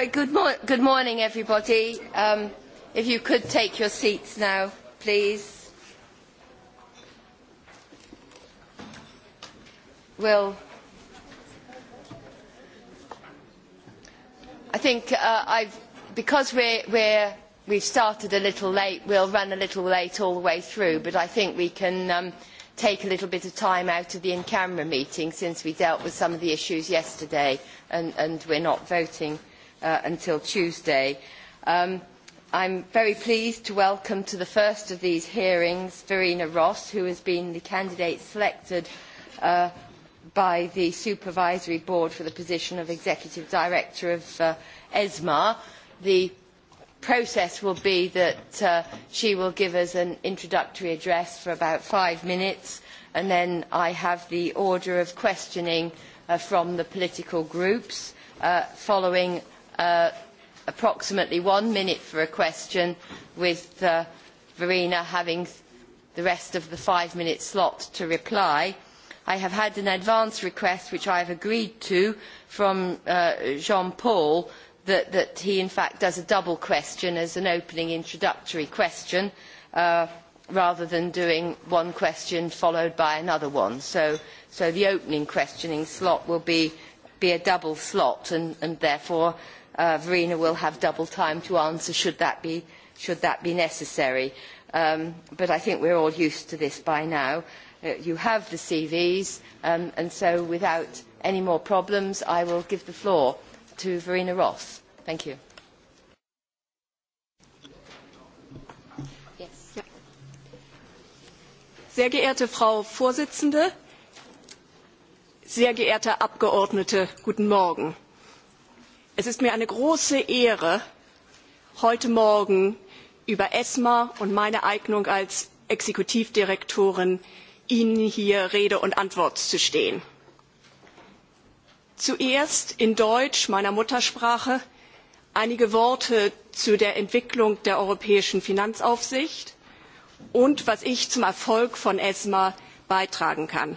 Right, good, mo- good morning, everybody. Um, if you could take your seats now, please. I think uh, I've, because we're, we're, we've started a little late, we'll run a little late all the way through, but I think we can um, take a little bit of time out of the in-camera meeting since we dealt with some of the issues yesterday and, and we're not voting until Tuesday. I am very pleased to welcome to the first of these hearings Verena Ross, who has been the candidate selected by the Supervisory Board for the position of Executive Director of ESMA. The process will be that she will give us an introductory address for about five minutes, and then I have the order of questioning from the political groups, following approximately one minute for a question, with Verena having the rest of the five-minute slot to reply. I have had an advance request, which I have agreed to, from Jean-Paul, that, he in fact does a double question as an opening introductory question rather than doing one question followed by another one. So, the opening questioning slot will be, a double slot and, therefore Verena will have double time to answer should that be, should that be necessary. but I think we are all used to this by now. you have the CVs, and so without any more problems, I will give the floor to Verena Ross. Thank you. Sehr geehrte Frau Vorsitzende, sehr geehrte Abgeordnete, guten Morgen es ist mir eine große ehre heute morgen über esma und meine eignung als exekutivdirektorin ihnen hier rede und antwort zu stehen. zuerst in deutsch meiner muttersprache einige worte zu der entwicklung der europäischen finanzaufsicht und was ich zum erfolg von esma beitragen kann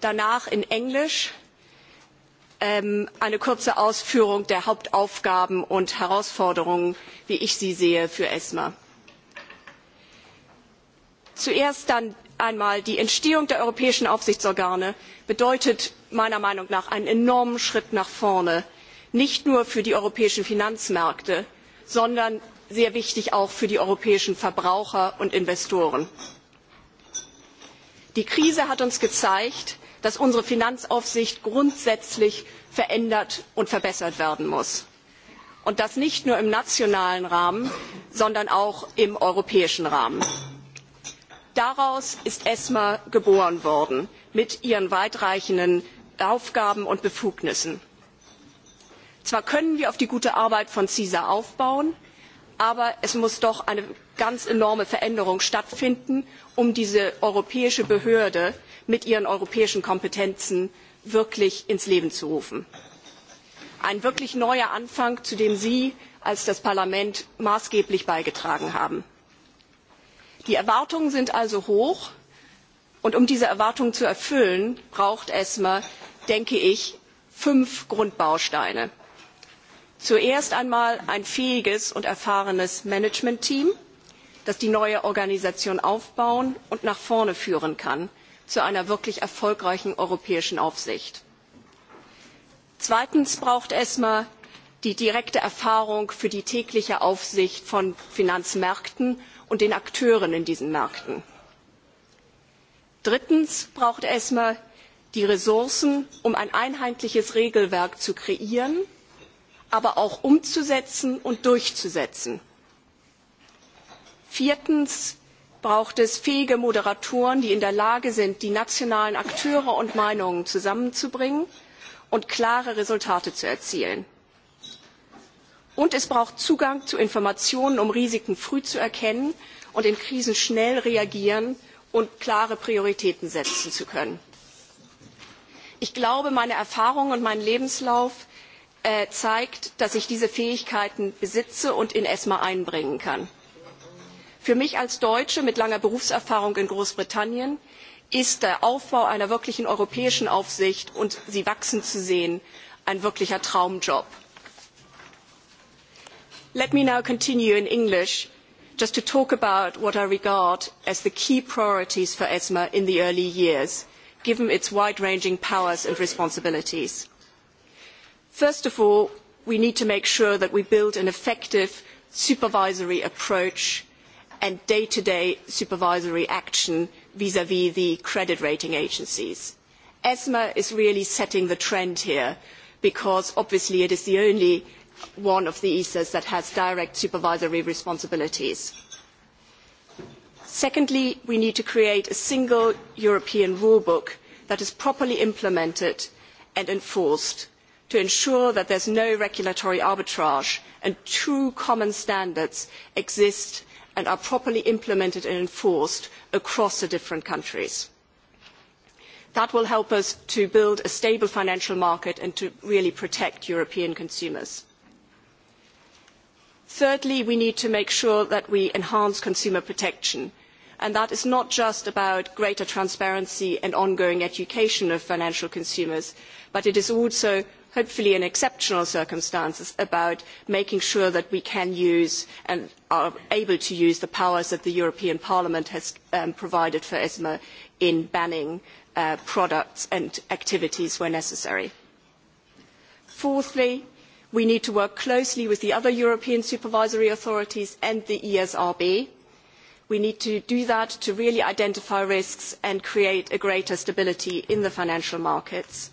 danach in englisch eine kurze Ausführung der Hauptaufgaben und Herausforderungen, wie ich sie sehe, für ESMA. Zuerst dann einmal die Entstehung der europäischen Aufsichtsorgane bedeutet meiner Meinung nach einen enormen Schritt nach vorne, nicht nur für die europäischen Finanzmärkte, sondern sehr wichtig auch für die europäischen Verbraucher und Investoren. Die Krise hat uns gezeigt, dass unsere Finanzaufsicht grundsätzlich verändert und verbessert werden muss. Und das nicht nur im nationalen Rahmen, sondern auch im europäischen Rahmen. Daraus ist ESMA geboren worden mit ihren weitreichenden Aufgaben und Befugnissen. Zwar können wir auf die gute Arbeit von CISA aufbauen, aber es muss doch eine ganz enorme Veränderung stattfinden, um diese europäische Behörde mit ihren europäischen Kompetenzen wirklich ins Leben zu rufen. Ein wirklich neuer Anfang, zu dem Sie als das Parlament maßgeblich beigetragen haben. Die Erwartungen sind also hoch. Und um diese Erwartungen zu erfüllen, braucht ESMA, denke ich, fünf Grundbausteine. Zuerst einmal ein fähiges und erfahrenes Managementteam, das die neue Organisation aufbauen und nach vorne führen kann zu einer wirklich erfolgreichen europäischen Aufsicht. Zweitens braucht ESMA die direkte Erfahrung für die tägliche Aufsicht von Finanzmärkten und den Akteuren in diesen Märkten. Drittens braucht ESMA die Ressourcen, um ein einheitliches Regelwerk zu kreieren, aber auch umzusetzen und durchzusetzen. Viertens braucht es fähige Moderatoren, die in der Lage sind, die nationalen Akteure und Meinungen zusammenzubringen und klare Resultate zu erzielen. Und es braucht Zugang zu Informationen, um Risiken früh zu erkennen und in Krisen schnell reagieren und klare Prioritäten setzen zu können. Ich glaube, meine Erfahrung und mein Lebenslauf zeigen, dass ich diese Fähigkeiten besitze und in ESMA einbringen kann für mich als deutsche mit langer berufserfahrung in großbritannien ist der aufbau einer wirklichen europäischen aufsicht und sie wachsen zu sehen ein wirklicher traumjob. let me now continue in english just to talk about what i regard as the key priorities for esma in the early years given its wide ranging powers and responsibilities. first of all we need to make sure that we build an effective supervisory approach and day-to-day supervisory action vis-à-vis the credit rating agencies. ESMA is really setting the trend here because obviously it is the only one of the ESAs that has direct supervisory responsibilities. Secondly, we need to create a single European rulebook that is properly implemented and enforced to ensure that there is no regulatory arbitrage and true common standards exist and are properly implemented and enforced across the different countries. That will help us to build a stable financial market and to really protect European consumers. Thirdly, we need to make sure that we enhance consumer protection. And that is not just about greater transparency and ongoing education of financial consumers, but it is also hopefully in exceptional circumstances, about making sure that we can use and are able to use the powers that the European Parliament has provided for ESMA in banning products and activities where necessary. Fourthly, we need to work closely with the other European supervisory authorities and the ESRB. We need to do that to really identify risks and create a greater stability in the financial markets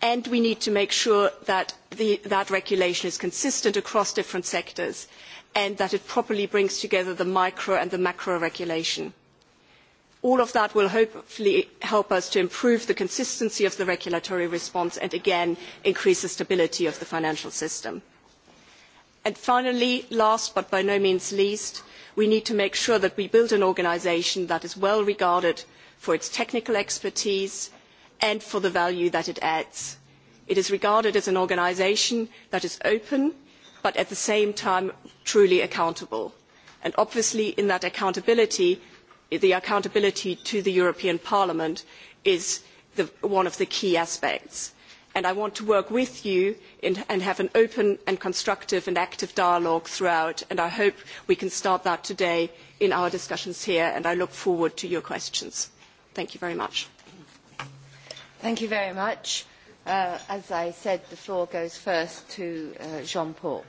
and we need to make sure that that regulation is consistent across different sectors and that it properly brings together the micro and the macro regulation. All of that will hopefully help us to improve the consistency of the regulatory response and again increase the stability of the financial system. And finally, last but by no means least, we need to make sure that we build an organisation that is well regarded for its technical expertise, and for the value that it adds. It is regarded as an organisation that is open, but at the same time truly accountable. And obviously in that accountability, the accountability to the European Parliament is one of the key aspects. And I want to work with you and have an open and constructive and active dialogue throughout. And I hope we can start that today in our discussions here. And I look forward to your questions. Thank you very much. Thank you very much. Uh, as I said, the floor goes first to uh, Jean-Paul.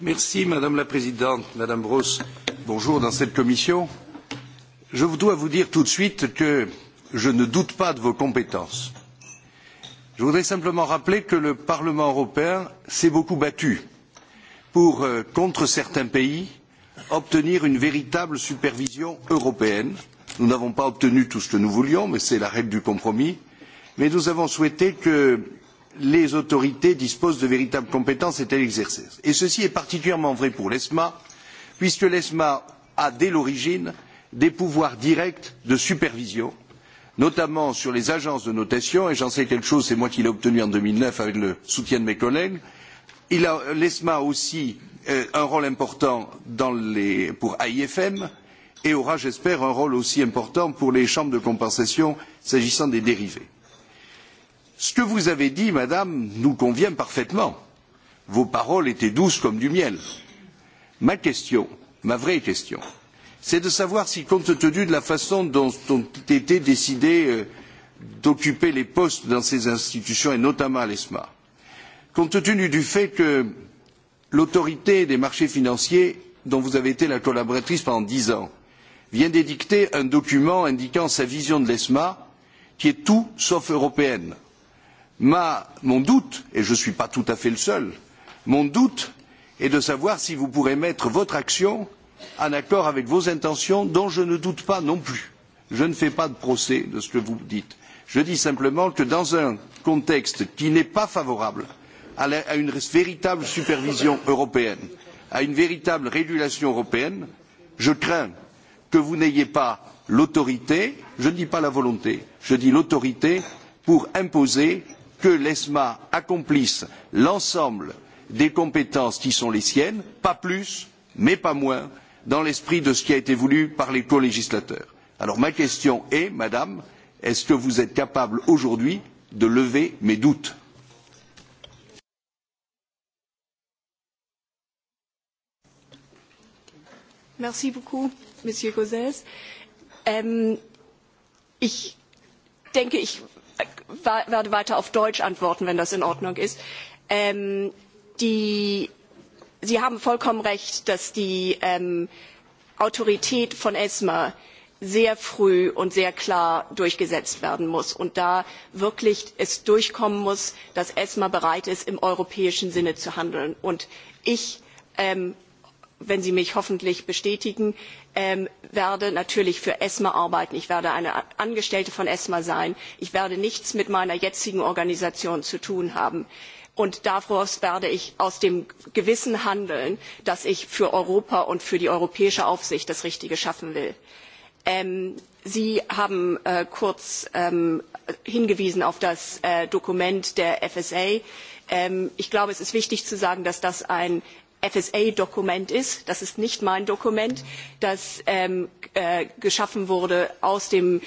Merci Madame la Présidente, Madame Bros, Bonjour dans cette commission. Je dois vous dire tout de suite que je ne doute pas de vos compétences. Je voudrais simplement rappeler que le Parlement européen s'est beaucoup battu pour, contre certains pays, obtenir une véritable supervision européenne Nous n'avons pas obtenu tout ce que nous voulions, mais c'est la règle du compromis. Mais nous avons souhaité que les autorités disposent de véritables compétences et tel exercice. Et ceci est particulièrement vrai pour l'ESMA, puisque l'ESMA a dès l'origine des pouvoirs directs de supervision, notamment sur les agences de notation, et j'en sais quelque chose, c'est moi qui l'ai obtenu en deux mille neuf avec le soutien de mes collègues. L'ESMA a aussi un rôle important pour AIFM, et aura, j'espère, un rôle aussi important pour les chambres de compensation s'agissant des dérivés. Ce que vous avez dit, madame, nous convient parfaitement. Vos paroles étaient douces comme du miel. Ma question, ma vraie question, c'est de savoir si, compte tenu de la façon dont ont été décidés d'occuper les postes dans ces institutions, et notamment à l'ESMA, compte tenu du fait que l'autorité des marchés financiers, dont vous avez été la collaboratrice pendant dix ans, vient d'édicter un document indiquant sa vision de l'esma qui est tout sauf européenne. mon doute et je ne suis pas tout à fait le seul mon doute est de savoir si vous pourrez mettre votre action en accord avec vos intentions dont je ne doute pas non plus. je ne fais pas de procès de ce que vous dites. je dis simplement que dans un contexte qui n'est pas favorable à une véritable supervision européenne à une véritable régulation européenne je crains que vous n'ayez pas l'autorité je ne dis pas la volonté je dis l'autorité pour imposer que l'esma accomplisse l'ensemble des compétences qui sont les siennes pas plus mais pas moins dans l'esprit de ce qui a été voulu par les colégislateurs. alors ma question est madame est ce que vous êtes capable aujourd'hui de lever mes doutes? merci beaucoup. Monsieur Gauzès. ich denke, ich werde weiter auf Deutsch antworten, wenn das in Ordnung ist. Sie haben vollkommen recht, dass die Autorität von ESMA sehr früh und sehr klar durchgesetzt werden muss und da wirklich es durchkommen muss, dass ESMA bereit ist, im europäischen Sinne zu handeln. Und ich, wenn Sie mich hoffentlich bestätigen, werde natürlich für ESMA arbeiten. Ich werde eine Angestellte von ESMA sein. Ich werde nichts mit meiner jetzigen Organisation zu tun haben. Und daraus werde ich aus dem Gewissen handeln, dass ich für Europa und für die europäische Aufsicht das Richtige schaffen will. Sie haben kurz hingewiesen auf das Dokument der FSA. ich glaube, es ist wichtig zu sagen, dass das ein FSA-Dokument ist. Das ist nicht mein Dokument, das geschaffen wurde aus den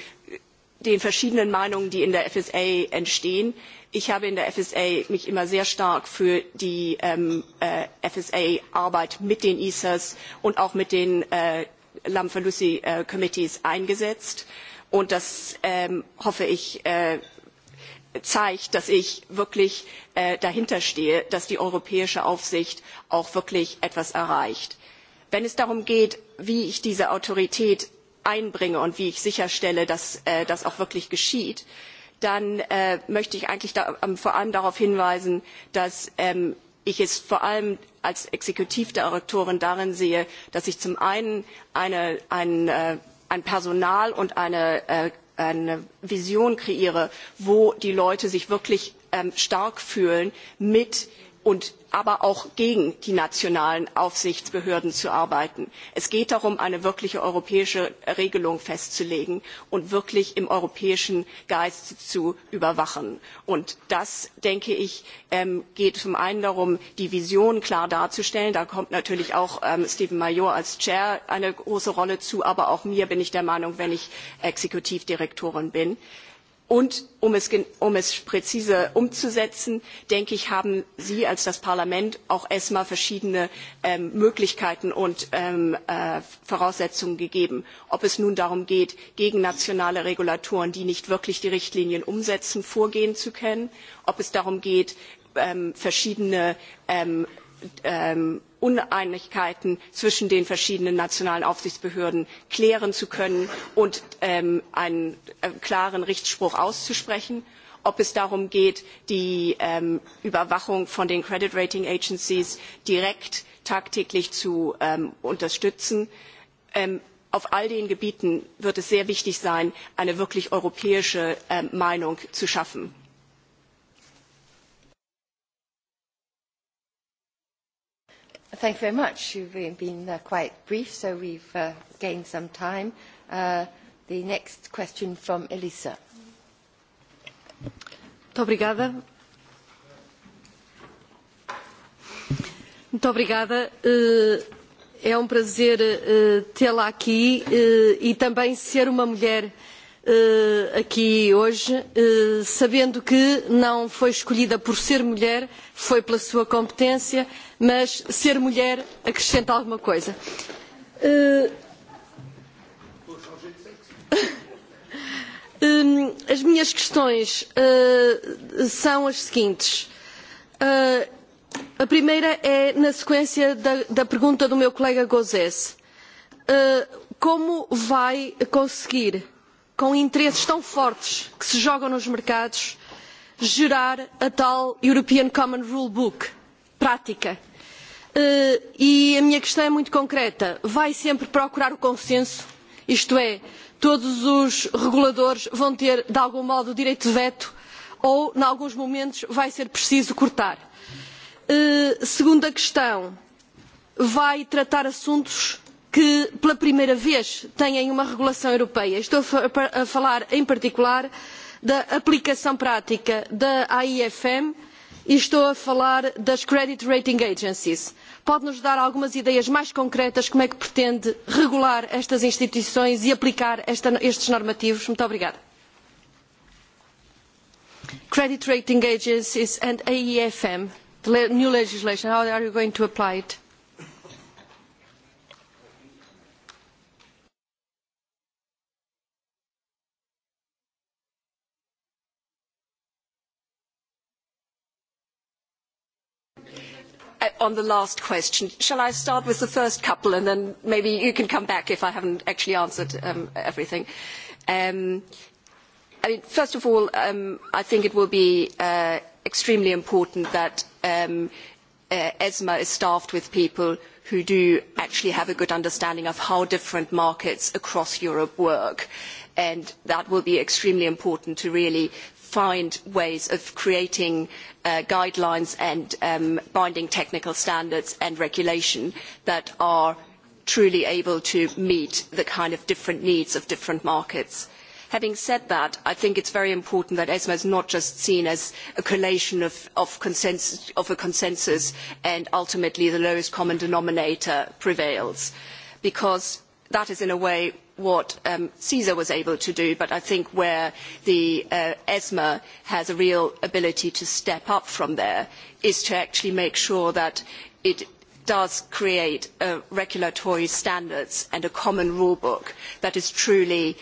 verschiedenen Meinungen, die in der FSA entstehen. Ich habe mich in der FSA immer sehr stark für die FSA-Arbeit mit den ESAs und auch mit den Lamfalussy-Committees eingesetzt. Und das hoffe ich, zeigt, dass ich wirklich dahinter stehe, dass die europäische Aufsicht auch wirklich etwas erreicht. Wenn es darum geht, wie ich diese Autorität einbringe und wie ich sicherstelle, dass das auch wirklich geschieht, dann möchte ich eigentlich vor allem darauf hinweisen, dass ich es vor allem als Exekutivdirektorin darin sehe, dass ich zum einen ein Personal und eine eine Vision kreiere, wo die Leute sich wirklich stark fühlen mit und aber auch gegen die nationalen Aufsichtsbehörden zu arbeiten. Es geht darum, eine wirkliche europäische Regelung festzulegen und wirklich im europäischen Geist zu überwachen. Und das, denke ich, geht zum einen darum, die Vision klar darzustellen. Da kommt natürlich auch Stephen Major als Chair eine große Rolle zu, aber auch mir bin ich der Meinung, wenn ich Exekutivdirektorin bin Und um es, präzise umzusetzen, denke ich, haben Sie als das Parlament auch ESMA verschiedene Möglichkeiten und Voraussetzungen gegeben. Ob es nun darum geht, gegen nationale Regulatoren, die nicht wirklich die Richtlinien umsetzen, vorgehen zu können, ob es darum geht, verschiedene Uneinigkeiten zwischen den verschiedenen nationalen Aufsichtsbehörden klären zu können und einen klaren Richtspruch auszusprechen ob es darum geht, die Überwachung von den Credit Rating Agencies direkt tagtäglich zu unterstützen. auf all den Gebieten wird es sehr wichtig sein, eine wirklich europäische Meinung zu schaffen. Thank you very much. You've been uh, quite brief, so we've uh, gained some time. Uh, the next question from Elisa. Obrigada. Muito obrigada. É um prazer tê-la aqui e também ser uma mulher aqui hoje, sabendo que não foi escolhida por ser mulher, foi pela sua competência, mas ser mulher acrescenta alguma coisa. As minhas questões são as seguintes. A primeira é na sequência da, pergunta do meu colega Gozés. Como vai conseguir com interesses tão fortes que se jogam nos mercados, gerar a tal European Common Rule Book prática. E a minha questão é muito concreta. Vai sempre procurar o consenso? Isto é, todos os reguladores vão ter, de algum modo, o direito de veto ou, em alguns momentos, vai ser preciso cortar. Segunda questão. Vai tratar assuntos que pela primeira vez têm uma regulação europeia. Estou a falar em particular da aplicação prática da AIFM e estou a falar das Credit Rating Agencies. Pode-nos dar algumas ideias mais concretas como é que pretende regular estas instituições e aplicar estes normativos? Muito obrigada. Credit Rating Agencies and AIFM, the new legislation, how are you going to apply it? on the last question. Shall I start with the first couple and then maybe you can come back if I haven't actually answered everything? first of all, I think it will be extremely important that ESMA is staffed with people who do actually have a good understanding of how different markets across Europe work and that will be extremely important to really find ways of creating guidelines and binding technical standards and regulation that are truly able to meet the kind of different needs of different markets. Having said that, I think it is very important that ESMA is not just seen as a collation of, a consensus and ultimately the lowest common denominator prevails because that is in a way what CISA was able to do, but I think where the ESMA has a real ability to step up from there is to actually make sure that it does create regulatory standards and a common rule book that is truly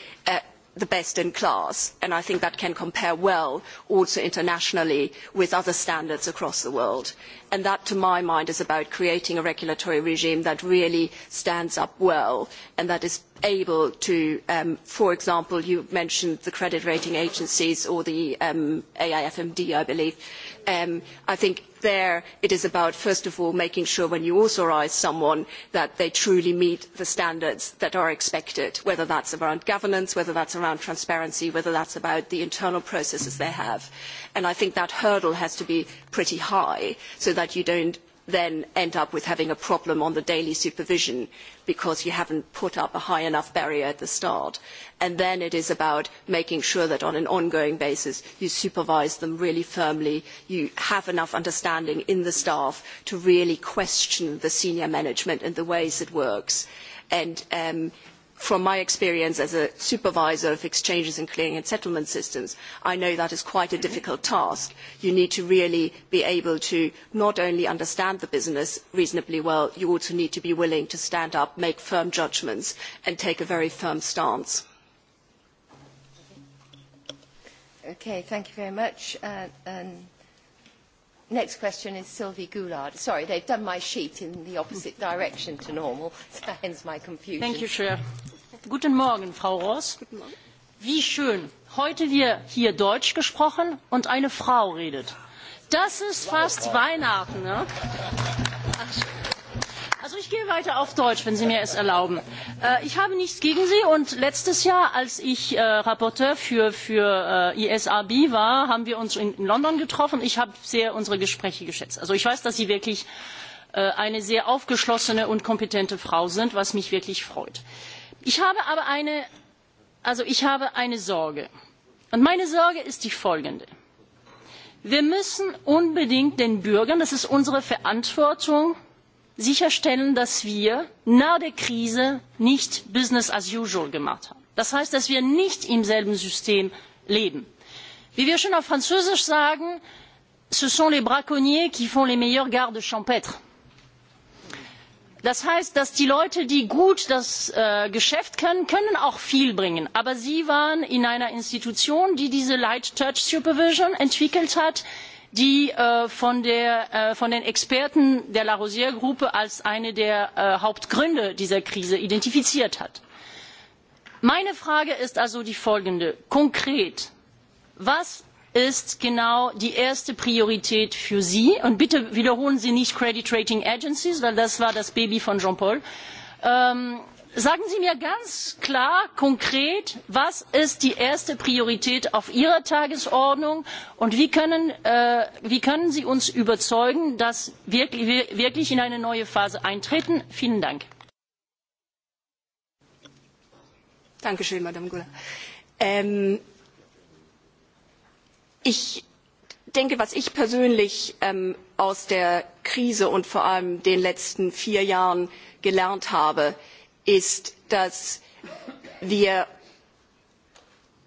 the best in class, and I think that can compare well also internationally with other standards across the world. And that, to my mind, is about creating a regulatory regime that really stands up well and that is able to, for example, you mentioned the credit rating agencies or the AIFMD, I believe. I think there it is about first of all making sure when you authorise someone that they truly meet the standards that are expected whether that is around governance whether that is around transparency whether that is about the internal processes they have and i think that hurdle has to be pretty high so that you do not then end up with having a problem on the daily supervision because you have not put up a high enough barrier at the start. And then it is about making sure that on an ongoing basis you supervise them really firmly, you have enough understanding in the staff to really question the senior management and the ways it works. And from my experience as a supervisor of exchanges and clearing and settlement systems, I know that is quite a difficult task. You need to really be able to not only understand the business reasonably well, you also need to be willing to stand up, make firm judgments, and take a very firm stance. Okay, thank you very much. next question is Sylvie Goulard. Sorry, they've done my sheet in the opposite direction to normal, so ends my confusion. Thank you, Chair. Guten Morgen, Frau Ross. Wie schön. Heute wird hier Deutsch gesprochen und eine Frau redet. Das ist fast Weihnachten. Ne? Also ich gehe weiter auf Deutsch, wenn Sie mir es erlauben. ich habe nichts gegen Sie und letztes Jahr, als ich Rapporteur für, für ISRB war, haben wir uns in, London getroffen. Ich habe sehr unsere Gespräche geschätzt. Also ich weiß, dass Sie wirklich eine sehr aufgeschlossene und kompetente Frau sind, was mich wirklich freut. Ich habe aber eine, also ich habe eine Sorge. Und meine Sorge ist die folgende. Wir müssen unbedingt den Bürgern, das ist unsere Verantwortung, sicherstellen, dass wir nach der Krise nicht Business as usual gemacht haben. Das heißt, dass wir nicht im selben System leben. Wie wir schon auf Französisch sagen, ce sont les braconniers qui font les meilleurs gardes champêtres das heißt dass die leute die gut das geschäft können auch viel bringen können. aber sie waren in einer institution die diese light touch supervision entwickelt hat die von den experten der larosire gruppe als einen der hauptgründe dieser krise identifiziert wurde. meine frage ist also die folgende konkret was ist genau die erste Priorität für Sie. Und bitte wiederholen Sie nicht Credit Rating Agencies, weil das war das Baby von Jean-Paul. sagen Sie mir ganz klar, konkret, was ist die erste Priorität auf Ihrer Tagesordnung und wie können, Sie uns überzeugen, dass wir wirklich in eine neue Phase eintreten? Vielen Dank. Ich denke, was ich persönlich aus der Krise und vor allem den letzten vier Jahren gelernt habe, ist, dass wir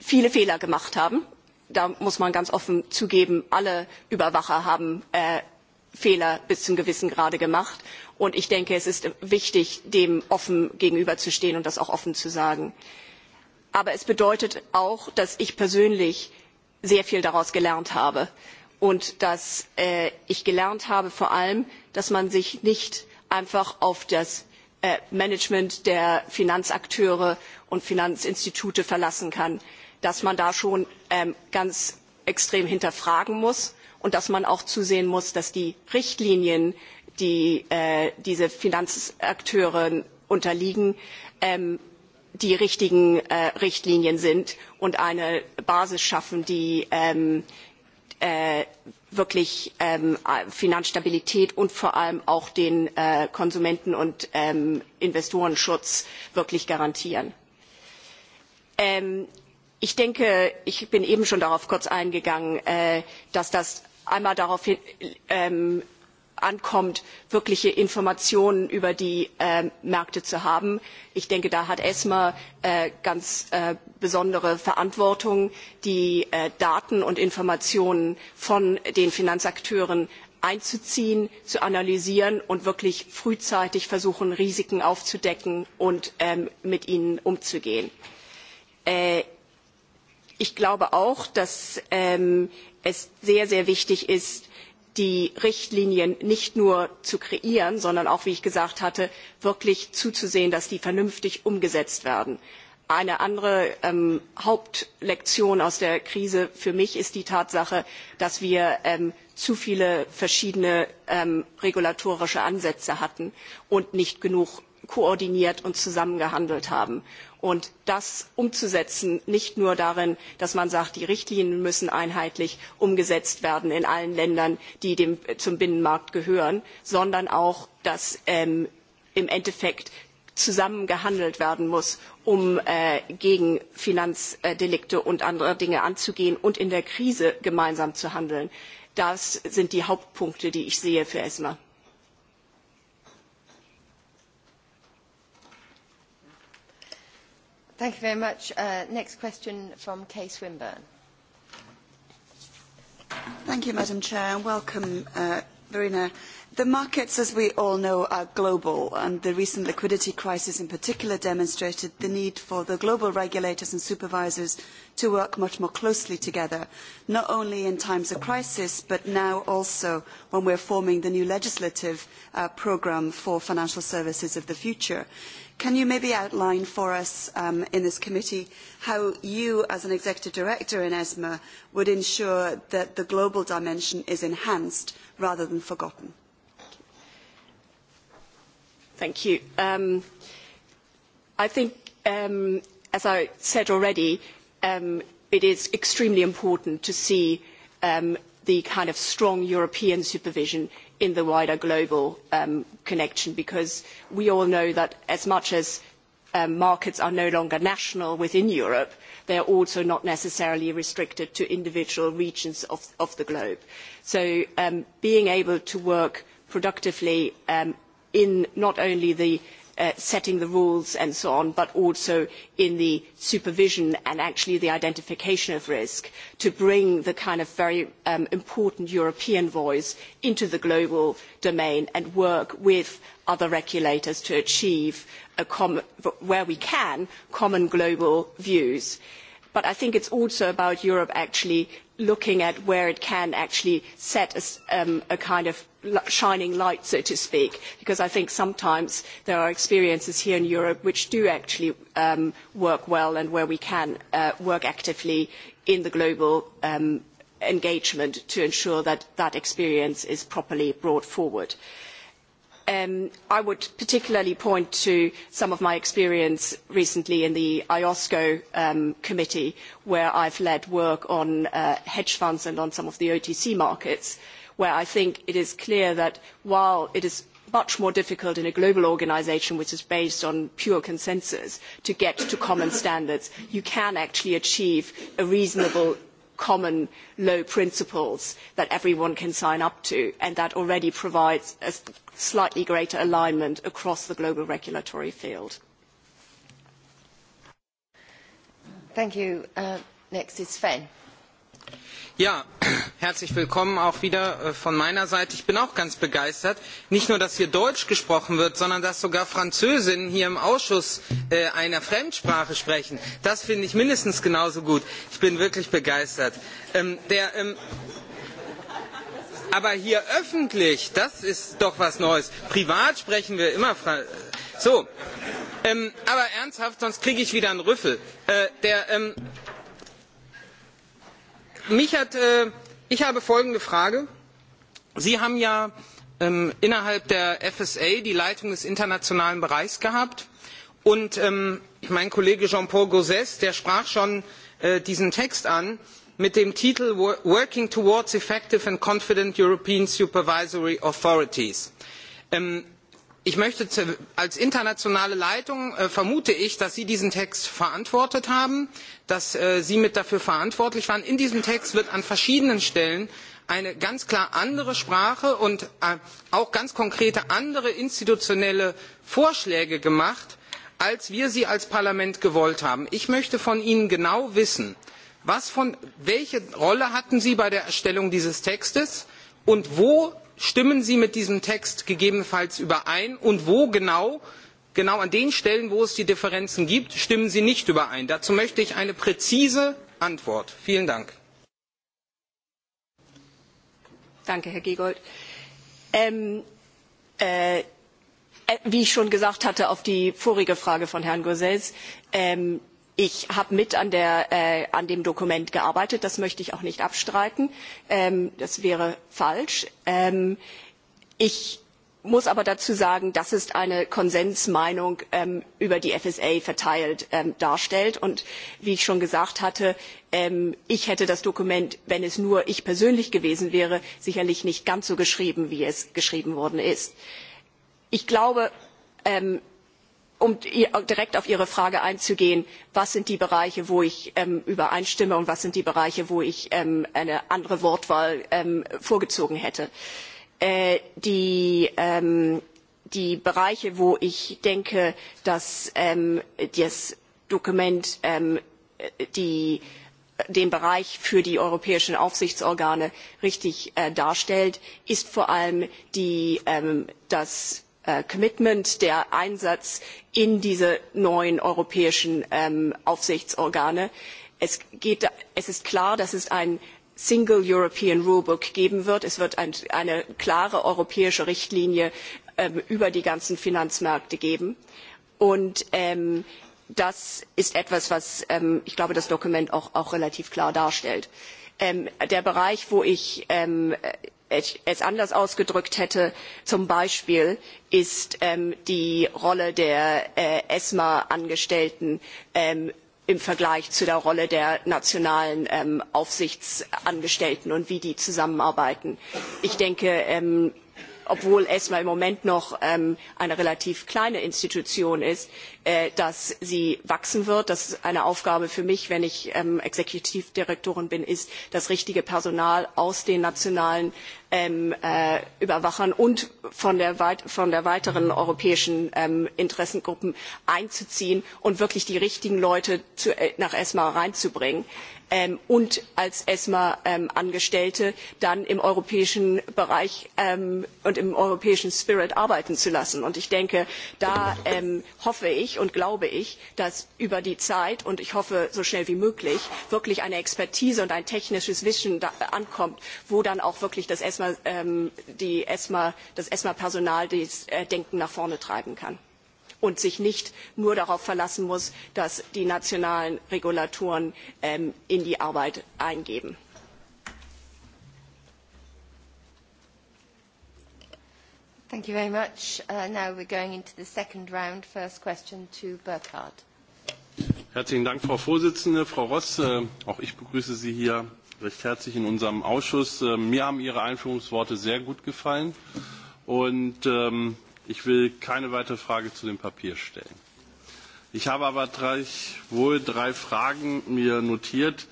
viele Fehler gemacht haben. Da muss man ganz offen zugeben, alle Überwacher haben Fehler bis zum gewissen Grade gemacht. Und ich denke, es ist wichtig, dem offen gegenüberzustehen und das auch offen zu sagen. Aber es bedeutet auch, dass ich persönlich sehr viel daraus gelernt habe und dass ich gelernt habe vor allem, dass man sich nicht einfach auf das Management der Finanzakteure und Finanzinstitute verlassen kann, dass man da schon ganz extrem hinterfragen muss und dass man auch zusehen muss, dass die Richtlinien, die diese Finanzakteure unterliegen, die richtigen Richtlinien sind und eine Basis schaffen, die wirklich Finanzstabilität und vor allem auch den Konsumenten- und Investorenschutz wirklich garantieren. ich denke, ich bin eben schon darauf kurz eingegangen, dass das einmal darauf ankommt, wirkliche Informationen über die Märkte zu haben. Ich denke, da hat ESMA ganz besondere Verantwortung, die Daten und Informationen von den Finanzakteuren einzuziehen, zu analysieren und wirklich frühzeitig versuchen, Risiken aufzudecken und mit ihnen umzugehen. ich glaube auch, dass es sehr, sehr wichtig ist, die Richtlinien nicht nur zu kreieren, sondern auch, wie ich gesagt hatte, wirklich zuzusehen, dass die vernünftig umgesetzt werden. Eine andere Hauptlektion aus der Krise für mich ist die Tatsache, dass wir zu viele verschiedene regulatorische Ansätze hatten und nicht genug koordiniert und zusammengehandelt haben und das umzusetzen, nicht nur darin, dass man sagt, die Richtlinien müssen einheitlich umgesetzt werden in allen Ländern, die zum Binnenmarkt gehören, sondern auch, dass im Endeffekt zusammen gehandelt werden muss, um gegen Finanzdelikte und andere Dinge anzugehen und in der Krise gemeinsam zu handeln. Das sind die Hauptpunkte, die ich sehe für ESMA. Thank you very much. Uh, next question from Kay Swinburne. Thank you, Madam Chair, and welcome, uh, Verena. The markets, as we all know, are global, and the recent liquidity crisis in particular demonstrated the need for the global regulators and supervisors to work much more closely together, not only in times of crisis, but now also when we are forming the new legislative programme for financial services of the future. Can you maybe outline for us um, in this committee how you, as an executive director in ESMA, would ensure that the global dimension is enhanced rather than forgotten? Thank you. Um, I think, um, as I said already, um, it is extremely important to see um, the kind of strong European supervision in the wider global connection because we all know that as much as markets are no longer national within Europe, they are also not necessarily restricted to individual regions of, the globe. So being able to work productively in not only the setting the rules and so on, but also in the supervision and actually the identification of risk to bring the kind of very important European voice into the global domain and work with other regulators to achieve, where we can, common global views. But I think it is also about Europe actually looking at where it can actually set a kind of shining light, so to speak, because I think sometimes there are experiences here in Europe which do actually work well and where we can work actively in the global engagement to ensure that that experience is properly brought forward. I would particularly point to some of my experience recently in the IOSCO committee, where I have led work on hedge funds and on some of the OTC markets, where I think it is clear that while it is much more difficult in a global organisation which is based on pure consensus to get to common standards, you can actually achieve a reasonable common low principles that everyone can sign up to and that already provides a slightly greater alignment across the global regulatory field. Thank you. next is Fenn. Ja, herzlich willkommen auch wieder von meiner Seite. Ich bin auch ganz begeistert. Nicht nur, dass hier Deutsch gesprochen wird, sondern dass sogar Französinnen hier im Ausschuss eine Fremdsprache sprechen. Das finde ich mindestens genauso gut. Ich bin wirklich begeistert. aber hier öffentlich, das ist doch was Neues. Privat sprechen wir immer. so, aber ernsthaft, sonst kriege ich wieder einen Rüffel. der, ich habe folgende Frage. Sie haben ja innerhalb der FSA die Leitung des internationalen Bereichs gehabt. Und mein Kollege Jean-Paul Gauzès, sprach schon diesen Text an mit dem Titel Working towards effective and confident European supervisory authorities ich möchte als internationale leitung vermute ich dass sie diesen text verantwortet haben dass sie mit dafür verantwortlich waren. in diesem text wird an verschiedenen stellen eine ganz klar andere sprache und auch ganz konkrete andere institutionelle vorschläge gemacht als wir sie als parlament gewollt haben. ich möchte von ihnen genau wissen welche rolle hatten sie bei der erstellung dieses textes und wo stimmen sie mit diesem text gegebenenfalls überein und wo genau genau an den stellen wo es die differenzen gibt stimmen sie nicht überein? dazu möchte ich eine präzise antwort. vielen dank. danke herr giegold. wie ich schon gesagt hatte auf die vorige frage von herrn gauzs ich habe mit an, dem Dokument gearbeitet, das möchte ich auch nicht abstreiten. das wäre falsch. ich muss aber dazu sagen, dass es eine Konsensmeinung über die FSA verteilt darstellt. Und wie ich schon gesagt hatte, ich hätte das Dokument, wenn es nur ich persönlich gewesen wäre, sicherlich nicht ganz so geschrieben, wie es geschrieben worden ist. Ich glaube, um direkt auf Ihre Frage einzugehen, was sind die Bereiche, wo ich übereinstimme und was sind die Bereiche, wo ich eine andere Wortwahl vorgezogen hätte. die, Bereiche, wo ich denke, dass das Dokument den Bereich für die europäischen Aufsichtsorgane richtig darstellt, sind vor allem das Commitment, der Einsatz in diese neuen europäischen Aufsichtsorgane. Es, ist klar, dass es ein Single European Rulebook geben wird. Es wird eine klare europäische Richtlinie über die ganzen Finanzmärkte geben. Und das ist etwas, was ich glaube, das Dokument auch, relativ klar darstellt. der Bereich, wo ich es anders ausgedrückt hätte zum beispiel ist die rolle der esma angestellten im vergleich zu der rolle der nationalen aufsichtsangestellten und wie die zusammenarbeiten. ich denke obwohl ESMA im Moment noch eine relativ kleine Institution ist, dass sie wachsen wird. Das ist eine Aufgabe für mich, wenn ich Exekutivdirektorin bin, ist das richtige Personal aus den nationalen Überwachern und von, der, weiteren europäischen Interessengruppen einzuziehen und wirklich die richtigen Leute nach ESMA reinzubringen und als esma angestellte dann im europäischen bereich und im europäischen spirit arbeiten zu lassen. ich denke da hoffe ich und glaube ich dass über die zeit und ich hoffe so schnell wie möglich wirklich eine expertise und ein technisches wissen ankommt wo dann auch wirklich das esma personal das denken nach vorne treiben kann und sich nicht nur darauf verlassen muss, dass die nationalen Regulatoren in die Arbeit eingeben. Thank you very much. Uh, now we're going into the second round. First question to Burkhardt. Herzlichen Dank, Frau Vorsitzende. Frau Ross, auch ich begrüße Sie hier recht herzlich in unserem Ausschuss. Mir haben Ihre Einführungsworte sehr gut gefallen. Und Ich will keine weitere Frage zu dem Papier stellen. Ich habe aber wohl drei Fragen mir notiert,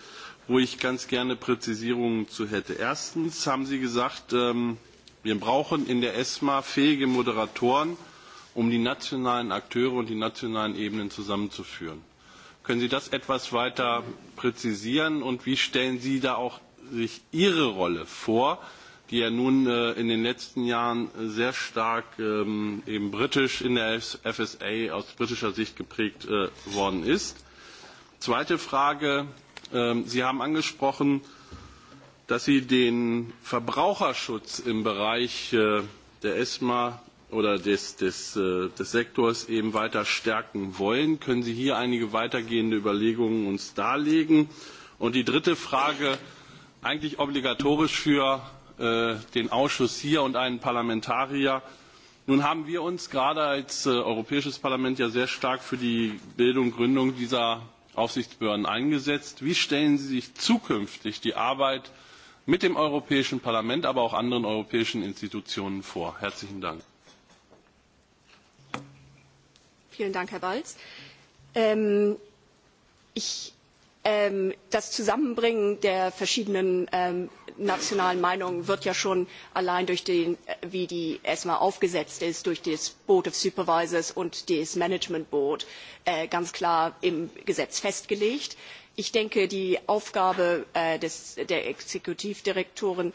wo ich ganz gerne Präzisierungen zu hätte. Erstens haben Sie gesagt, wir brauchen in der ESMA fähige Moderatoren, um die nationalen Akteure und die nationalen Ebenen zusammenzuführen. Können Sie das etwas weiter präzisieren und wie stellen Sie da auch sich Ihre Rolle vor? die ja nun in den letzten Jahren sehr stark eben britisch in der FSA aus britischer Sicht geprägt worden ist. Zweite Frage. Sie haben angesprochen, dass Sie den Verbraucherschutz im Bereich der ESMA oder des, Sektors eben weiter stärken wollen. Können Sie hier einige weitergehende Überlegungen uns darlegen? Und die dritte Frage, eigentlich obligatorisch für den Ausschuss hier und einen Parlamentarier. Nun haben wir uns gerade als Europäisches Parlament ja sehr stark für die Bildung und Gründung dieser Aufsichtsbehörden eingesetzt. Wie stellen Sie sich zukünftig die Arbeit mit dem Europäischen Parlament, aber auch anderen europäischen Institutionen vor? Herzlichen Dank. Vielen Dank, Herr Balz. ich das Zusammenbringen der verschiedenen nationalen Meinungen wird ja schon allein durch den, wie die ESMA aufgesetzt ist, durch das Board of Supervisors und das Management Board ganz klar im Gesetz festgelegt. Ich denke, die Aufgabe der Exekutivdirektoren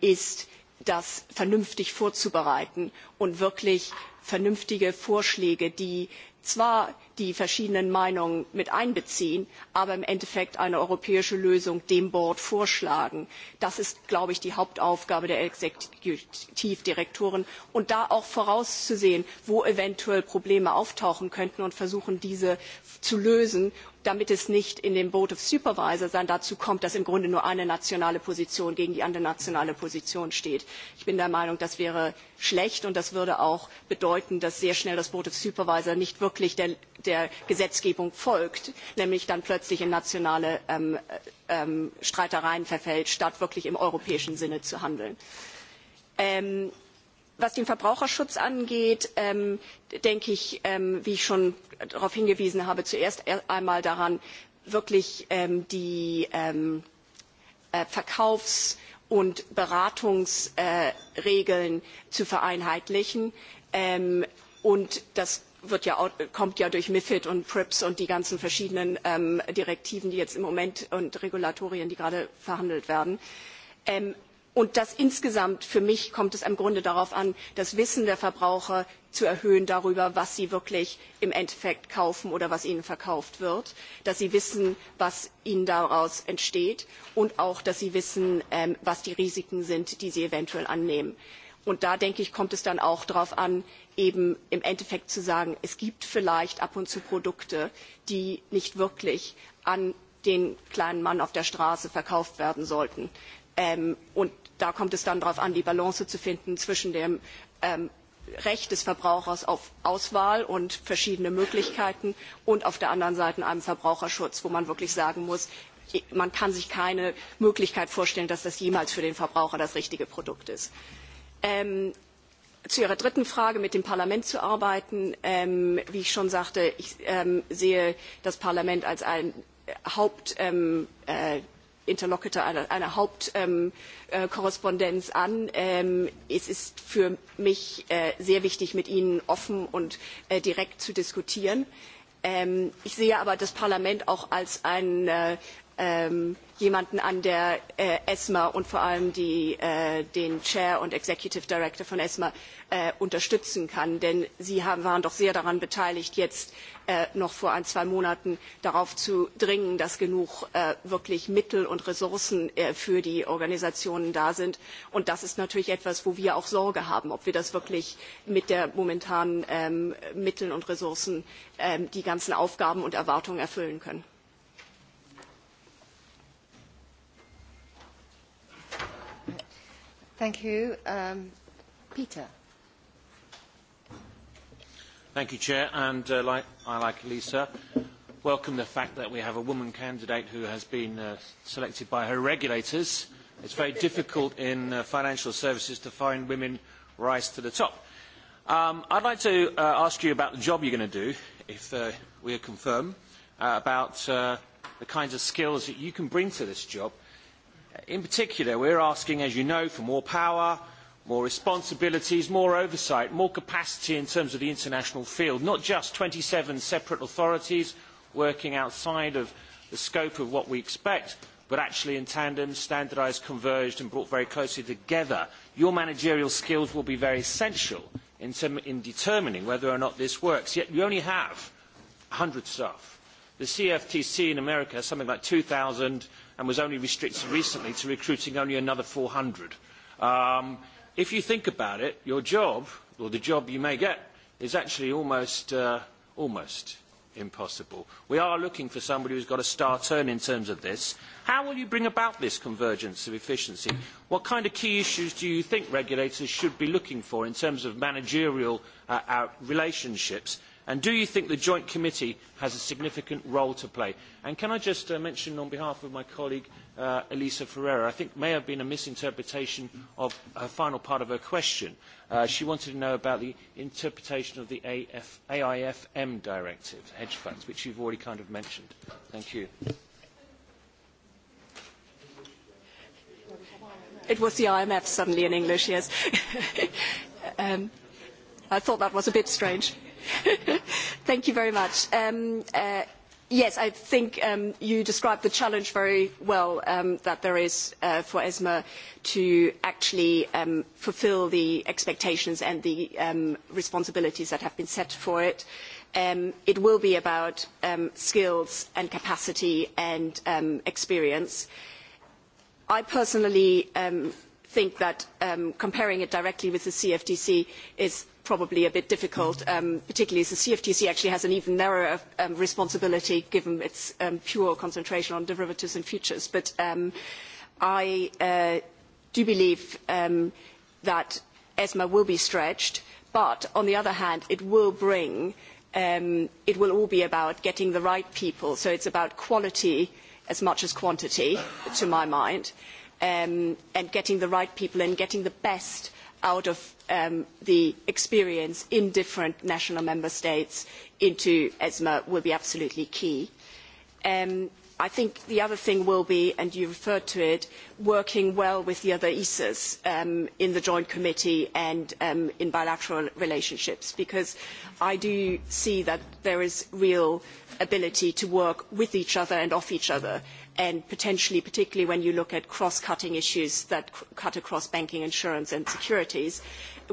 ist, das vernünftig vorzubereiten und wirklich vernünftige Vorschläge, die zwar die verschiedenen Meinungen mit einbeziehen, aber im Endeffekt eine europäische Lösung dem Board vorschlagen. Das ist, glaube ich, die Hauptaufgabe der Exekutivdirektoren und da auch vorauszusehen, wo eventuell Probleme auftauchen könnten und versuchen, diese zu lösen, damit es nicht in dem Board of Supervisors dann dazu kommt, dass im Grunde nur eine nationale Position gegen die andere nationale Position steht. Ich bin der Meinung, das wäre schlecht und das würde auch bedeuten, dass sehr schnell das Board of Supervisors nicht wirklich der, Gesetzgebung folgt, nämlich dann plötzlich in nationale Streitereien verfällt, statt wirklich im europäischen Sinne zu handeln Was den Verbraucherschutz angeht, denke ich, wie ich schon darauf hingewiesen habe, zuerst einmal daran, wirklich die Verkaufs- und Beratungsregeln zu vereinheitlichen. und das kommt ja durch MIFID und PRIPS und die ganzen verschiedenen Direktiven, die jetzt im Moment und Regulatorien, die gerade verhandelt werden und das insgesamt für mich kommt es im Grunde darauf an, das Wissen der Verbraucher zu erhöhen darüber, was sie wirklich im Endeffekt kaufen oder was ihnen verkauft wird, dass sie wissen, was ihnen daraus entsteht und auch, dass sie wissen, was die Risiken sind, die sie eventuell annehmen. Und da, denke ich, kommt es dann auch darauf an, eben im Endeffekt zu sagen, es gibt vielleicht ab und zu Produkte, die nicht wirklich an den kleinen Mann auf der Straße verkauft werden sollten und da kommt es dann darauf an, die Balance zu finden zwischen dem Recht des Verbrauchers auf Auswahl und verschiedene Möglichkeiten und auf der anderen Seite einem Verbraucherschutz, wo man wirklich sagen muss, man kann sich keine Möglichkeit vorstellen, dass das jemals für den Verbraucher das richtige Produkt ist. zu Ihrer dritten Frage, mit dem Parlament zu arbeiten. wie ich schon sagte, ich sehe das Parlament als ein Haupt Interlocutor einer, einer Hauptkorrespondenz an. es ist für mich sehr wichtig, mit Ihnen offen und direkt zu diskutieren. ich sehe aber das Parlament auch als ein jemanden an, der ESMA und vor allem den Chair und Executive Director von ESMA unterstützen kann. Denn Sie waren doch sehr daran beteiligt, jetzt noch vor ein, zwei Monaten darauf zu dringen, dass genug wirklich Mittel und Ressourcen für die Organisationen da sind. Und das ist natürlich etwas, wo wir auch Sorge haben, ob wir das wirklich mit den momentanen Mitteln und Ressourcen die ganzen Aufgaben und Erwartungen erfüllen können. Thank you. Chair. And like, I, like Lisa, welcome the fact that we have a woman candidate who has been selected by her regulators. It is very difficult in financial services to find women rise to the top. I would like to ask you about the job you are going to do, if we are confirmed, about the kinds of skills that you can bring to this job – in particular, we are asking, as you know, for more power, more responsibilities, more oversight, more capacity in terms of the international field, not just twenty seven separate authorities working outside of the scope of what we expect, but actually in tandem, standardised, converged and brought very closely together. Your managerial skills will be very essential in, determining whether or not this works. Yet you only have one hundred staff. The CFTC in America has something like two thousand and was only restricted recently to recruiting only another four hundred. if you think about it, your job, or the job you may get, is actually almost, almost impossible. We are looking for somebody who's got a star turn in terms of this. How will you bring about this convergence of efficiency? What kind of key issues do you think regulators should be looking for in terms of managerial relationships And do you think the Joint Committee has a significant role to play? And can I just mention on behalf of my colleague Elisa Ferreira, I think may have been a misinterpretation of her final part of her question. she wanted to know about the interpretation of the AIFM directive, hedge funds, which you have already kind of mentioned. Thank you. It was the IMF suddenly in English, yes. I thought that was a bit strange Thank you very much. Yes, I think you described the challenge very well that there is for ESMA to actually fulfil the expectations and the responsibilities that have been set for it. it will be about skills and capacity and experience. I personally um, think that comparing it directly with the CFTC is probably a bit difficult, particularly as the CFTC actually has an even narrower responsibility given its pure concentration on derivatives and futures. But I do believe that ESMA will be stretched, but on the other hand, it will bring, it will all be about getting the right people. So it's about quality as much as quantity, to my mind and getting the right people and getting the best out of the experience in different national member states into ESMA will be absolutely key. I think the other thing will be, and you referred to it, working well with the other ESAs in the Joint Committee and in bilateral relationships, because I do see that there is real ability to work with each other and off each other and potentially, particularly when you look at cross-cutting issues that cut across banking, insurance and securities,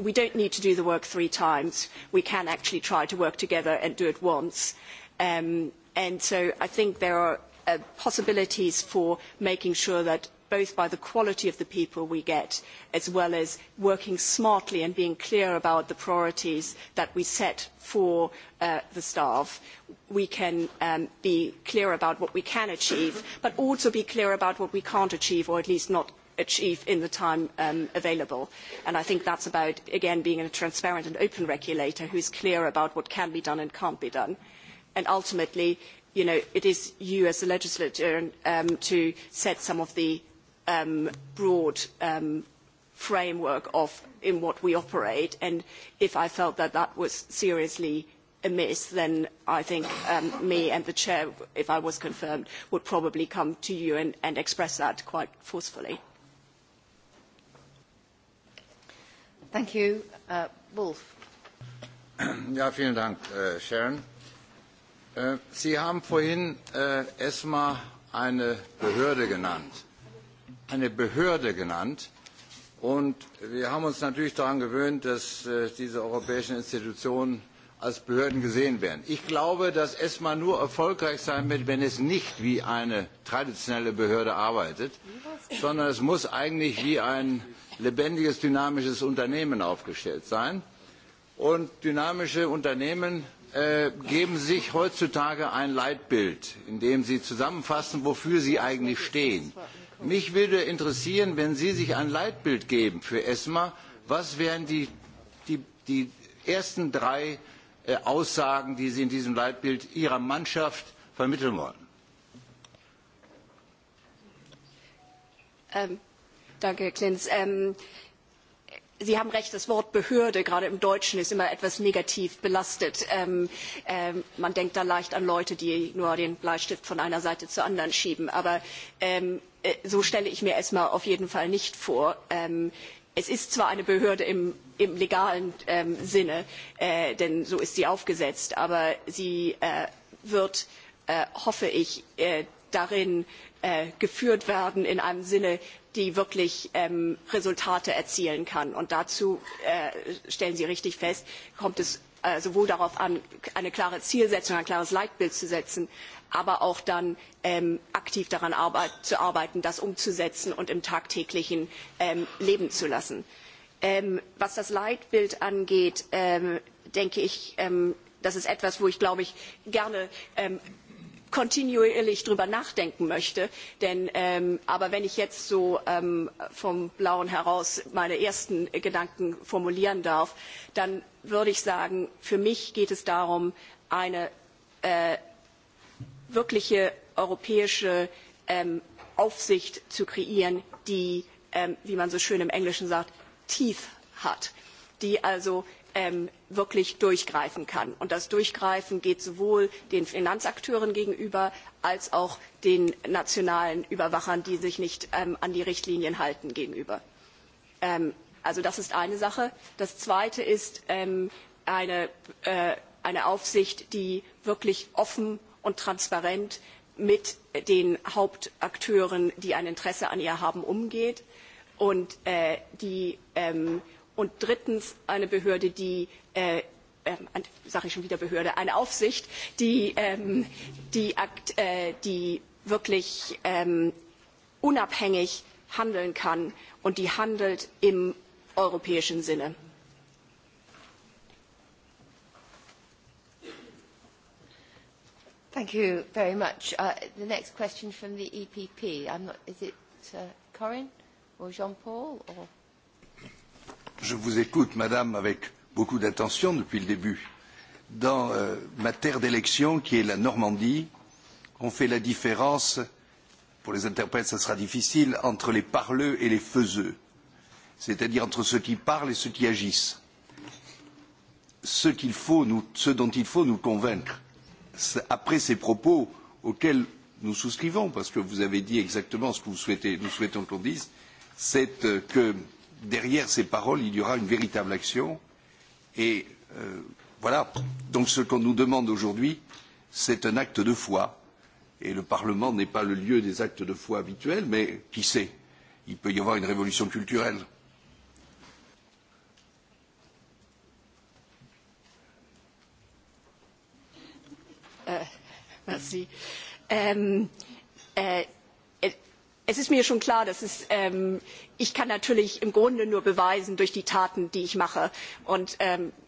we do not need to do the work three times. We can actually try to work together and do it once. and so I think there are possibilities for making sure that both by the quality of the people we get as well as working smartly and being clear about the priorities that we set for the staff. We can be clear about what we can achieve, but also be clear about what we cannot achieve or at least not achieve in the time available. And I think that is about, again, being a transparent and open regulator who is clear about what can be done and cannot be done. And ultimately, it is you as a legislator to set some of the broad framework of in what we operate. And if I felt that that was seriously amiss, then I think me and the chair, if I was confirmed, would probably come to you and, express that quite forcefully. Thank you. Wolf. Ja, vielen Dank, Sharon. Sie haben vorhin ESMA eine Behörde genannt eine Behörde genannt. Und wir haben uns natürlich daran gewöhnt, dass diese europäischen Institutionen als Behörden gesehen werden. Ich glaube, dass ESMA nur erfolgreich sein wird, wenn es nicht wie eine traditionelle Behörde arbeitet, sondern es muss eigentlich wie ein lebendiges, dynamisches Unternehmen aufgestellt sein. Und dynamische Unternehmen geben sich heutzutage ein Leitbild, in dem sie zusammenfassen, wofür sie eigentlich stehen. Mich würde interessieren, wenn Sie sich ein Leitbild geben für ESMA, was wären die, ersten drei Aussagen, die Sie in diesem Leitbild Ihrer Mannschaft vermitteln wollen? danke, Herr Klinz. Sie haben recht, das Wort Behörde, gerade im Deutschen, ist immer etwas negativ belastet. man denkt da leicht an Leute, die nur den Bleistift von einer Seite zur anderen schieben. Aber so stelle ich mir ESMA auf jeden Fall nicht vor. es ist zwar eine Behörde im, legalen Sinne, denn so ist sie aufgesetzt, aber sie wird, hoffe ich, darin geführt werden in einem Sinne, die wirklich Resultate erzielen kann. Und dazu stellen Sie richtig fest, kommt es sowohl darauf an, eine klare Zielsetzung, ein klares Leitbild zu setzen, aber auch dann aktiv daran zu arbeiten, das umzusetzen und im tagtäglichen leben zu lassen. was das Leitbild angeht, denke ich, das ist etwas, wo ich, glaube ich, gerne kontinuierlich darüber nachdenken möchte. aber wenn ich jetzt so vom Blauen heraus meine ersten Gedanken formulieren darf, dann würde ich sagen, für mich geht es darum, eine wirkliche europäische Aufsicht zu kreieren, die, wie man so schön im Englischen sagt, Teeth hat, die also wirklich durchgreifen kann. Und das Durchgreifen geht sowohl den Finanzakteuren gegenüber als auch den nationalen Überwachern, die sich nicht an die Richtlinien halten, gegenüber. also das ist eine Sache. Das Zweite ist eine, Aufsicht, die wirklich offen und transparent mit den Hauptakteuren, die ein Interesse an ihr haben, umgeht und die und drittens eine Behörde, die sage ich schon wieder Behörde, eine Aufsicht, die, wirklich unabhängig handeln kann und die handelt im europäischen Sinne. Thank you very much. Uh, the next question from the EPP. I'm not, is it uh, Corinne or Jean-Paul or? je vous écoute, madame, avec beaucoup d'attention depuis le début. Dans ma terre d'élection, qui est la Normandie, on fait la différence, pour les interprètes ce sera difficile, entre les parleux et les faiseux, c'est-à-dire entre ceux qui parlent et ceux qui agissent. Ce, dont il faut nous convaincre, après ces propos auxquels nous souscrivons, parce que vous avez dit exactement ce que vous souhaitez, nous souhaitons qu'on dise, c'est que derrière ces paroles, il y aura une véritable action. Et voilà. Donc ce qu'on nous demande aujourd'hui, c'est un acte de foi. Et le Parlement n'est pas le lieu des actes de foi habituels, mais qui sait Il peut y avoir une révolution culturelle es ist mir schon klar, dass es, ich kann natürlich im Grunde nur beweisen durch die Taten, die ich mache. Und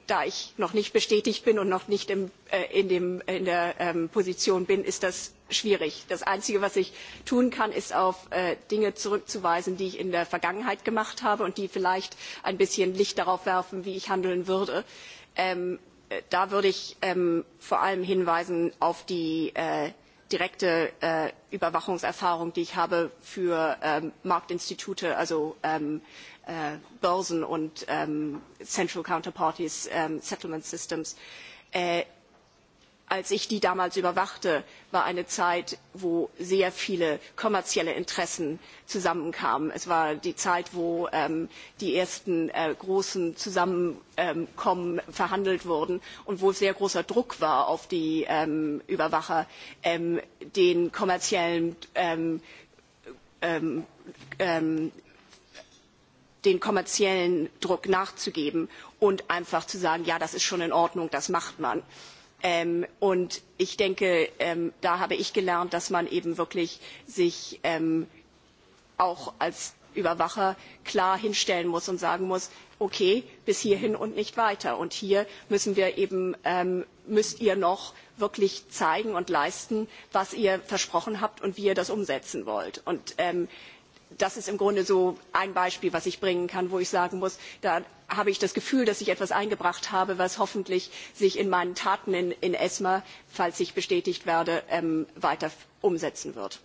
da ich noch nicht bestätigt bin und noch nicht in, der Position bin, ist das schwierig. Das Einzige, was ich tun kann, ist auf Dinge zurückzuweisen, die ich in der Vergangenheit gemacht habe und die vielleicht ein bisschen Licht darauf werfen, wie ich handeln würde. da würde ich vor allem hinweisen auf die direkte Überwachungserfahrung, die ich habe für Marktinstitute, also Börsen und Central Counterparties, Settlement Systems als ich die damals überwachte, war eine Zeit, wo sehr viele kommerzielle Interessen zusammenkamen. Es war die Zeit, wo die ersten großen Zusammenkommen verhandelt wurden und wo sehr großer Druck war auf die Überwacher, den kommerziellen den kommerziellen Druck nachzugeben und einfach zu sagen, ja, das ist schon in Ordnung, das macht man und ich denke, da habe ich gelernt, dass man eben wirklich sich auch als Überwacher klar hinstellen muss und sagen muss, okay, bis hierhin und nicht weiter. Und hier müssen wir eben, müsst ihr noch wirklich zeigen und leisten, was ihr versprochen habt und wie ihr das umsetzen wollt. Und das ist im Grunde so ein Beispiel, das ich bringen kann, wo ich sagen muss, da habe ich das Gefühl, dass ich etwas eingebracht habe, was hoffentlich sich in meinen Taten in, ESMA, falls ich bestätigt werde, weiter umsetzen wird.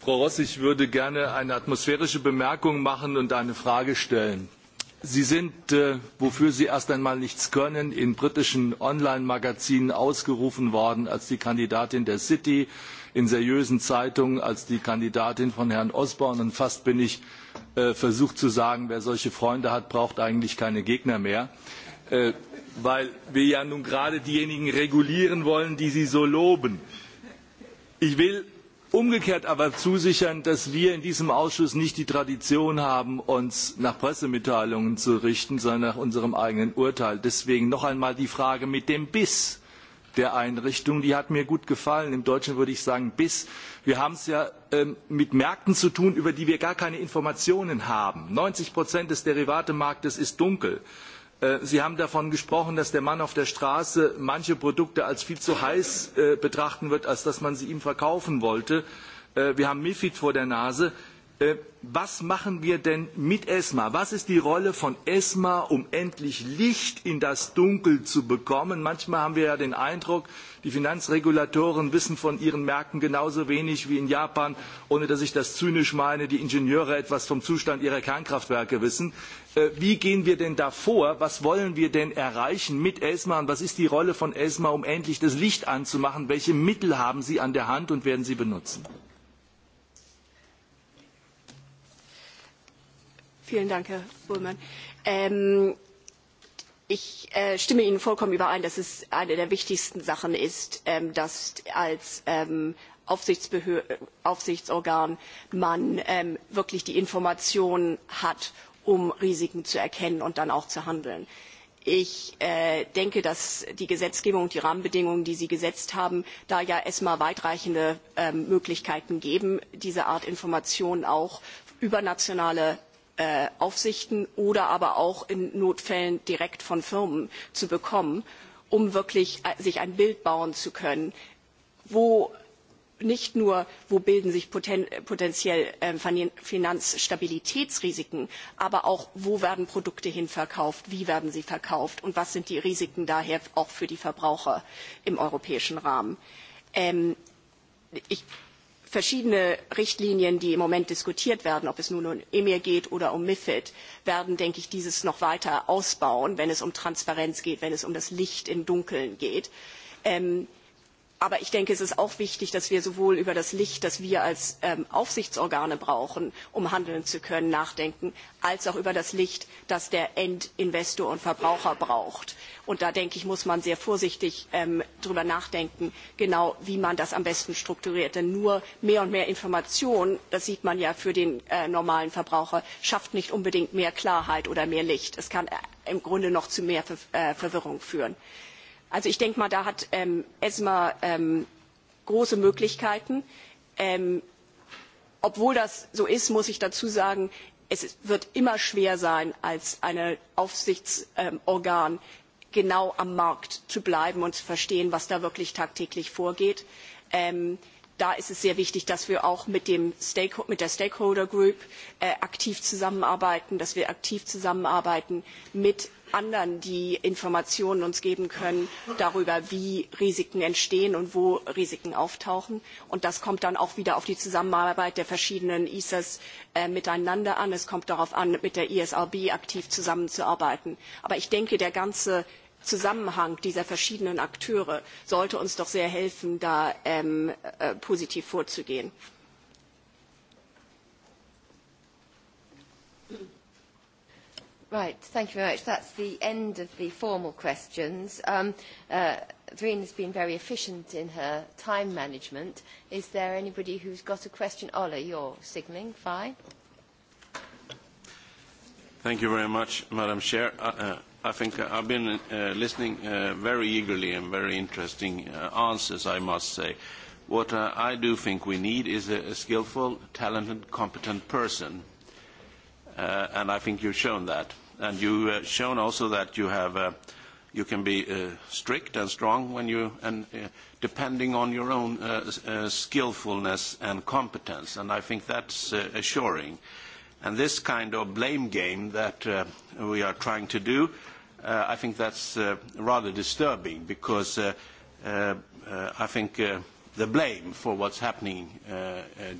Frau Ross, ich würde gerne eine atmosphärische Bemerkung machen und eine Frage stellen Sie sind, wofür Sie erst einmal nichts können, in britischen Online-Magazinen ausgerufen worden als die Kandidatin der City, in seriösen Zeitungen als die Kandidatin von Herrn Osborne. Und fast bin ich versucht zu sagen, wer solche Freunde hat, braucht eigentlich keine Gegner mehr, weil wir ja nun gerade diejenigen regulieren wollen, die Sie so loben. Ich will umgekehrt aber zusichern dass wir in diesem ausschuss nicht die tradition haben uns nach pressemitteilungen zu richten sondern nach unserem eigenen urteil. deswegen noch einmal die frage mit dem bis der einrichtung die hat mir gut gefallen im deutschen würde ich sagen BISS. wir haben es ja mit märkten zu tun über die wir gar keine informationen haben neunzig des derivatemarktes ist dunkel. Sie haben davon gesprochen, dass der Mann auf der Straße manche Produkte als viel zu heiß betrachten wird, als dass man sie ihm verkaufen wollte. Wir haben MIFID vor der Nase was machen wir denn mit ESMA? Was ist die Rolle von ESMA, um endlich Licht in das Dunkel zu bekommen? Manchmal haben wir ja den Eindruck, die Finanzregulatoren wissen von ihren Märkten genauso wenig wie in Japan, ohne dass ich das zynisch meine, die Ingenieure etwas vom Zustand ihrer Kernkraftwerke wissen. Wie gehen wir denn da vor? Was wollen wir denn erreichen mit ESMA? Und was ist die Rolle von ESMA, um endlich das Licht anzumachen? Welche Mittel haben Sie an der Hand und werden Sie benutzen? Vielen Dank, Herr Bullmann. ich stimme Ihnen vollkommen überein, dass es eine der wichtigsten Sachen ist, dass als Aufsichtsorgan man wirklich die Informationen hat, um Risiken zu erkennen und dann auch zu handeln. Ich denke, dass die Gesetzgebung und die Rahmenbedingungen, die Sie gesetzt haben, da ja erstmal weitreichende Möglichkeiten geben, diese Art Informationen auch über nationale Aufsichten oder aber auch in Notfällen direkt von Firmen zu bekommen, um wirklich sich ein Bild bauen zu können, wo nicht nur, wo bilden sich potenziell Finanzstabilitätsrisiken, aber auch, wo werden Produkte hinverkauft, wie werden sie verkauft und was sind die Risiken daher auch für die Verbraucher im europäischen Rahmen. ich verschiedene Richtlinien, die im Moment diskutiert werden, ob es nun um EMIR geht oder um MIFID, werden, denke ich, dieses noch weiter ausbauen, wenn es um Transparenz geht, wenn es um das Licht im Dunkeln geht. Ähm, Aber ich denke, es ist auch wichtig, dass wir sowohl über das Licht, das wir als Aufsichtsorgane brauchen, um handeln zu können, nachdenken, als auch über das Licht, das der Endinvestor und Verbraucher braucht. Und da denke ich, muss man sehr vorsichtig darüber nachdenken, genau wie man das am besten strukturiert. Denn nur mehr und mehr Information, das sieht man ja für den normalen Verbraucher, schafft nicht unbedingt mehr Klarheit oder mehr Licht. Es kann im Grunde noch zu mehr Verwirrung führen. Also ich denke mal, da hat ESMA große Möglichkeiten. obwohl das so ist, muss ich dazu sagen, es wird immer schwer sein, als ein Aufsichtsorgan genau am Markt zu bleiben und zu verstehen, was da wirklich tagtäglich vorgeht. Ähm, da ist es sehr wichtig, dass wir auch mit, der Stakeholder Group aktiv zusammenarbeiten, dass wir aktiv zusammenarbeiten mit anderen, die Informationen uns geben können darüber, wie Risiken entstehen und wo Risiken auftauchen. Und das kommt dann auch wieder auf die Zusammenarbeit der verschiedenen ISAs miteinander an. Es kommt darauf an, mit der ESRB aktiv zusammenzuarbeiten. Aber ich denke, der ganze Zusammenhang dieser verschiedenen Akteure sollte uns doch sehr helfen, da positiv vorzugehen. Right, thank you very much. That's the end of the formal questions. Um, uh, has been very efficient in her time management. Is there anybody who's got a question? Ola, you're signalling. Fine. Thank you very much, Madam Chair. Uh, I think I've been uh, listening uh, very eagerly and very interesting uh, answers, I must say. What uh, I do think we need is a, a skillful, talented, competent person. Uh, and I think you've shown that. And you've uh, shown also that you, have, uh, you can be uh, strict and strong when you, and uh, depending on your own uh, uh, skillfulness and competence. And I think that's uh, assuring. And this kind of blame game that uh, we are trying to do I think that's rather disturbing because I think the blame for what's happening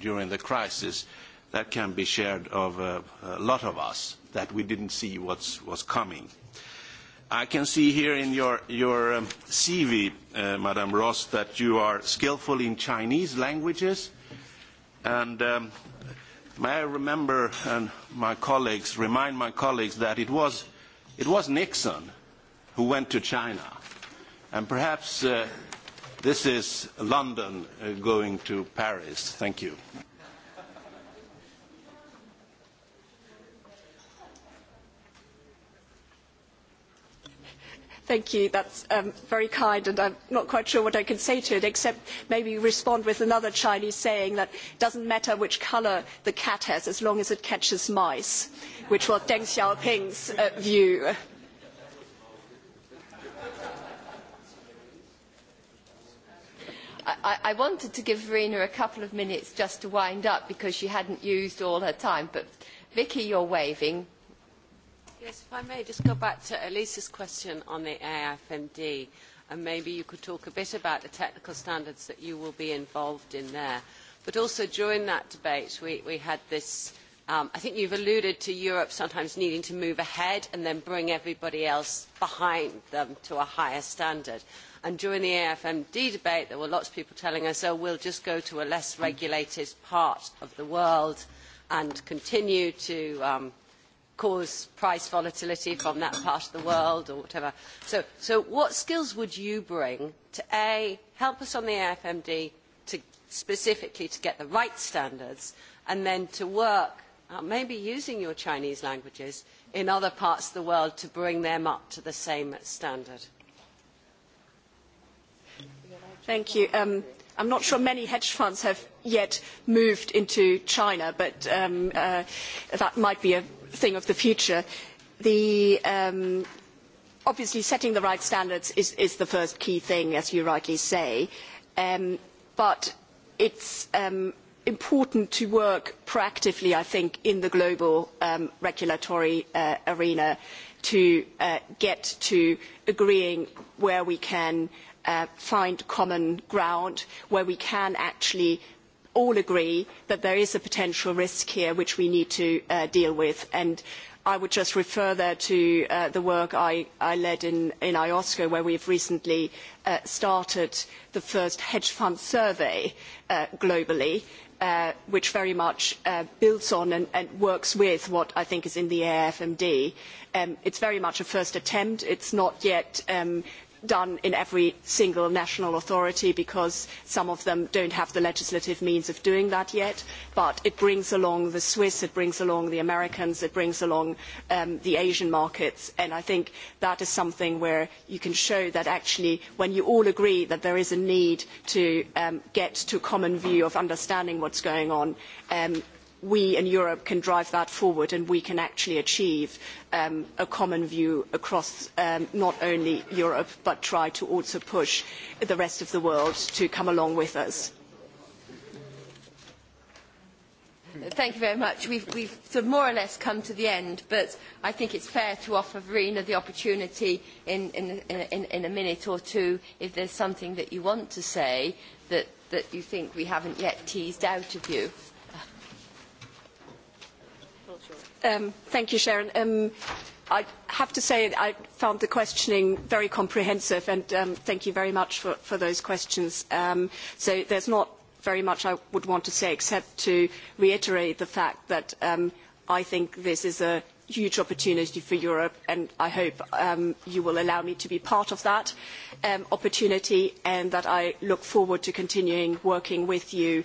during the crisis that can be shared of a lot of us that we didn't see what was coming. I can see here in your CV, Madam Ross, that you are skillful in Chinese languages. And may I remember and my colleagues, remind my colleagues that it was It was Nixon who went to China, and perhaps this is London going to Paris. Thank you. Thank you. That's um, very kind, and I'm not quite sure what I can say to it, except maybe respond with another Chinese saying that it doesn't matter which colour the cat has as long as it catches mice which was Deng Xiaoping's view. I, I wanted to give Verena a couple of minutes just to wind up because she hadn't used all her time. But Vicky, you're waving. Yes, if I may just go back to Elisa's question on the AFMD, and maybe you could talk a bit about the technical standards that you will be involved in there. But also during that debate, we, we had this I think you have alluded to Europe sometimes needing to move ahead and then bring everybody else behind them to a higher standard. And during the AFMD debate, there were lots of people telling us, oh, we'll just go to a less regulated part of the world and continue to cause price volatility from that part of the world or whatever. So, so what skills would you bring to, A, help us on the AFMD to specifically to get the right standards and then to work maybe using your Chinese languages in other parts of the world to bring them up to the same standard? Thank you. Um, I'm not sure many hedge funds have yet moved into China, but um, uh, that might be a thing of the future. The, um, obviously, setting the right standards is, is the first key thing, as you rightly say. Um, but it's um, important to work proactively, I think, in the global regulatory arena to get to agreeing where we can find common ground, where we can actually all agree that there is a potential risk here which we need to deal with. And I would just refer there to the work I, led in, IOSCO, where we have recently started the first hedge fund survey globally, which very much builds on and, works with what I think is in the AFMD. It is very much a first attempt. It is not yet done in every single national authority because some of them do not have the legislative means of doing that yet. But it brings along the Swiss, it brings along the Americans, it brings along the Asian markets. And I think that is something where you can show that actually when you all agree that there is a need to get to a common view of understanding what is going on, we in Europe can drive that forward and we can actually achieve a common view across not only Europe but try to also push the rest of the world to come along with us. Thank you very much. We've, we've sort of more or less come to the end, but I think it's fair to offer Verena the opportunity in, in, in, in a minute or two if there's something that you want to say that, that you think we haven't yet teased out of you. thank you, Sharon. I have to say I found the questioning very comprehensive, and thank you very much for, those questions. so there's not very much I would want to say except to reiterate the fact that I think this is a huge opportunity for Europe, and I hope you will allow me to be part of that opportunity, and that I look forward to continuing working with you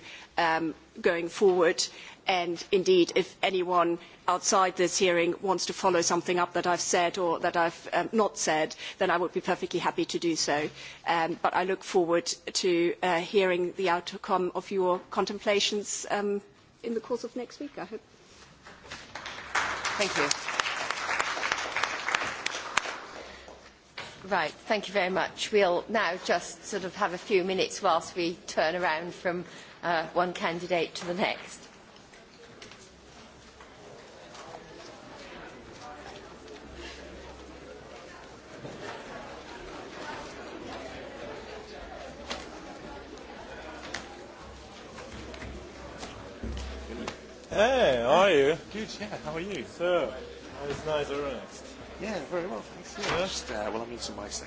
going forward and indeed if anyone outside this hearing wants to follow something up that I have said or that I have not said, then I would be perfectly happy to do so. but I look forward to hearing the outcome of your contemplations in the course of next week, I hope. Thank you. Right, thank you very much. We'll now just sort of have a few minutes whilst we turn around from one candidate to the next. Hey, how are you? Good, yeah, how are you? So, it's nice, relaxed. Yeah, very well, thanks. Yeah. Just, uh, well, I'm in some ice.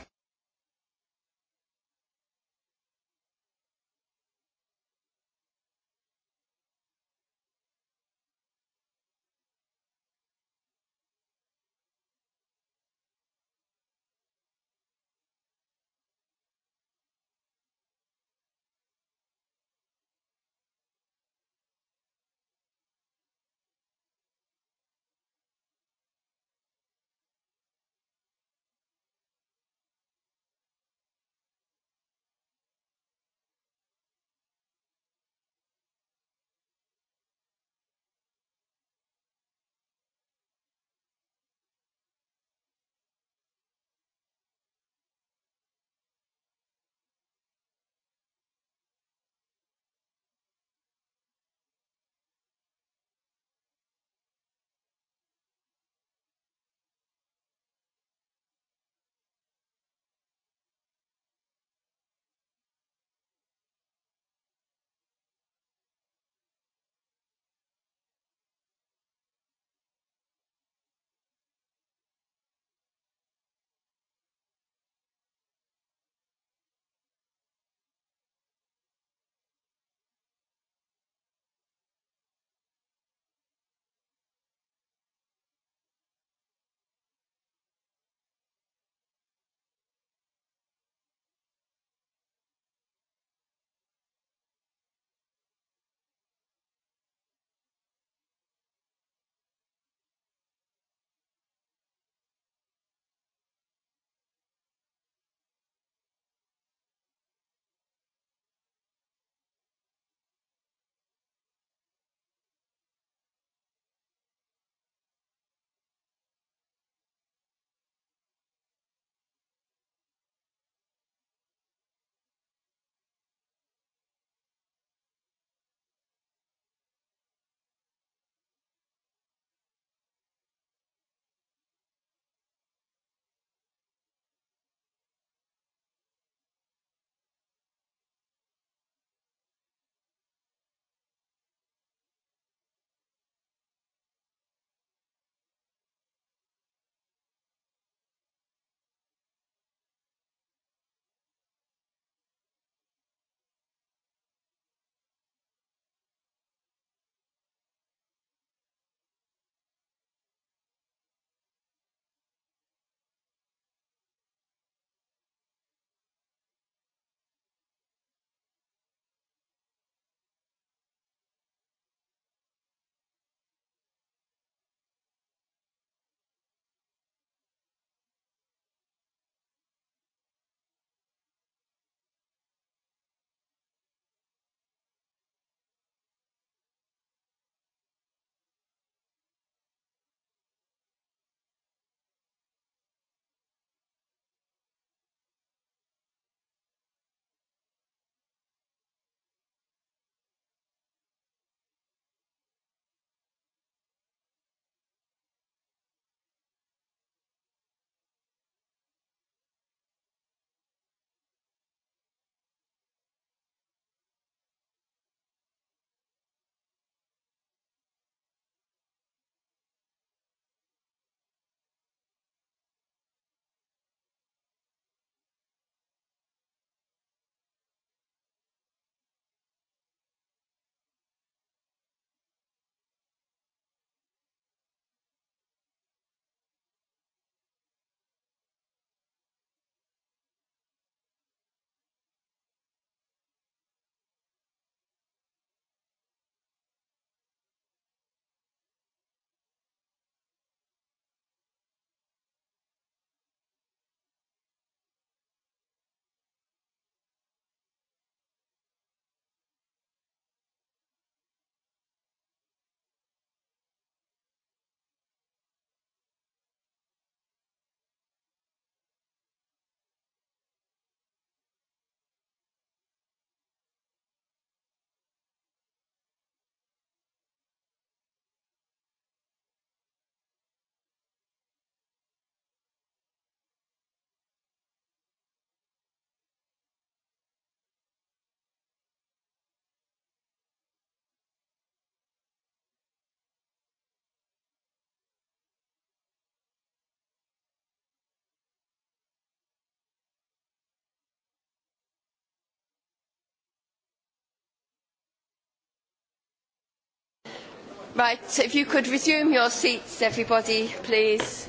Right, if you could resume your seats, everybody, please.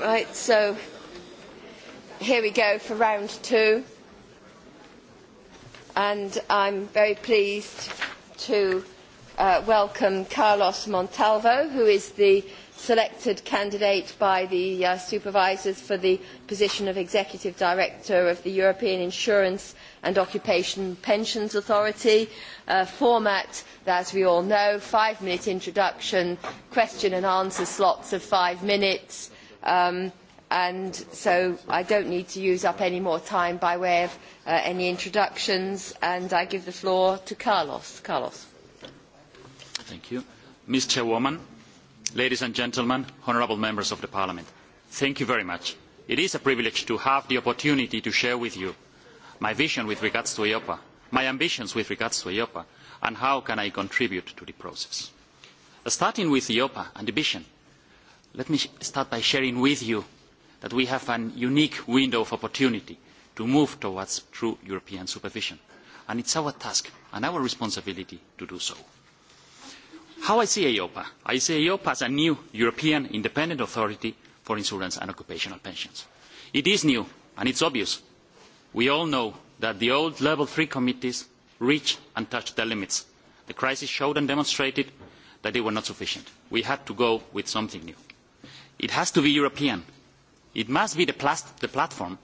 Right, so here we go for round two. And I'm very pleased to uh, welcome Carlos Montalvo, who is the selected candidate by the uh, supervisors for the position of Executive Director of the European Insurance and Occupation Pensions Authority, a format that, as we all know, five-minute introduction, question and answer slots of five minutes, and so I don't need to use up any more time by way of any introductions, and I give the floor to Carlos. Carlos. Thank you. Ms. Chairwoman, ladies and gentlemen, honourable members of the Parliament, thank you very much. It is a privilege to have the opportunity to share with you my vision with regards to EIOPA, my ambitions with regards to EIOPA, and how can I contribute to the process. Starting with EIOPA and the vision, let me start by sharing with you that we have a unique window of opportunity to move towards true European supervision. And it's our task and our responsibility to do so. How I see EIOPA? I see EIOPA as a new European independent authority for insurance and occupational pensions. It is new, and it is obvious we all know that the old level three committees reached and touched their limits. the crisis showed and demonstrated that they were not sufficient. we had to go with something new. it has to be european. it must be the platform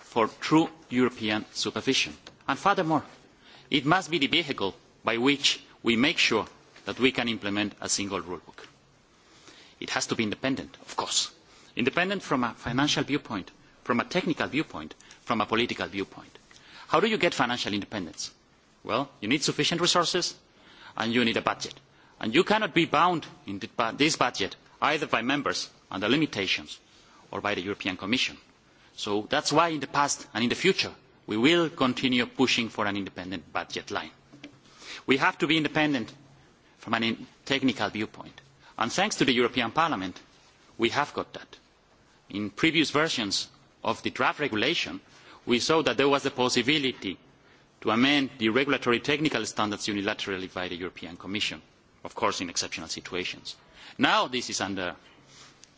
for true european supervision. and furthermore it must be the vehicle by which we make sure that we can implement a single rule book. It has to be independent, of course. Independent from a financial viewpoint, from a technical viewpoint, from a political viewpoint. How do you get financial independence? Well, you need sufficient resources and you need a budget. And you cannot be bound in this budget either by members and the limitations or by the European Commission. So that is why in the past and in the future we will continue pushing for an independent budget line. We have to be independent from a technical viewpoint. And thanks to the European Parliament, we have got that. In previous versions of the draft regulation, we saw that there was a possibility to amend the regulatory technical standards unilaterally by the European Commission, of course in exceptional situations. Now this is under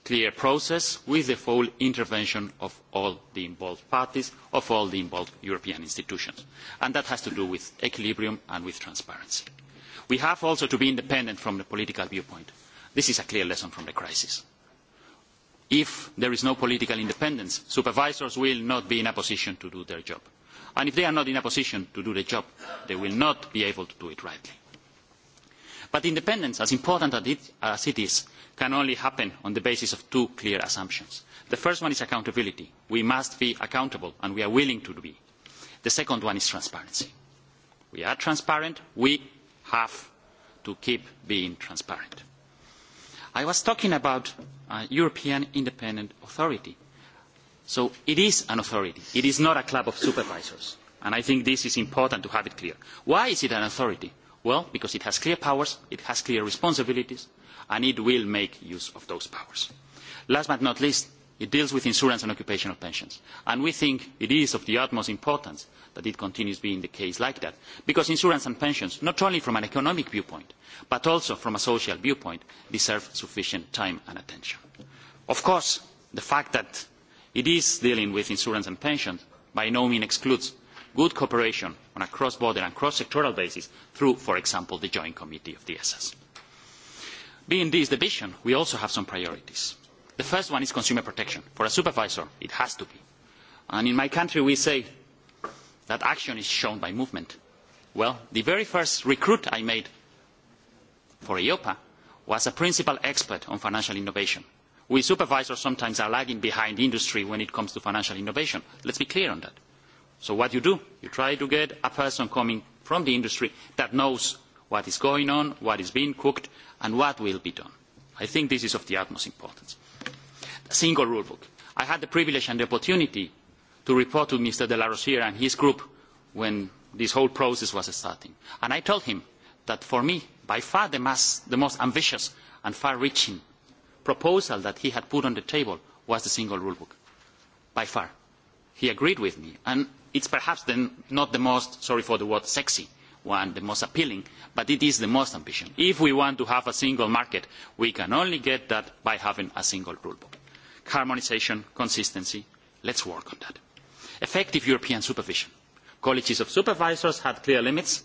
clear process with the full intervention of all the involved parties, of all the involved European institutions. And that has to do with equilibrium and with transparency. We have also to be independent from the political viewpoint. This is a clear lesson from the crisis if there is no political independence. Supervisors will not be in a position to do their job. And if they are not in a position to do the job, they will not be able to do it rightly. But independence, as important as it is, can only happen on the basis of two clear assumptions. The first one is accountability. We must be accountable, and we are willing to be. The second one is transparency. We are transparent. We have to keep being transparent. I was talking about European Independent Authority. So it is an authority. It is not a club of supervisors. And I think this is important to have it clear. Why is it an authority? Well, because it has clear powers, it has clear responsibilities, and it will make use of those powers. Last but not least, It deals with insurance and occupational pensions. And we think it is of the utmost importance that it continues being the case like that. Because insurance and pensions, not only from an economic viewpoint, but also from a social viewpoint, deserve sufficient time and attention. Of course, the fact that it is dealing with insurance and pensions by no means excludes good cooperation on a cross-border and cross-sectoral basis through, for example, the Joint Committee of the SS. Being this division, we also have some priorities The first one is consumer protection. For a supervisor, it has to be. And in my country, we say that action is shown by movement. Well, the very first recruit I made for EIOPA was a principal expert on financial innovation. We supervisors sometimes are lagging behind industry when it comes to financial innovation. Let's be clear on that. So what you do, you try to get a person coming from the industry that knows what is going on, what is being cooked, and what will be done. I think this is of the utmost importance single rule book. I had the privilege and the opportunity to report to Mr. De La Rosière and his group when this whole process was starting. And I told him that for me, by far the, most ambitious and far-reaching proposal that he had put on the table was the single rule book. By far. He agreed with me. And it's perhaps the, not the most, sorry for the word, sexy one, the most appealing, but it is the most ambitious. If we want to have a single market, we can only get that by having a single rule book harmonisation, consistency. Let's work on that. Effective European supervision. Colleges of supervisors had clear limits.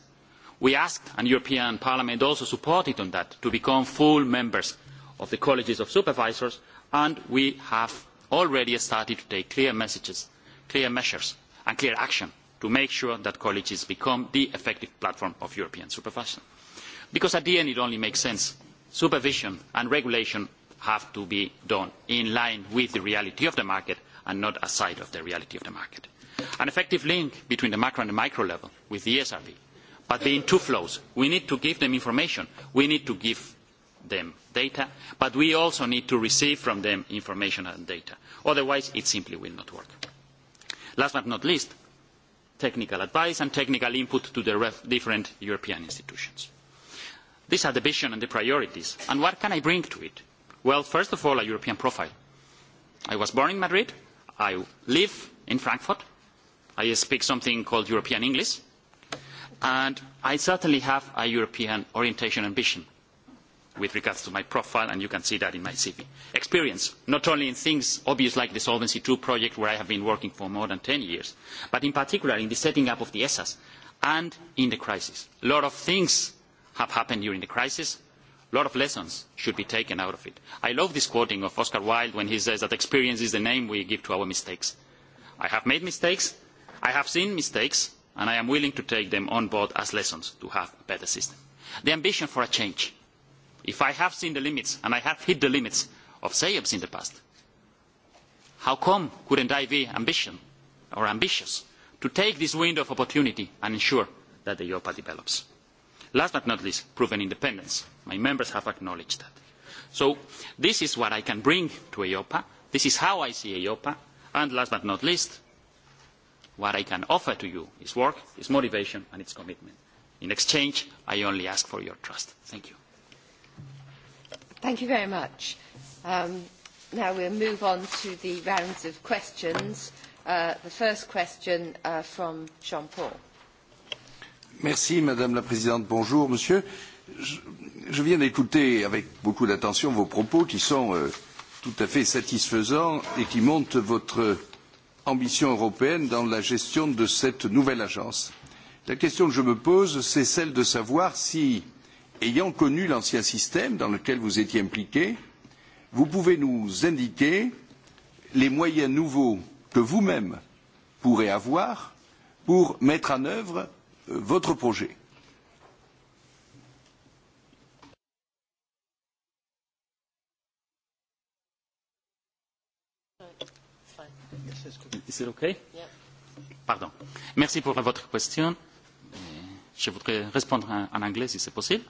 We asked, and European Parliament also supported on that, to become full members of the colleges of supervisors, and we have already started to take clear messages, clear measures, and clear action to make sure that colleges become the effective platform of European supervision. Because at the end it only makes sense. Supervision and regulation have to be done in line with the reality of the market and not aside of the reality of the market. An effective link between the macro and the micro level with the SRB, but being two flows. We need to give them information. We need to give them data, but we also need to receive from them information and data. Otherwise, it simply will not work. Last but not least, technical advice and technical input to the different European institutions. These are the vision and the priorities, and what can I bring to it? Well, first of all, a European profile. I was born in Madrid. I live in Frankfurt. I speak something called European English. And I certainly have a European orientation ambition with regards to my profile, and you can see that in my CV. Experience, not only in things obvious like the Solvency II project, where I have been working for more than ten years, but in particular in the setting up of the ESAs and in the crisis. A lot of things have happened during the crisis, A lot of lessons should be taken out of it. I love this quoting of Oscar Wilde when he says that experience is the name we give to our mistakes. I have made mistakes, I have seen mistakes, and I am willing to take them on board as lessons to have a better system. The ambition for a change. If I have seen the limits, and I have hit the limits of SAYEBs in the past, how come couldn't I be ambition or ambitious to take this window of opportunity and ensure that the EIOPA develops? last but not least proven independence. my members have acknowledged that. so this is what i can bring to eiopa this is how i see eiopa and last but not least what i can offer to you is work is motivation and is commitment. in exchange i only ask for your trust. thank you. thank you very much. now we will move on to the rounds of questions. the first question from jean paul. Madame la Présidente. Bonjour Monsieur. Je, viens d'écouter avec beaucoup d'attention vos propos qui sont tout à fait satisfaisants et qui montrent votre ambition européenne dans la gestion de cette nouvelle agence. La question que je me pose, c'est celle de savoir si, ayant connu l'ancien système dans lequel vous étiez impliqué, vous pouvez nous indiquer les moyens nouveaux que vous-même pourrez avoir pour mettre en œuvre votre projet. Is it okay? Yeah. Pardon. Merci pour votre question. Je voudrais répondre en anglais si c'est possible.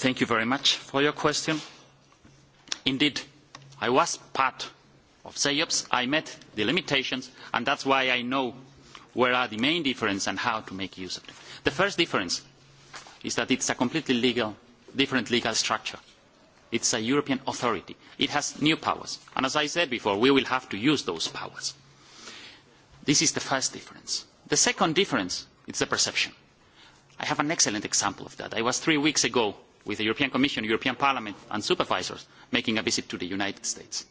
Thank you very much for your question. Indeed, I was part of SEIOPS. I met the limitations, and that's why I know where are the main differences and how to make use of them. The first difference is that it is a completely legal, different legal structure. It is a European authority. It has new powers. And as I said before, we will have to use those powers. This is the first difference. The second difference is the perception. I have an excellent example of that. I was three weeks ago with the European Commission, European Parliament and supervisors making a visit to the United States.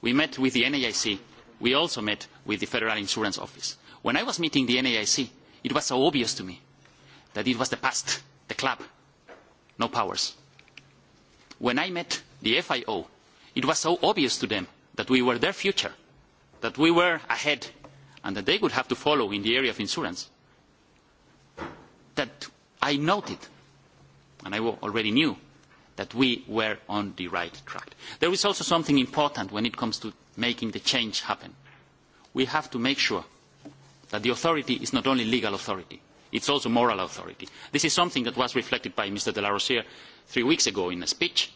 We met with the NAIC. We also met with the Federal Insurance Office. When I was meeting the NAIC, it was so obvious to me that it was the past, the club, no powers. When I met the FIO, it was so obvious to them that we were their future, that we were ahead, and that they would have to follow in the area of insurance, that I noted, and I already knew, that we were on the right track. There is also something important when it comes to making the change happen. We have to make sure that the authority is not only legal authority, it is also moral authority. This is something that was reflected by Mr. de la three weeks ago in a speech,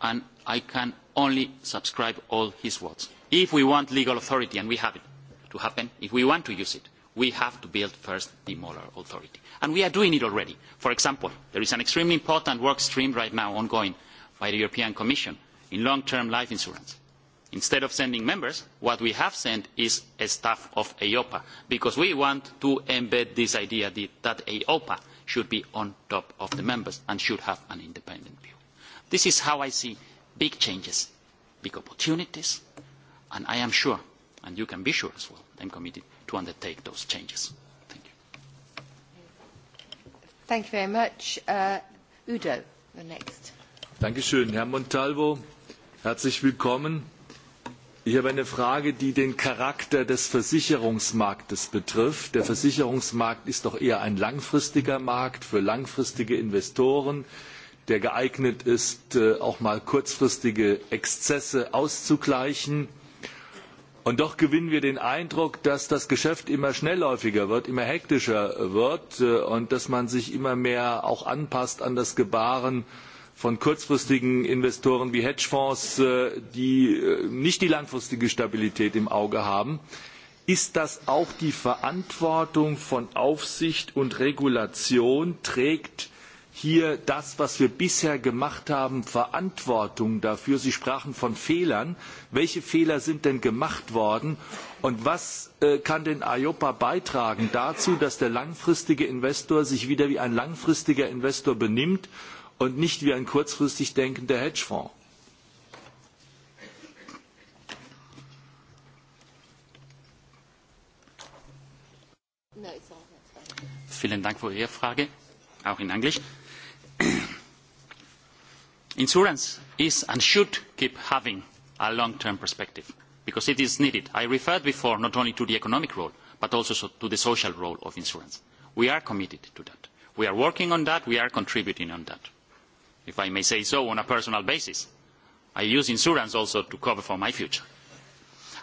and I can only subscribe all his words. If we want legal authority, and we have it to happen, if we want to use it, we have to build first the moral authority. And we are doing it already. For example, there is an extremely important work stream right now ongoing by the European Commission in long-term life insurance Instead of sending members, what we have sent is a staff of EIOPA, because we want to embed this idea that EIOPA should be on top of the members and should have an independent view. This is how I see big changes, big opportunities, and I am sure, and you can be sure as well, I am committed to undertake those changes. Thank you. Thank you very much. Udo, the next. Dankeschön, Herr Montalvo. Herzlich willkommen. Ich habe eine Frage, die den Charakter des Versicherungsmarktes betrifft. Der Versicherungsmarkt ist doch eher ein langfristiger Markt für langfristige Investoren, der geeignet ist, auch mal kurzfristige Exzesse auszugleichen. Und doch gewinnen wir den Eindruck, dass das Geschäft immer schnellläufiger wird, immer hektischer wird und dass man sich immer mehr auch anpasst an das Gebaren von kurzfristigen Investoren wie Hedgefonds, die nicht die langfristige Stabilität im Auge haben. Ist das auch die Verantwortung von Aufsicht und Regulation? Trägt hier das, was wir bisher gemacht haben, Verantwortung dafür? Sie sprachen von Fehlern. Welche Fehler sind denn gemacht worden? Und was kann denn IOPA beitragen dass der langfristige Investor sich wieder wie ein langfristiger Investor benimmt und nicht wie ein kurzfristig denkender Hedgefonds. Vielen Dank für Ihre Frage, auch in Englisch. Insurance is and should keep having a long-term perspective because it is needed. I referred before not only to the economic role but also to the social role of insurance. We are committed to that. We are working on that. We are contributing on that if I may say so, on a personal basis. I use insurance also to cover for my future.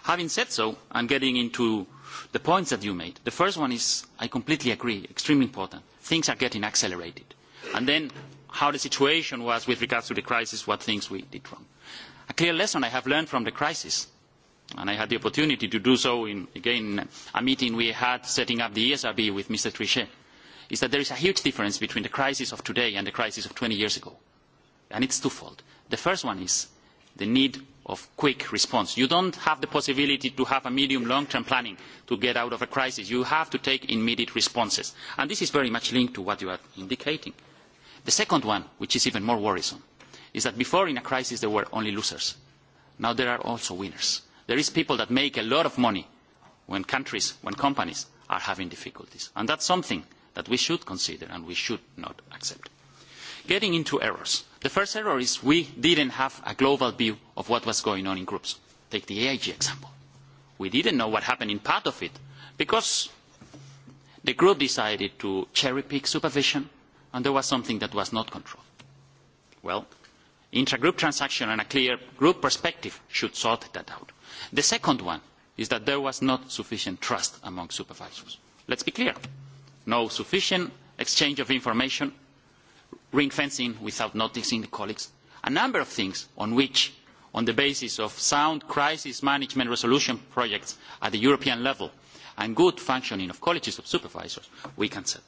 Having said so, and getting into the points that you made. The first one is, I completely agree, extremely important. Things are getting accelerated. And then how the situation was with regards to the crisis, what things we did wrong. A clear lesson I have learned from the crisis, and I had the opportunity to do so in, again, a meeting we had setting up the ESRB with Mr. Trichet, is that there is a huge difference between the crisis of today and the crisis of twenty years ago and it's twofold. The first one is the need of quick response. You don't have the possibility to have a medium long term planning to get out of a crisis. You have to take immediate responses. And this is very much linked to what you are indicating. The second one, which is even more worrisome, is that before in a crisis there were only losers. Now there are also winners. There is people that make a lot of money when countries, when companies are having difficulties. And that's something that we should consider and we should not accept. Getting into errors The first error is we didn't have a global view of what was going on in groups. Take the AIG example. We didn't know what happened in part of it because the group decided to cherry-pick supervision and there was something that was not controlled. Well, intra-group transaction and a clear group perspective should sort that out. The second one is that there was not sufficient trust among supervisors. Let's be clear. No sufficient exchange of information ring fencing without noticing the colleagues, a number of things on which, on the basis of sound crisis management resolution projects at the European level and good functioning of colleges of supervisors, we can settle.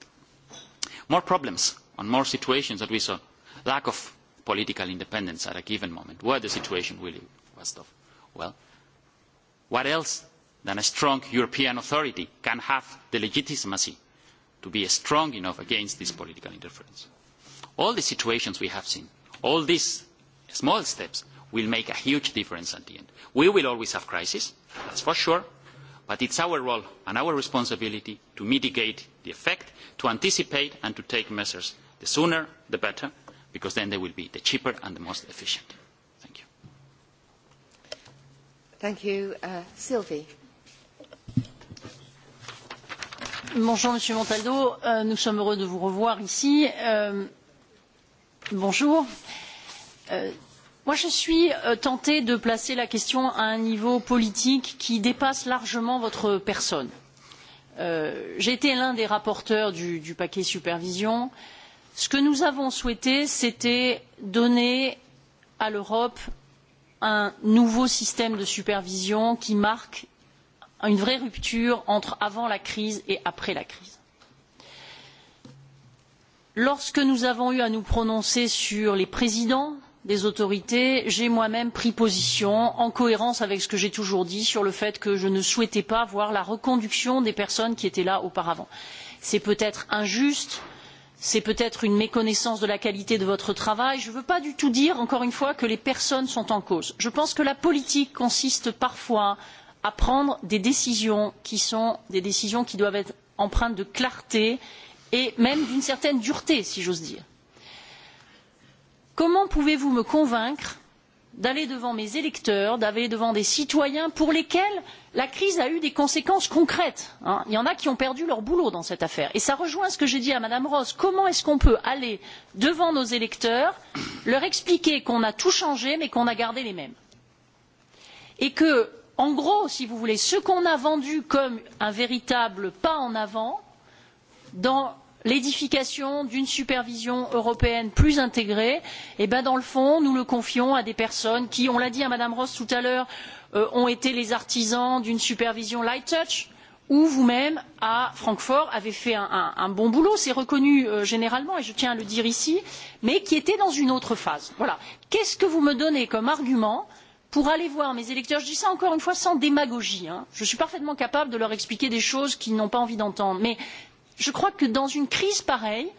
More problems on more situations that we saw, lack of political independence at a given moment, where the situation really was tough. Well, what else than a strong European authority can have the legitimacy to be strong enough against this political interference? all the situations we have seen, all these small steps will make a huge difference at the end. We will always have crises, that's for sure, but it's our role and our responsibility to mitigate the effect, to anticipate and to take measures. The sooner, the better, because then they will be the cheaper and the most efficient. Thank you. Thank you. Sylvie. Bonjour Monsieur Montaldo, nous sommes heureux de vous revoir ici bonjour. je suis tentée de placer la question à un niveau politique qui dépasse largement votre personne. J'ai été l'un des rapporteurs du, paquet supervision. Ce que nous avons souhaité, c'était donner à l'Europe un nouveau système de supervision qui marque une vraie rupture entre avant la crise et après la crise Lorsque nous avons eu à nous prononcer sur les présidents des autorités, j'ai moi-même pris position, en cohérence avec ce que j'ai toujours dit, sur le fait que je ne souhaitais pas voir la reconduction des personnes qui étaient là auparavant. C'est peut-être injuste, c'est peut-être une méconnaissance de la qualité de votre travail. Je ne veux pas du tout dire, encore une fois, que les personnes sont en cause. Je pense que la politique consiste parfois à prendre des décisions qui sont des décisions qui doivent être empreintes de clarté et même d'une certaine dureté, si j'ose dire. Comment pouvez-vous me convaincre d'aller devant mes électeurs, d'aller devant des citoyens pour lesquels la crise a eu des conséquences concrètes. Il y en a qui ont perdu leur boulot dans cette affaire. Et cela rejoint ce que j'ai dit à Madame Ross. Comment est-ce qu'on peut aller devant nos électeurs, leur expliquer qu'on a tout changé mais qu'on a gardé les mêmes Et que, en gros, si vous voulez, ce qu'on a vendu comme un véritable pas en avant, dans l'édification d'une supervision européenne plus intégrée dans le fond nous le confions à des personnes qui on l'a dit à mme ross tout à l'heure ont été les artisans d'une supervision light touch ou vous même à francfort avez fait un bon boulot c'est reconnu généralement et je tiens à le dire ici mais qui était dans une autre phase. voilà. qu'est ce que vous me donnez comme argument pour aller voir mes électeurs je dis cela encore une fois sans démagogie je suis parfaitement capable de leur expliquer des choses qu'ils n'ont pas envie d'entendre mais je crois que dans une crise pareille,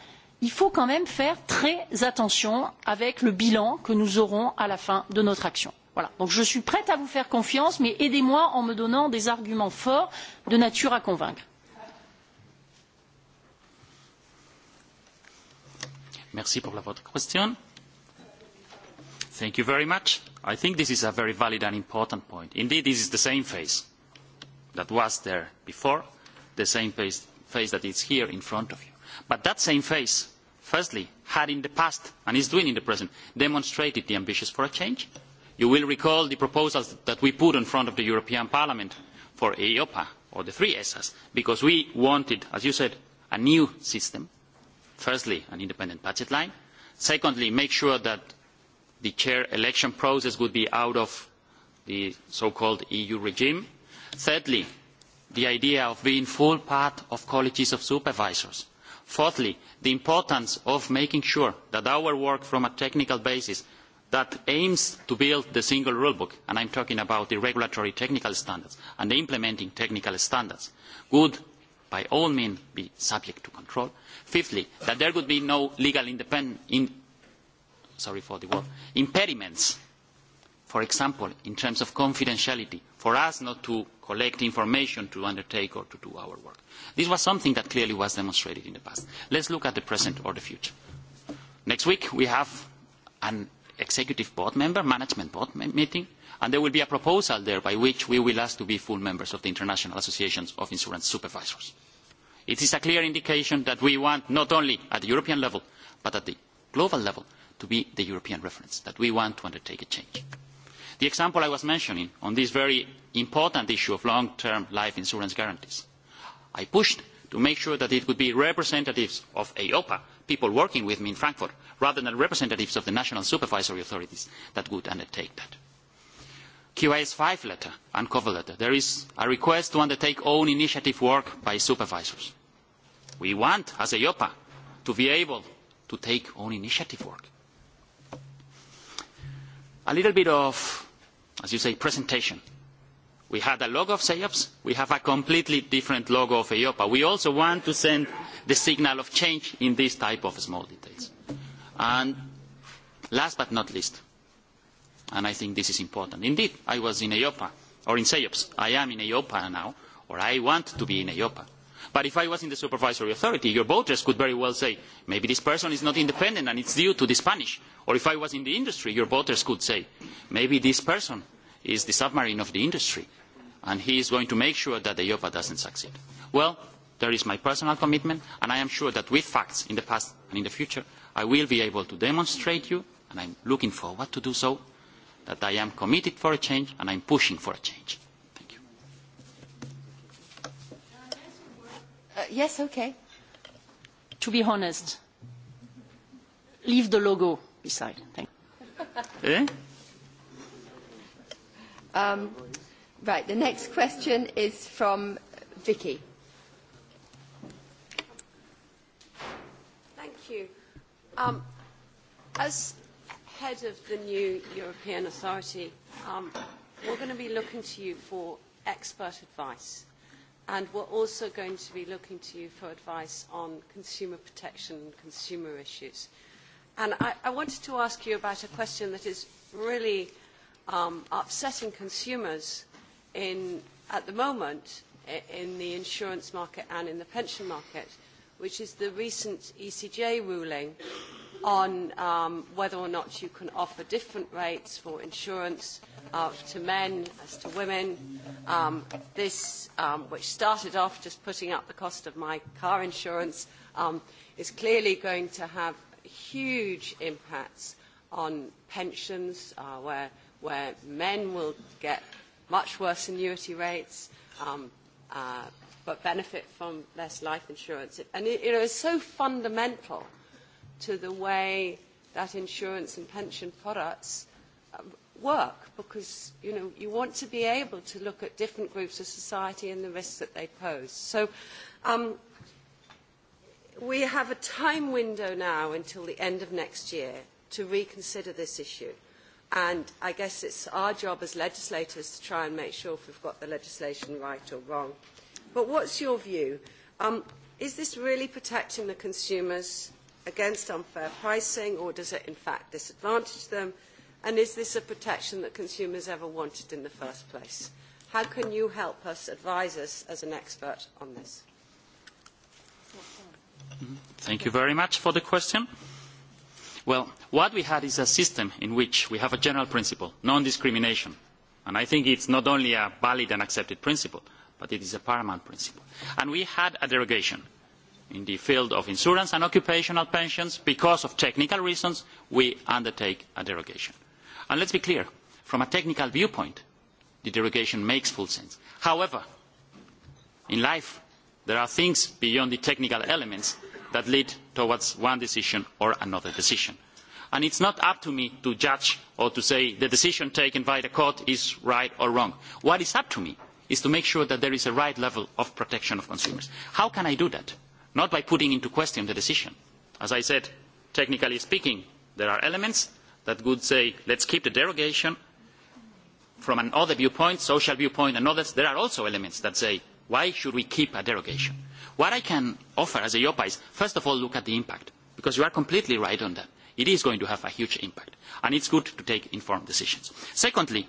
il faut quand même faire très attention avec le bilan que nous aurons à la fin de notre action. Voilà. Donc je suis prête à vous faire confiance, mais aidez-moi en me donnant des arguments forts de nature à convaincre. Merci pour votre question. Thank you very much. I think this is a very valid and important point. Indeed, this is the same phase that was there before, the same phase face that is here in front of you. But that same face, firstly, had in the past and is doing in the present, demonstrated the ambitions for a change. You will recall the proposals that we put in front of the European Parliament for EIOPA or the three ESAs, because we wanted, as you said, a new system. Firstly, an independent budget line. Secondly, make sure that the chair election process would be out of the so-called EU regime. Thirdly, the idea of being full part of colleges of supervisors. Fourthly, the importance of making sure that our work from a technical basis that aims to build the single rule book, and I am talking about the regulatory technical standards and the implementing technical standards, would by all means be subject to control. Fifthly, that there would be no legal impediments, for example, in terms of confidentiality, for us not to collect information to undertake or to do our work. This was something that clearly was demonstrated in the past. Let's look at the present or the future. Next week, we have an executive board member, management board meeting, and there will be a proposal there by which we will ask to be full members of the International Association of Insurance Supervisors. It is a clear indication that we want not only at the European level, but at the global level, to be the European reference, that we want to undertake a change. The example I was mentioning on this very important issue of long-term life insurance guarantees. I pushed to make sure that it would be representatives of EIOPA, people working with me in Frankfurt, rather than representatives of the national supervisory authorities that would undertake that. QIS 5 letter and cover letter, there is a request to undertake own initiative work by supervisors. We want, as EIOPA, to be able to take own initiative work. A little bit of as you say, presentation. We had a logo of SEOPs, We have a completely different logo of EIOPA. We also want to send the signal of change in these type of small details. And last but not least, and I think this is important. Indeed, I was in EIOPA or in SEOPS I am in EIOPA now, or I want to be in EIOPA But if I was in the supervisory authority, your voters could very well say, maybe this person is not independent and it's due to the Spanish. Or if I was in the industry, your voters could say, maybe this person is the submarine of the industry and he is going to make sure that the does doesn't succeed. Well, there is my personal commitment, and I am sure that with facts in the past and in the future, I will be able to demonstrate you, and I am looking forward to do so, that I am committed for a change and I am pushing for a change. yes, okay. To be honest, leave the logo beside. Thank you. um, right, the next question is from Vicky. Thank you. Um, as head of the new European Authority, um, we're going to be looking to you for expert advice And we're also going to be looking to you for advice on consumer protection and consumer issues. And I, I wanted to ask you about a question that is really um, upsetting consumers in, at the moment in the insurance market and in the pension market, which is the recent ECJ ruling on um, whether or not you can offer different rates for insurance uh, to men as to women. Um, this, um, which started off just putting up the cost of my car insurance, um, is clearly going to have huge impacts on pensions, uh, where, where men will get much worse annuity rates, um, uh, but benefit from less life insurance. And it, you know, it's so fundamental – to the way that insurance and pension products work because you know you want to be able to look at different groups of society and the risks that they pose so um, we have a time window now until the end of next year to reconsider this issue and I guess it's our job as legislators to try and make sure if we've got the legislation right or wrong but what's your view um, is this really protecting the consumers against unfair pricing, or does it in fact disadvantage them? And is this a protection that consumers ever wanted in the first place? How can you help us, advise us as an expert on this? Thank you very much for the question. Well, what we had is a system in which we have a general principle, non-discrimination. And I think it's not only a valid and accepted principle, but it is a paramount principle. And we had a derogation in the field of insurance and occupational pensions, because of technical reasons, we undertake a derogation. And let's be clear, from a technical viewpoint, the derogation makes full sense. However, in life, there are things beyond the technical elements that lead towards one decision or another decision. And it's not up to me to judge or to say the decision taken by the court is right or wrong. What is up to me is to make sure that there is a right level of protection of consumers. How can I do that? not by putting into question the decision. As I said, technically speaking, there are elements that would say, let's keep the derogation from another viewpoint, social viewpoint and others. There are also elements that say, why should we keep a derogation? What I can offer as a IOPA is, first of all, look at the impact, because you are completely right on that. It is going to have a huge impact, and it is good to take informed decisions. Secondly,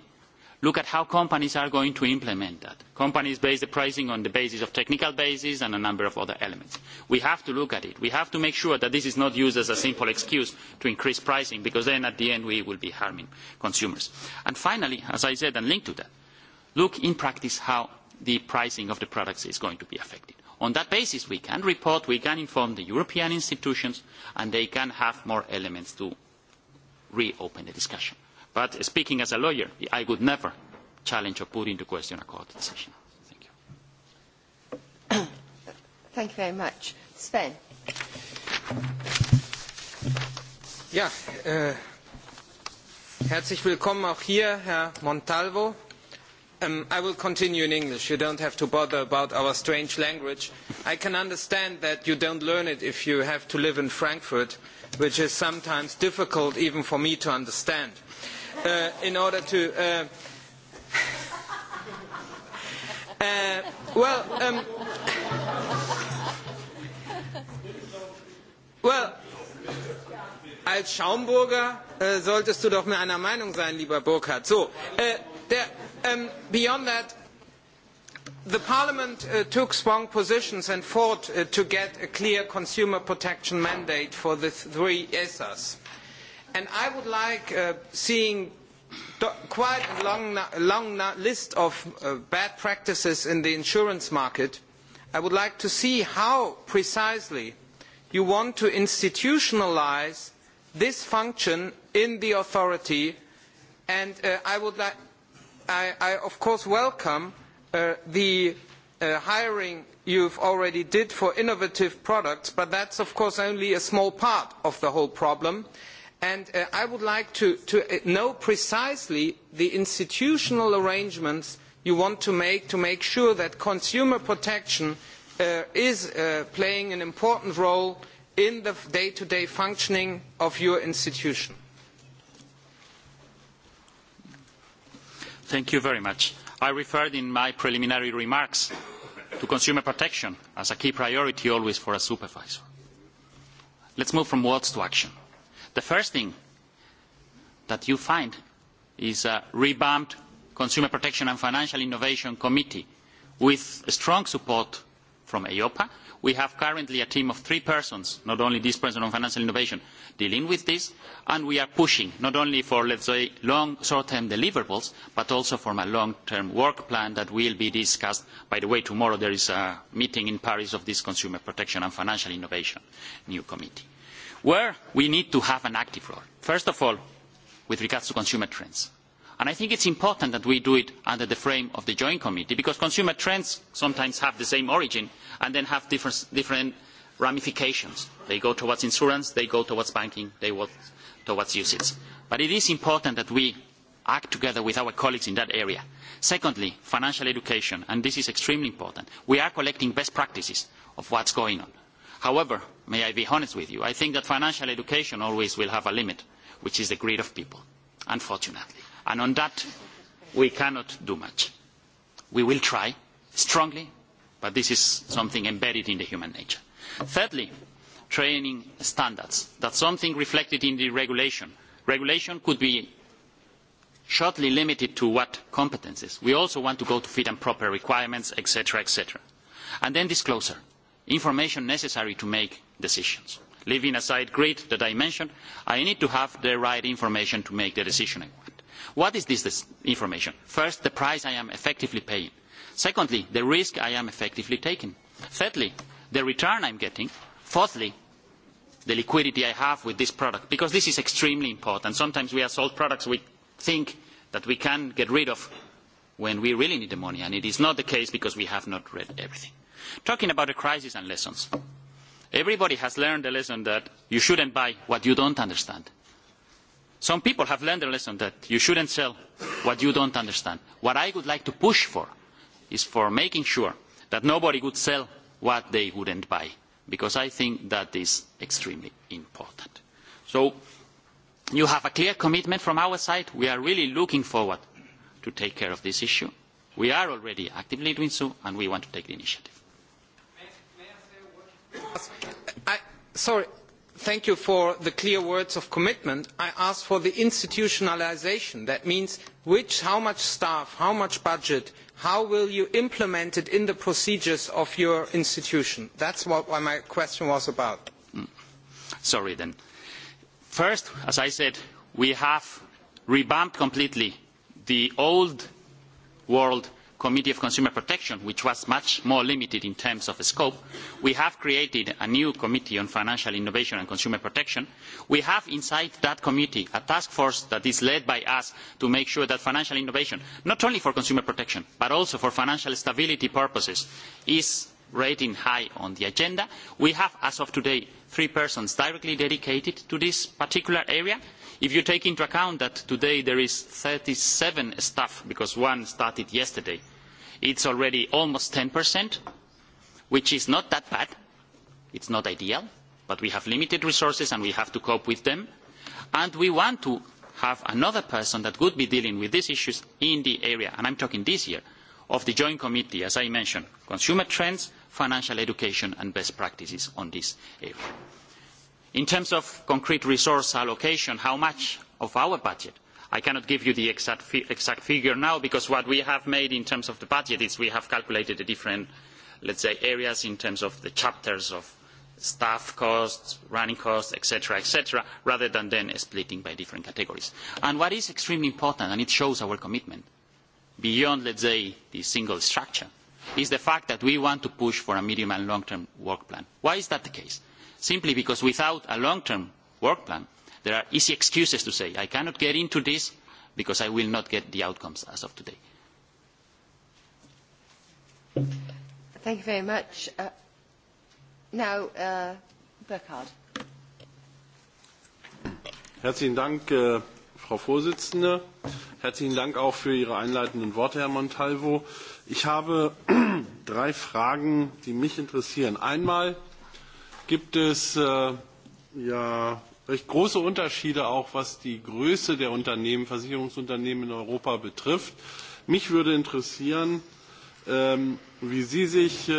look at how companies are going to implement that. Companies base the pricing on the basis of technical basis and a number of other elements. We have to look at it. We have to make sure that this is not used as a simple excuse to increase pricing because then at the end we will be harming consumers. And finally, as I said and linked to that, look in practice how the pricing of the products is going to be affected. On that basis, we can report, we can inform the European institutions, and they can have more elements to reopen the discussion. But speaking as a lawyer, I would never challenge or put into question a court decision. Thank you. Thank you very much. Sven. Ja, äh, herzlich willkommen auch hier, Herr Montalvo. Um, I will continue in English. You don't have to bother about our strange language. I can understand that you don't learn it if you have to live in Frankfurt, which is sometimes difficult even for me to understand uh, in order to. Uh, uh, well, um, well, als Schaumburger äh, solltest du doch mit einer Meinung sein, lieber Burkhardt. So, äh, beyond that, the Parliament uh, took strong positions and fought uh, to get a clear consumer protection mandate for the three ESAs and I would like uh, seeing quite a long, long list of bad practices in the insurance market. I would like to see how precisely you want to institutionalise this function in the authority and I would like I, of course welcome the hiring you have already did for innovative products but that is of course only a small part of the whole problem I would like to know precisely the institutional arrangements you want to make to make sure that consumer protection is playing an important role in the day-to-day functioning of your institution. Thank you very much. I referred in my preliminary remarks to consumer protection as a key priority always for a supervisor. Let's move from words to action the first thing that you find is a revamped Consumer Protection and Financial Innovation Committee with strong support from EIOPA. We have currently a team of three persons, not only this person on financial innovation, dealing with this, and we are pushing not only for, let's say, long, short-term deliverables, but also for a long-term work plan that will be discussed. By the way, tomorrow there is a meeting in Paris of this Consumer Protection and Financial Innovation new committee where we need to have an active role. First of all, with regards to consumer trends. And I think it is important that we do it under the frame of the Joint Committee because consumer trends sometimes have the same origin and then have different, ramifications. They go towards insurance, they go towards banking, they go towards usage. But it is important that we act together with our colleagues in that area. Secondly, financial education, and this is extremely important. We are collecting best practices of what is going on. However, may I be honest with you, I think that financial education always will have a limit, which is the greed of people, unfortunately. And on that, we cannot do much. We will try strongly, but this is something embedded in the human nature. Thirdly, training standards. That's something reflected in the regulation. Regulation could be shortly limited to what competences. We also want to go to fit and proper requirements, etc., etc. And then disclosure information necessary to make decisions. Leaving aside grid that I mentioned, I need to have the right information to make the decision I want. What is this, information? First, the price I am effectively paying. Secondly, the risk I am effectively taking. Thirdly, the return I am getting. Fourthly, the liquidity I have with this product, because this is extremely important. Sometimes we have sold products we think that we can get rid of when we really need the money, and it is not the case because we have not read everything. Talking about the crisis and lessons, everybody has learned the lesson that you shouldn't buy what you don't understand. Some people have learned the lesson that you shouldn't sell what you don't understand. What I would like to push for is for making sure that nobody would sell what they wouldn't buy, because I think that is extremely important. So you have a clear commitment from our side. We are really looking forward to take care of this issue. We are already actively doing so, and we want to take the initiative sorry, thank you for the clear words of commitment. I asked for the institutionalisation. That means which, how much staff, how much budget, how will you implement it in the procedures of your institution? That is what my question was about. Sorry then. First, as I said, we have revamped completely the old world Committee of Consumer Protection, which was much more limited in terms of scope, we have created a new Committee on Financial Innovation and Consumer Protection. We have inside that committee a task force that is led by us to make sure that financial innovation, not only for consumer protection, but also for financial stability purposes, is rating high on the agenda. We have, as of today, three persons directly dedicated to this particular area. If you take into account that today there is thirty seven staff, because one started yesterday, it is already almost 10%, which is not that bad. It's not ideal, but we have limited resources and we have to cope with them. And we want to have another person that would be dealing with these issues in the area, and I'm talking this year, of the Joint Committee, as I mentioned, consumer trends, financial education and best practices on this area. In terms of concrete resource allocation, how much of our budget I cannot give you the exact figure now because what we have made in terms of the budget is we have calculated the different, let's say, areas in terms of the chapters of staff costs, running costs, etc., etc., rather than then splitting by different categories. And what is extremely important, and it shows our commitment, beyond, let's say, the single structure, is the fact that we want to push for a medium and long-term work plan. Why is that the case? Simply because without a long-term work plan, There are easy excuses to say, I cannot get into this because I will not get the outcomes as of today. Thank you very much. Uh, now, uh, Burkhard. Herzlichen Dank, äh, Frau Vorsitzende. Herzlichen Dank auch für Ihre einleitenden Worte, Herr Montalvo. Ich habe drei Fragen, die mich interessieren. Einmal gibt es äh, ja recht große Unterschiede auch, was die Größe der Unternehmen, Versicherungsunternehmen in Europa betrifft. Mich würde interessieren, wie Sie sich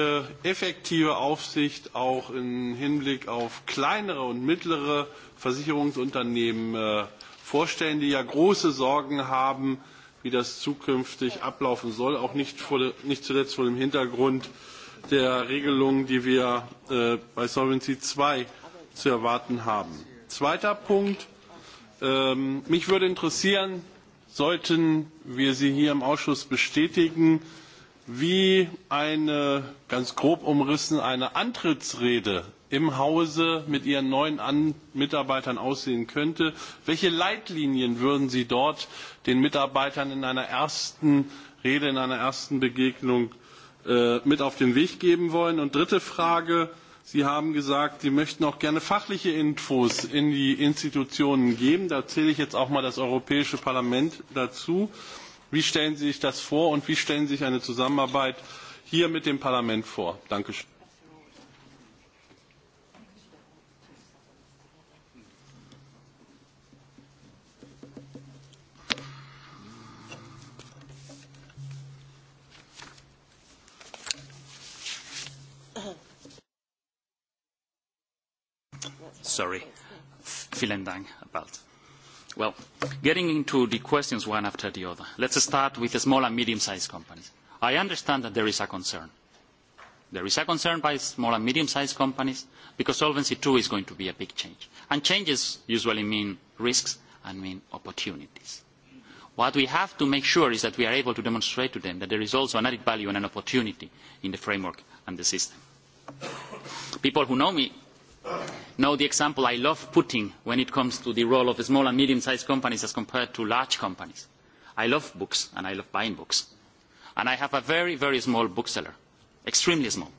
effektive Aufsicht auch im Hinblick auf kleinere und mittlere Versicherungsunternehmen vorstellen, die ja große Sorgen haben, wie das zukünftig ablaufen soll, auch nicht, zuletzt vor dem Hintergrund der Regelungen, die wir bei Solvency II zu erwarten haben. Zweiter Punkt. mich würde interessieren, sollten wir Sie hier im Ausschuss bestätigen, wie eine ganz grob umrissen eine Antrittsrede im Hause mit Ihren neuen Mitarbeitern aussehen könnte. Welche Leitlinien würden Sie dort den Mitarbeitern in einer ersten Rede, in einer ersten Begegnung mit auf den Weg geben wollen? Und dritte Frage Sie haben gesagt, Sie möchten auch gerne fachliche Infos in die Institutionen geben. Da zähle ich jetzt auch mal das Europäische Parlament dazu. Wie stellen Sie sich das vor und wie stellen Sie sich eine Zusammenarbeit hier mit dem Parlament vor? Dankeschön. sorry. Vielen Dank, Bald. Well, getting into the questions one after the other. Let's start with the small and medium-sized companies. I understand that there is a concern. There is a concern by small and medium-sized companies because Solvency II is going to be a big change. And changes usually mean risks and mean opportunities. What we have to make sure is that we are able to demonstrate to them that there is also an added value and an opportunity in the framework and the system. People who know me know the example I love putting when it comes to the role of small and medium-sized companies as compared to large companies. I love books and I love buying books. And I have a very, very small bookseller, extremely small.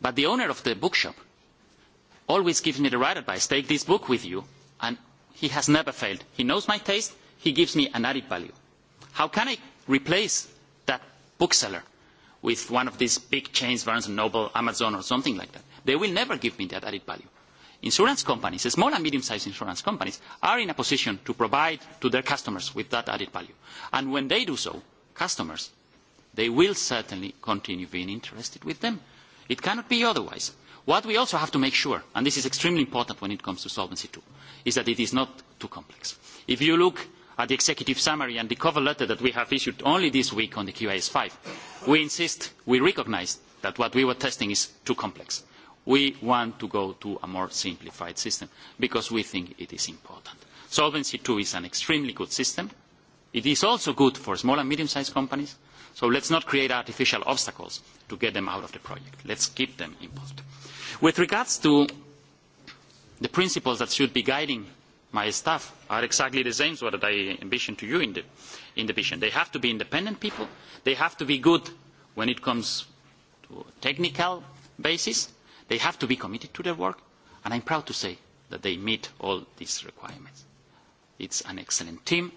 But the owner of the bookshop always gives me the right advice, take this book with you. And he has never failed. He knows my taste, he gives me an added value. How can I replace that bookseller with one of these big chains, Barnes Noble, Amazon or something like that? They will never give me that added value. Insurance companies, small and medium-sized insurance companies, are in a position to provide to their customers with that added value. And when they do so, customers, they will certainly continue being interested with them. It cannot be otherwise. What we also have to make sure, and this is extremely important when it comes to Solvency II, is that it is not too complex. If you look at the executive summary and the cover letter that we have issued only this week on the QIS 5, we insist, we recognise that what we were testing is too complex. We want to go to a more simplified system because we think it is important. Solvency II is an extremely good system. It is also good for small and medium-sized companies. So let's not create artificial obstacles to get them out of the project. Let's keep them involved. With regards to the principles that should be guiding my staff are exactly the same as what I envisioned to you in the, in the vision. They have to be independent people. They have to be good when it comes to technical basis They have to be committed to their work, and I'm proud to say that they meet all these requirements. It's an excellent team,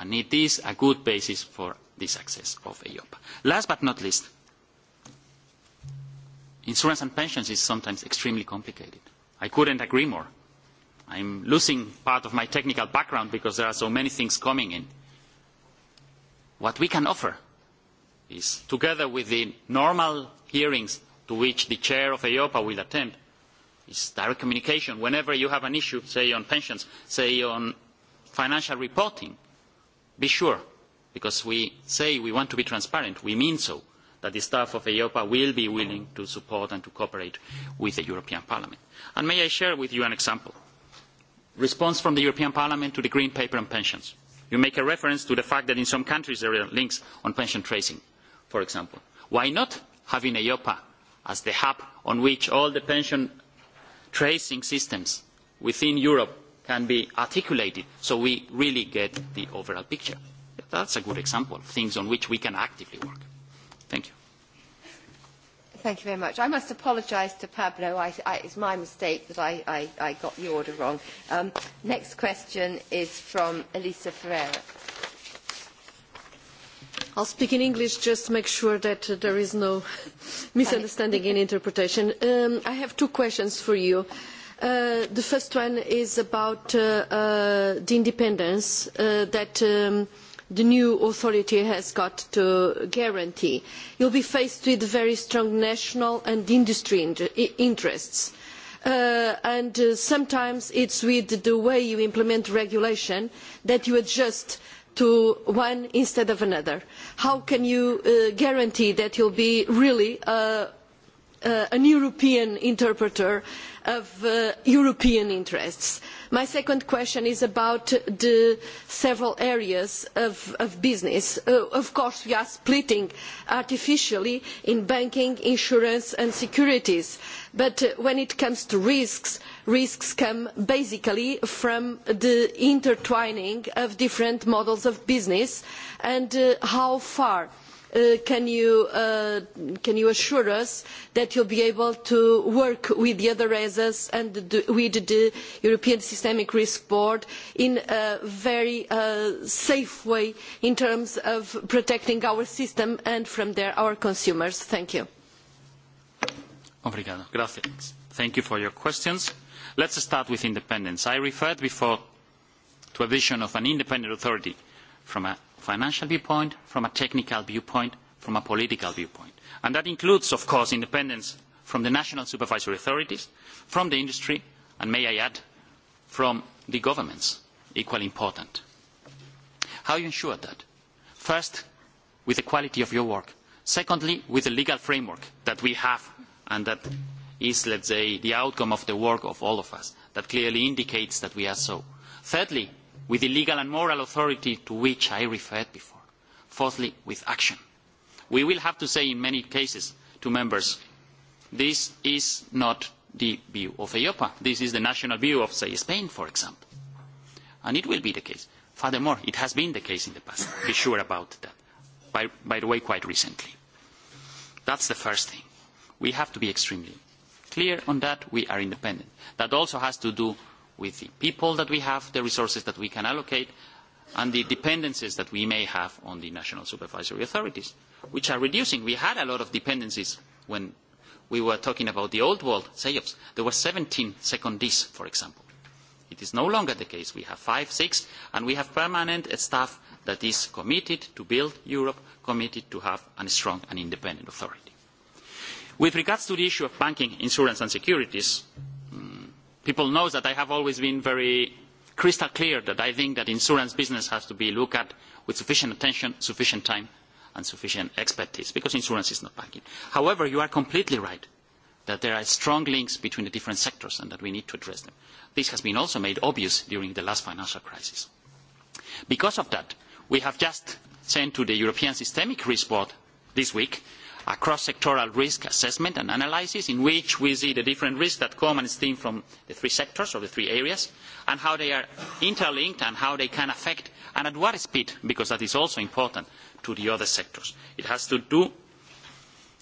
and it is a good basis for the success of EIOPA. Last but not least, insurance and pensions is sometimes extremely complicated. I couldn't agree more. I'm losing part of my technical background because there are so many things coming in. What we can offer is, together with the normal hearings to which the chair of EIOPA will attend. is direct communication. Whenever you have an issue, say on pensions, say on financial reporting, be sure, because we say we want to be transparent, we mean so, that the staff of EIOPA will be willing to support and to cooperate with the European Parliament. And may I share with you an example? Response from the European Parliament to the Green Paper on pensions. You make a reference to the fact that in some countries there are links on pension tracing, for example. Why not having EIOPA as the hub on which all the pension tracing systems within Europe can be articulated so we really get the overall picture. That's a good example of things on which we can actively work. Thank you. Thank you very much. I must apologise to Pablo. I, I, it's my mistake that I, I, I got the order wrong. Um, next question is from Elisa Ferreira. I will speak in English just to make sure that there is no misunderstanding in interpretation. I have two questions for you. the first one is about the independence that the new authority has got to guarantee. It will be faced with very strong national and industry interests. and sometimes it is with the way you implement regulation that you adjust uh, to one instead of another? How can you guarantee that you will be really an European interpreter of European interests? My second question is about the several areas of, business. of course, we are splitting artificially in banking, insurance and securities. But when it comes to risks, risks come basically from the intertwining of different models of business and how far can you assure us that you will be able to work with the other ESAs and with the European Systemic Risk Board in a very safe way in terms of protecting our system and from there our consumers? Thank you. Thank you for your questions. Let us start with independence. I referred before to a vision of an independent authority from a financial viewpoint, from a technical viewpoint, from a political viewpoint. And that includes, of course, independence from the national supervisory authorities, from the industry, and may I add, from the governments, equally important. How you ensure that? First, with the quality of your work. Secondly, with the legal framework that we have and that is, let us say, the outcome of the work of all of us, that clearly indicates that we are so. Thirdly, with the legal and moral authority to which I referred before. Fourthly, with action. We will have to say in many cases to members, this is not the view of EIOPA. This is the national view of, say, Spain, for example. And it will be the case. Furthermore, it has been the case in the past. Be sure about that. By, by the way, quite recently. That's the first thing. We have to be extremely clear on that. We are independent. That also has to do with the people that we have, the resources that we can allocate, and the dependencies that we may have on the national supervisory authorities, which are reducing. We had a lot of dependencies when we were talking about the old world SEOPs. There were 17 secondees, for example. It is no longer the case. We have five, six, and we have permanent staff that is committed to build Europe, committed to have a strong and independent authority. With regards to the issue of banking, insurance and securities, people know that I have always been very crystal clear that I think that insurance business has to be looked at with sufficient attention, sufficient time, and sufficient expertise, because insurance is not banking. However, you are completely right that there are strong links between the different sectors and that we need to address them. This has been also made obvious during the last financial crisis. Because of that, we have just sent to the European Systemic Risk Board this week a cross-sectoral risk assessment and analysis in which we see the different risks that come and stem from the three sectors or the three areas and how they are interlinked and how they can affect and at what speed, because that is also important, to the other sectors. It has to do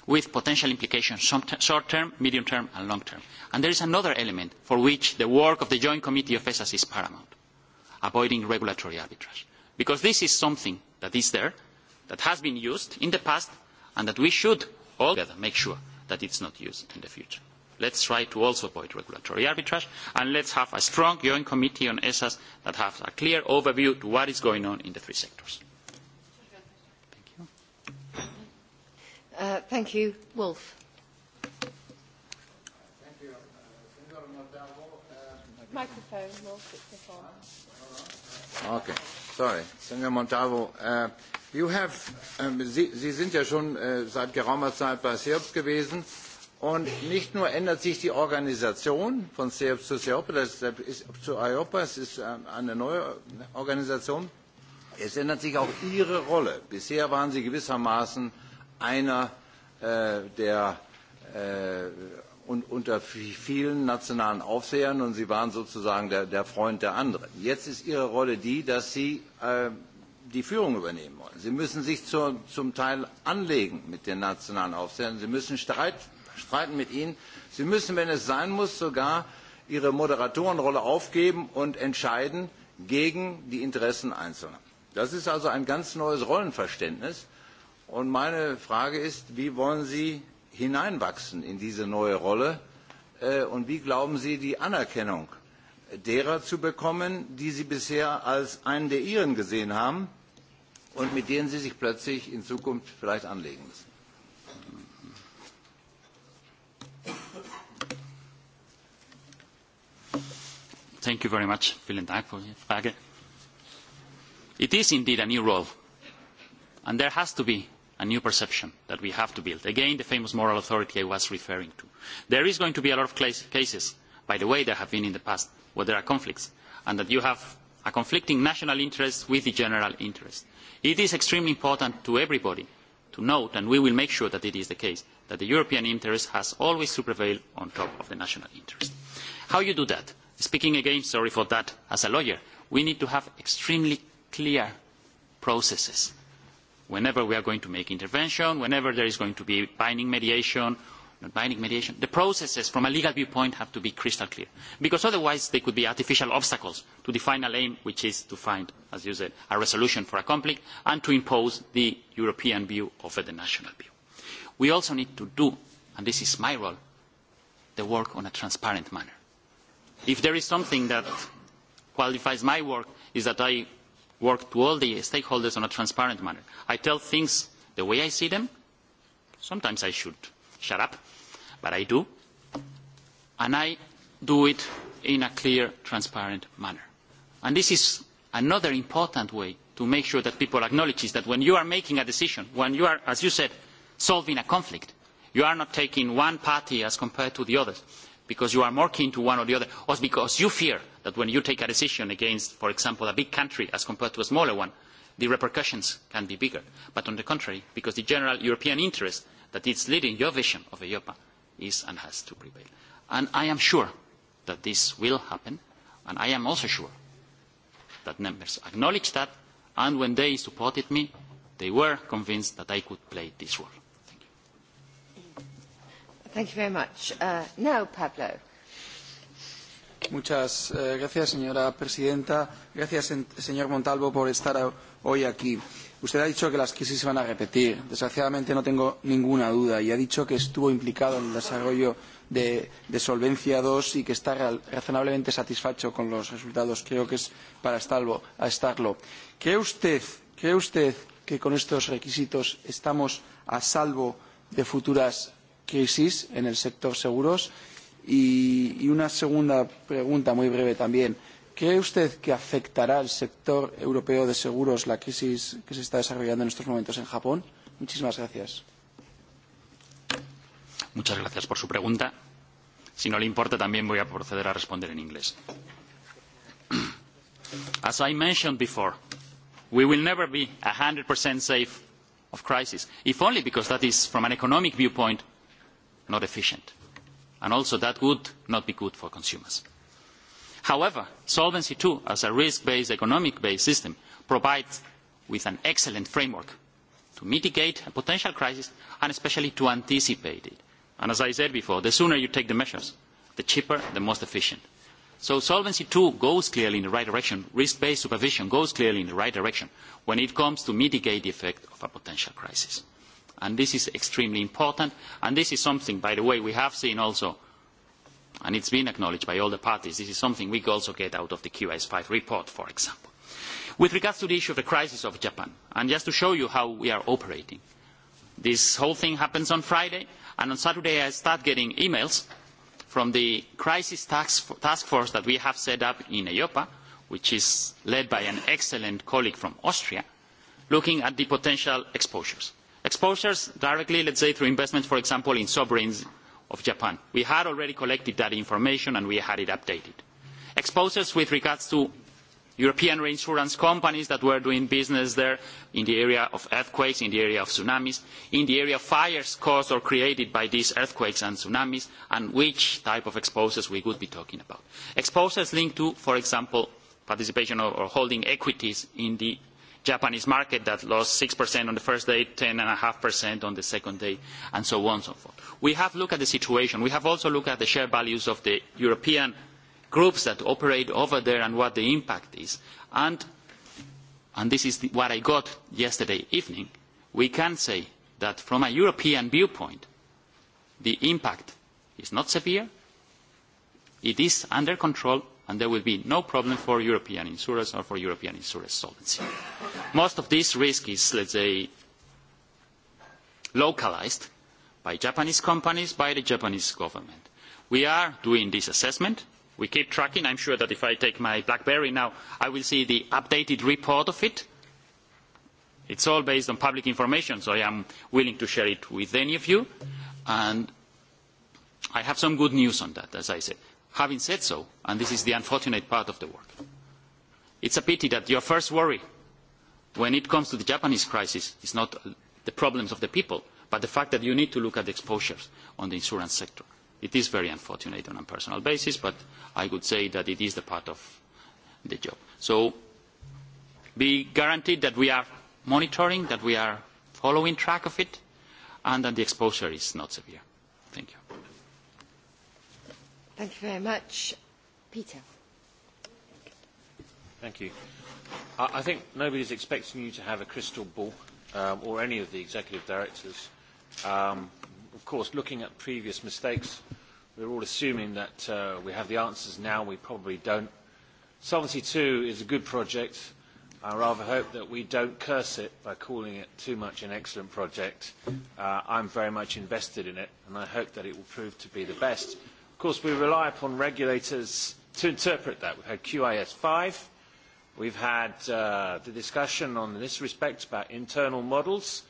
with potential implications short term, medium term and long term. And there is another element for which the work of the Joint Committee of ESAS is paramount, avoiding regulatory arbitrage. Because this is something that is there, that has been used in the past and that we should all together make sure that it is not used in the future. Let us try to also avoid regulatory arbitrage, and let us have a strong joint committee on ESAs that has a clear overview of what is going on in the three sectors. thank you. Wolf, Okay, sorry. Senor Montalvo, You have, Sie, Sie sind ja schon seit geraumer Zeit bei SEOPS gewesen. Und nicht nur ändert sich die Organisation von SEOPS zu das ist zu IOPA, es ist eine neue Organisation, es ändert sich auch Ihre Rolle. Bisher waren Sie gewissermaßen einer der unter vielen nationalen Aufsehern und Sie waren sozusagen der, Freund der anderen. Jetzt ist Ihre Rolle die, dass Sie die Führung übernehmen wollen. Sie müssen sich zum Teil anlegen mit den nationalen Aufsehern. Sie müssen streiten mit ihnen. Sie müssen, wenn es sein muss, sogar ihre Moderatorenrolle aufgeben und entscheiden gegen die Interessen Einzelner. Das ist also ein ganz neues Rollenverständnis. Und meine Frage ist, wie wollen Sie hineinwachsen in diese neue Rolle? Und wie glauben Sie, die Anerkennung derer zu bekommen, die sie bisher als einen der ihren gesehen haben und mit denen sie sich plötzlich in Zukunft vielleicht anlegen müssen. Thank you very much. Vielen Dank für Frage. It is indeed a new role. And there has to be a new perception that we have to build. Again, the famous moral authority I was referring to. There is going to be a lot of cases by the way there have been in the past where there are conflicts, and that you have a conflicting national interest with the general interest. It is extremely important to everybody to note, and we will make sure that it is the case, that the European interest has always to prevail on top of the national interest. How do you do that? Speaking again, sorry for that, as a lawyer, we need to have extremely clear processes whenever we are going to make intervention, whenever there is going to be binding mediation not binding mediation, the processes from a legal viewpoint have to be crystal clear. Because otherwise they could be artificial obstacles to the final aim, which is to find, as you said, a resolution for a conflict and to impose the European view over the national view. We also need to do, and this is my role, the work on a transparent manner. If there is something that qualifies my work is that I work to all the stakeholders on a transparent manner. I tell things the way I see them. Sometimes I should shut up, but I do. And I do it in a clear, transparent manner. And this is another important way to make sure that people acknowledge that when you are making a decision, when you are, as you said, solving a conflict, you are not taking one party as compared to the others because you are more keen to one or the other, or because you fear that when you take a decision against, for example, a big country as compared to a smaller one, the repercussions can be bigger. But on the contrary, because the general European interest that is leading your vision of Europa is and has to prevail. And I am sure that this will happen, and I am also sure that members acknowledge that, and when they supported me, they were convinced that I could play this role. Thank you. Thank you very much. Uh, now, Pablo. Muchas gracias, señora presidenta. Gracias, señor Montalvo, por estar hoy aquí. Usted ha dicho que las crisis se van a repetir. Desgraciadamente no tengo ninguna duda y ha dicho que estuvo implicado en el desarrollo de, Solvencia II y que está razonablemente satisfecho con los resultados. Creo que es para estarlo. ¿Cree usted, ¿Cree usted que con estos requisitos estamos a salvo de futuras crisis en el sector seguros? Y, una segunda pregunta muy breve también. ¿Cree usted que afectará al sector europeo de seguros la crisis que se está desarrollando en estos momentos en Japón? Muchísimas gracias. Muchas gracias por su pregunta. Si no le importa, también voy a proceder a responder en inglés. As I mentioned before, we will never be a hundred safe of crisis, if only because that is, from an economic viewpoint, not efficient. And also that would not be good for consumers However, Solvency II, as a risk-based, economic-based system, provides with an excellent framework to mitigate a potential crisis and especially to anticipate it. And as I said before, the sooner you take the measures, the cheaper, the most efficient. So Solvency II goes clearly in the right direction. Risk-based supervision goes clearly in the right direction when it comes to mitigate the effect of a potential crisis. And this is extremely important. And this is something, by the way, we have seen also and it's been acknowledged by all the parties. This is something we also get out of the qs five report, for example. With regards to the issue of the crisis of Japan, and just to show you how we are operating, this whole thing happens on Friday, and on Saturday I start getting emails from the crisis task force that we have set up in EIOPA, which is led by an excellent colleague from Austria, looking at the potential exposures. Exposures directly, let's say, through investment, for example, in sovereigns of Japan. We had already collected that information and we had it updated. Exposures with regards to European reinsurance companies that were doing business there in the area of earthquakes, in the area of tsunamis, in the area of fires caused or created by these earthquakes and tsunamis, and which type of exposures we would be talking about. Exposures linked to, for example, participation or holding equities in the Japanese market that lost 6% on the first day, 10.5% on the second day, and so on and so forth. We have looked at the situation. We have also looked at the share values of the European groups that operate over there and what the impact is. And, and this is what I got yesterday evening. We can say that from a European viewpoint, the impact is not severe. It is under control and there will be no problem for European insurers or for European insurers' solvency. Most of this risk is, let's say, localised by Japanese companies, by the Japanese government. We are doing this assessment. We keep tracking. I am sure that if I take my BlackBerry now, I will see the updated report of it. It is all based on public information, so I am willing to share it with any of you. And I have some good news on that, as I said Having said so, and this is the unfortunate part of the work, it is a pity that your first worry when it comes to the Japanese crisis is not the problems of the people, but the fact that you need to look at the exposures on the insurance sector. It is very unfortunate on a personal basis, but I would say that it is the part of the job. So be guaranteed that we are monitoring, that we are following track of it, and that the exposure is not severe. Thank you. Thank you very much. Peter. Thank you. I, I think nobody's expecting you to have a crystal ball um, or any of the executive directors. Um, of course, looking at previous mistakes, we're all assuming that uh, we have the answers now. We probably don't. Solvency 2 is a good project. I rather hope that we don't curse it by calling it too much an excellent project. Uh, I'm very much invested in it, and I hope that it will prove to be the best course, we rely upon regulators to interpret that. We've had QIS 5. We've had uh, the discussion on this respect about internal models,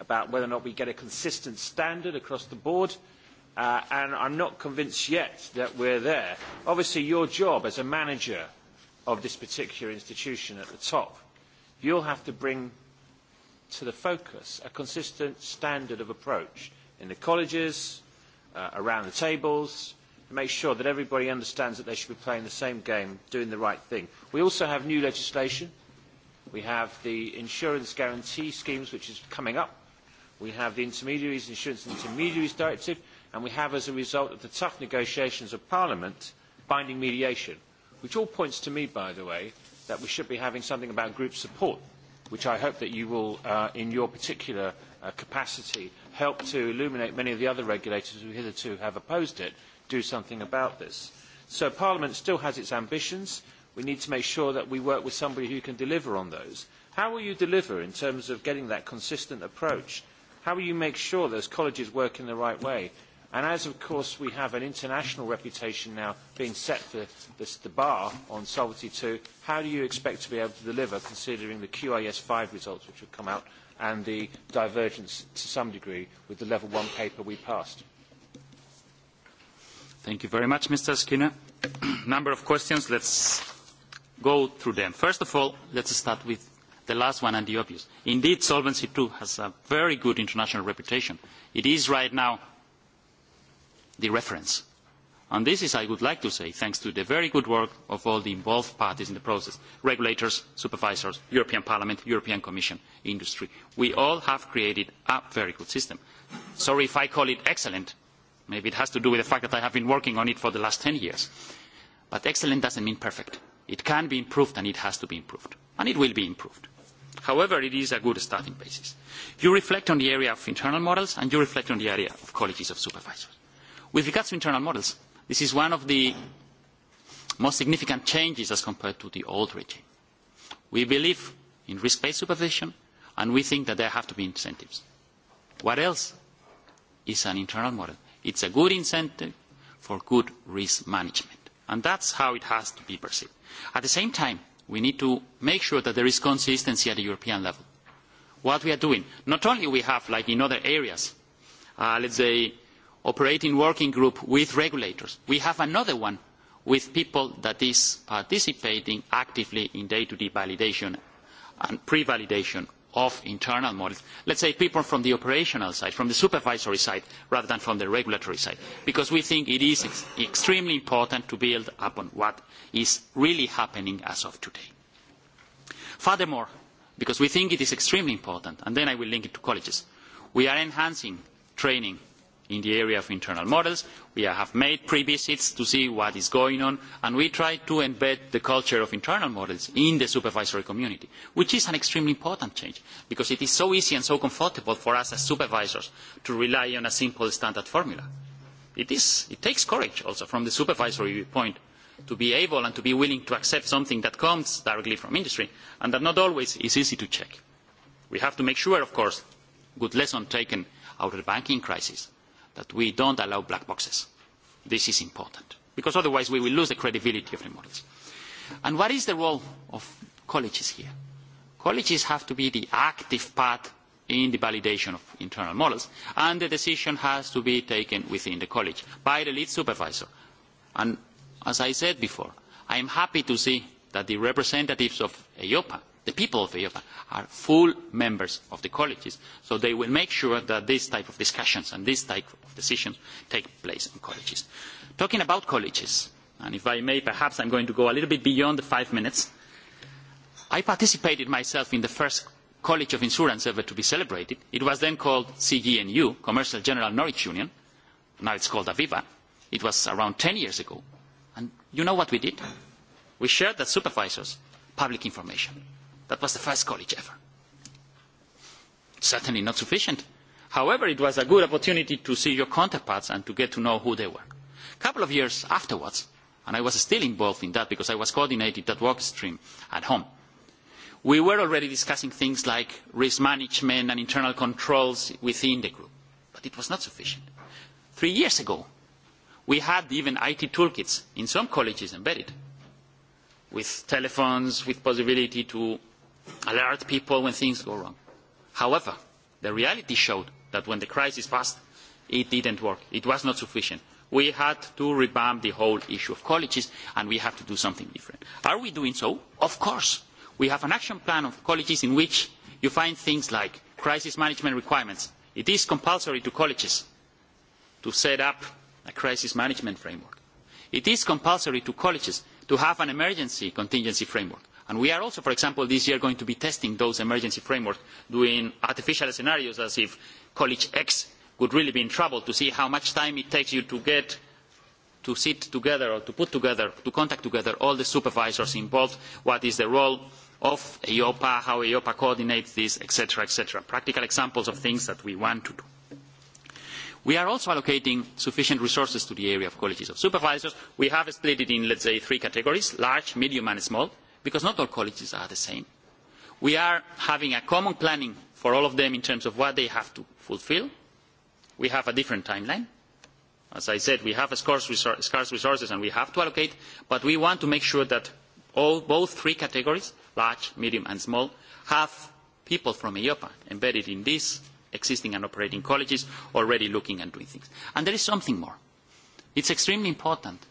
about whether or not we get a consistent standard across the board. Uh, and I'm not convinced yet that we're there. Obviously, your job as a manager of this particular institution at the top, you'll have to bring to the focus a consistent standard of approach in the colleges, uh, around the tables, make sure that everybody understands that they should be playing the same game, doing the right thing. We also have new legislation. We have the insurance guarantee schemes, which is coming up. We have the intermediaries, insurance intermediaries directive, and we have, as a result of the tough negotiations of Parliament, binding mediation, which all points to me, by the way, that we should be having something about group support, which I hope that you will, in your particular capacity, help to illuminate many of the other regulators who hitherto have opposed it do something about this. So Parliament still has its ambitions. We need to make sure that we work with somebody who can deliver on those. How will you deliver in terms of getting that consistent approach? How will you make sure those colleges work in the right way? And as, of course, we have an international reputation now being set for this, the bar on Solvency II, how do you expect to be able to deliver considering the QIS 5 results which have come out and the divergence to some degree with the Level 1 paper we passed? Thank you very much, Mr. Skinner. Number of questions. let us go through them. First of all, let us start with the last one and the obvious. Indeed, Solvency II has a very good international reputation. It is right now the reference. And this is, I would like to say, thanks to the very good work of all the involved parties in the process, regulators, supervisors, European Parliament, European Commission, industry. We all have created a very good system. Sorry if I call it excellent, Maybe it has to do with the fact that I have been working on it for the last ten years. But excellent doesn't mean perfect. It can be improved and it has to be improved. And it will be improved. However, it is a good starting basis. You reflect on the area of internal models and you reflect on the area of colleges of supervisors. With regards to internal models, this is one of the most significant changes as compared to the old regime. We believe in risk-based supervision and we think that there have to be incentives. What else is an internal model? It's a good incentive for good risk management. And that's how it has to be perceived. At the same time, we need to make sure that there is consistency at the European level. What we are doing, not only we have, like in other areas, uh, let's say, operating working group with regulators. We have another one with people that is participating actively in day-to-day validation and pre-validation of internal models. Let's say people from the operational side, from the supervisory side, rather than from the regulatory side, because we think it is extremely important to build upon what is really happening as of today. Furthermore, because we think it is extremely important, and then I will link it to colleges, we are enhancing training in the area of internal models. We have made pre-visits to see what is going on, and we try to embed the culture of internal models in the supervisory community, which is an extremely important change, because it is so easy and so comfortable for us as supervisors to rely on a simple standard formula. It, takes courage also from the supervisory point to be able and to be willing to accept something that comes directly from industry and that not always is easy to check. We have to make sure, of course, good lesson taken out of the banking crisis that we don't allow black boxes. This is important, because otherwise we will lose the credibility of the models. And what is the role of colleges here? Colleges have to be the active part in the validation of internal models, and the decision has to be taken within the college by the lead supervisor. And as I said before, I am happy to see that the representatives of EIOPA the people of EIOPA are full members of the colleges, so they will make sure that this type of discussions and this type of decisions take place in colleges. Talking about colleges, and if I may, perhaps I am going to go a little bit beyond the five minutes, I participated myself in the first College of Insurance ever to be celebrated. It was then called CGNU, Commercial General Knowledge Union. Now it's called Aviva. It was around ten years ago. And you know what we did? We shared the supervisors public information That was the first college ever. Certainly not sufficient. However, it was a good opportunity to see your counterparts and to get to know who they were. A couple of years afterwards, and I was still involved in that because I was coordinating that work stream at home, we were already discussing things like risk management and internal controls within the group, but it was not sufficient. Three years ago, we had even IT toolkits in some colleges embedded, with telephones, with possibility to alert people when things go wrong. However, the reality showed that when the crisis passed, it didn't work. It was not sufficient. We had to revamp the whole issue of colleges, and we have to do something different. Are we doing so? Of course. We have an action plan of colleges in which you find things like crisis management requirements. It is compulsory to colleges to set up a crisis management framework. It is compulsory to colleges to have an emergency contingency framework And we are also, for example, this year going to be testing those emergency frameworks, doing artificial scenarios as if college X could really be in trouble to see how much time it takes you to get to sit together or to put together, to contact together all the supervisors involved, what is the role of EIOPA, how EIOPA coordinates this, etc., etc. Practical examples of things that we want to do. We are also allocating sufficient resources to the area of colleges of supervisors. We have split it in, let's say, three categories, large, medium, and small because not all colleges are the same. We are having a common planning for all of them in terms of what they have to fulfil. We have a different timeline. As I said, we have scarce, resources and we have to allocate, but we want to make sure that all, both three categories, large, medium and small, have people from EIOPA embedded in these existing and operating colleges already looking and doing things. And there is something more. It's extremely important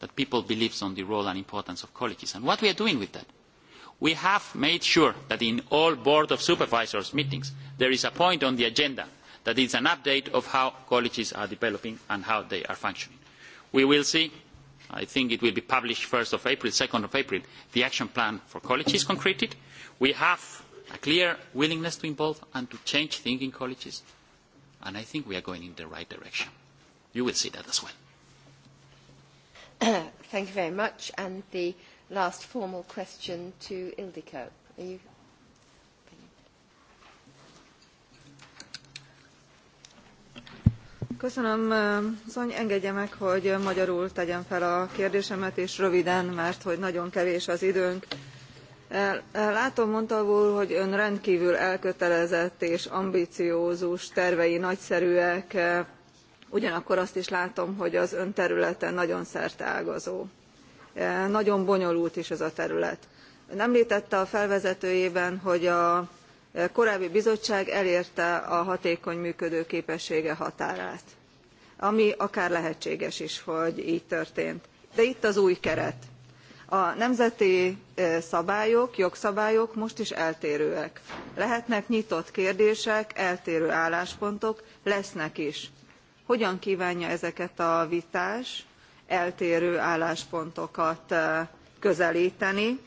that people believe on the role and importance of colleges. And what we are doing with that? We have made sure that in all Board of Supervisors meetings there is a point on the agenda that is an update of how colleges are developing and how they are functioning. We will see, I think it will be published 1st of April, 2nd of April, the action plan for colleges concreted. We have a clear willingness to involve and to change thinking colleges. And I think we are going in the right direction. You will see that as well. Thank you very much. And the last formal question to Ildiko. Are you Köszönöm, Zony, engedje meg, hogy magyarul tegyem fel a kérdésemet, és röviden, mert hogy nagyon kevés az időnk. Látom, mondta úr, hogy ön rendkívül elkötelezett és ambiciózus tervei nagyszerűek ugyanakkor azt is látom hogy az ön területe nagyon szerteágazó nagyon bonyolult is ez a terület. ön emltette a felvezetőjében hogy a korábbi bizottság elérte a hatékony működőképessége határát ami akár lehetséges is hogy gy történt de itt az új keret. a nemzeti szabályok jogszabályok most is eltérőek lehetnek nyitott kérdések eltérő álláspontok lesznek is hogyan kvánja ezeket a vitás eltérő álláspontokat közelteni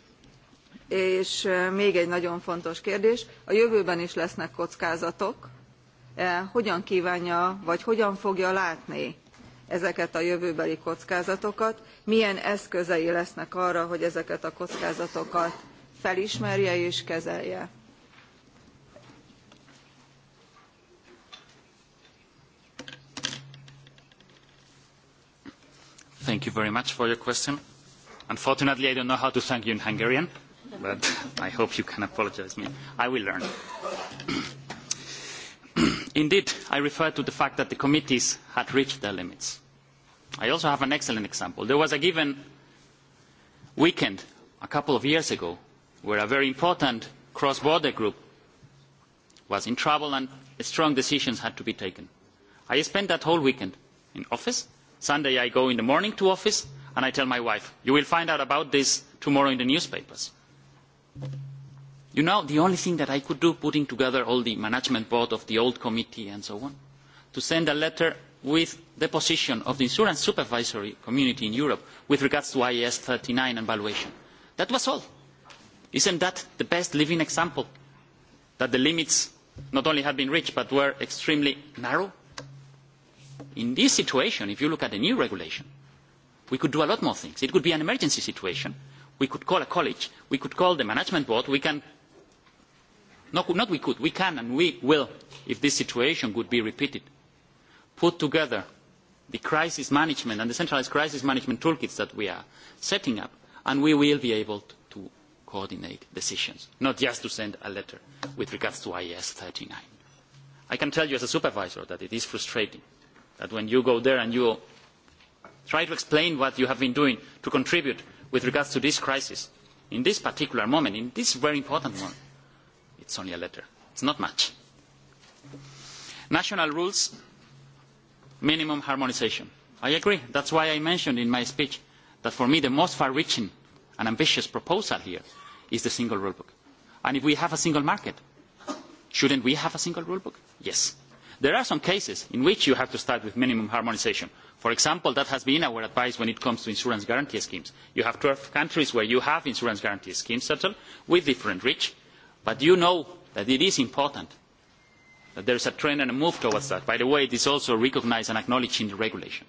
és még egy nagyon fontos kérdés a jövőben is lesznek kockázatok hogyan kvánja vagy hogyan fogja látni ezeket a jövőbeli kockázatokat milyen eszközei lesznek arra hogy ezeket a kockázatokat felismerje és kezelje? Thank you very much for your question. Unfortunately, I don't know how to thank you in Hungarian, but I hope you can apologize me. I will learn. Indeed, I refer to the fact that the committees had reached their limits. I also have an excellent example. There was a given weekend a couple of years ago where a very important cross-border group was in trouble and strong decisions had to be taken. I spent that whole weekend in office sunday i go in the morning to office and i tell my wife you will find out about this tomorrow in the newspapers. you know the only thing that i could do putting together all the management board of the old committee and so on to send a letter with the position of the insurance supervisory community in europe with regard to ias thirty nine and valuation. that was all. is not that the best living example that the limits not only had been reached but were extremely narrow? In this situation, if you look at the new regulation, we could do a lot more things. It could be an emergency situation. We could call a college. We could call the management board. We can, not, not we could, we can and we will, if this situation could be repeated, put together the crisis management and the centralised crisis management toolkits that we are setting up, and we will be able to coordinate decisions, not just to send a letter with regards to IAS 39. I can tell you as a supervisor that it is frustrating that when you go there and you try to explain what you have been doing to contribute with regard to this crisis, in this particular moment, in this very important one, it is only a letter. It is not much. National rules, minimum harmonisation. I agree. That is why I mentioned in my speech that for me the most far-reaching and ambitious proposal here is the single rule book. And if we have a single market, shouldn't we have a single rule book? Yes there are some cases in which you have to start with minimum harmonisation. for example that has been our advice when it comes to insurance guarantee schemes. you have twelve countries where you have insurance guarantee schemes settled with different reach but you know that it is important that there is a trend and a move towards that. by the way it is also recognised and acknowledged in the regulation.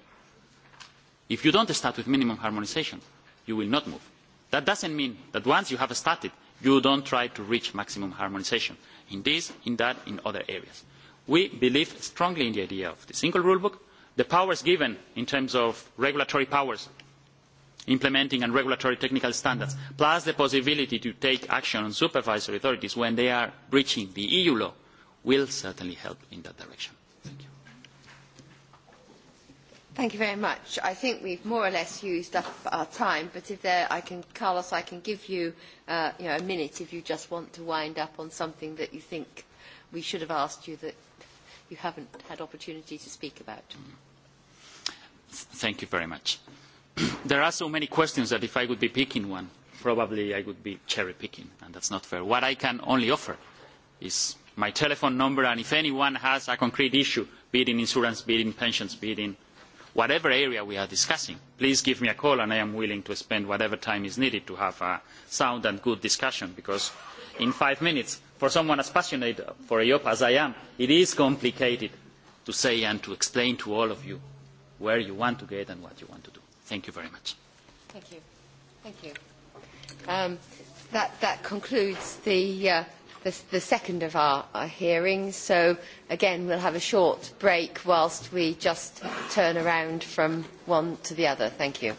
if you do not start with minimum harmonisation you will not move. that does not mean that once you have started you do not try to reach maximum harmonisation in this in that in other areas we believe strongly in the idea of the single rule book. The powers given in terms of regulatory powers, implementing and regulatory technical standards, plus the possibility to take action on supervisory authorities when they are breaching the EU law, will certainly help in that direction. Thank you very much. I think we've more or less used up our time, but if there, I can, Carlos, I can give you, uh, you know, a minute if you just want to wind up on something that you think we should have asked you that you haven't had opportunity to speak about. Thank you very much. There are so many questions that if I would be picking one, probably I would be cherry picking, and that's not fair. What I can only offer is my telephone number, and if anyone has a concrete issue, be it in insurance, be it in pensions, be it in whatever area we are discussing, please give me a call, and I am willing to spend whatever time is needed to have a sound and good discussion, because in five minutes for someone as passionate for EIOPA as I am, it is complicated to say and to explain to all of you where you want to get and what you want to do. Thank you very much. Thank you. Thank you. Um, that, that concludes the, uh, the, the second of our, our hearings. So again, we'll have a short break whilst we just turn around from one to the other. Thank you.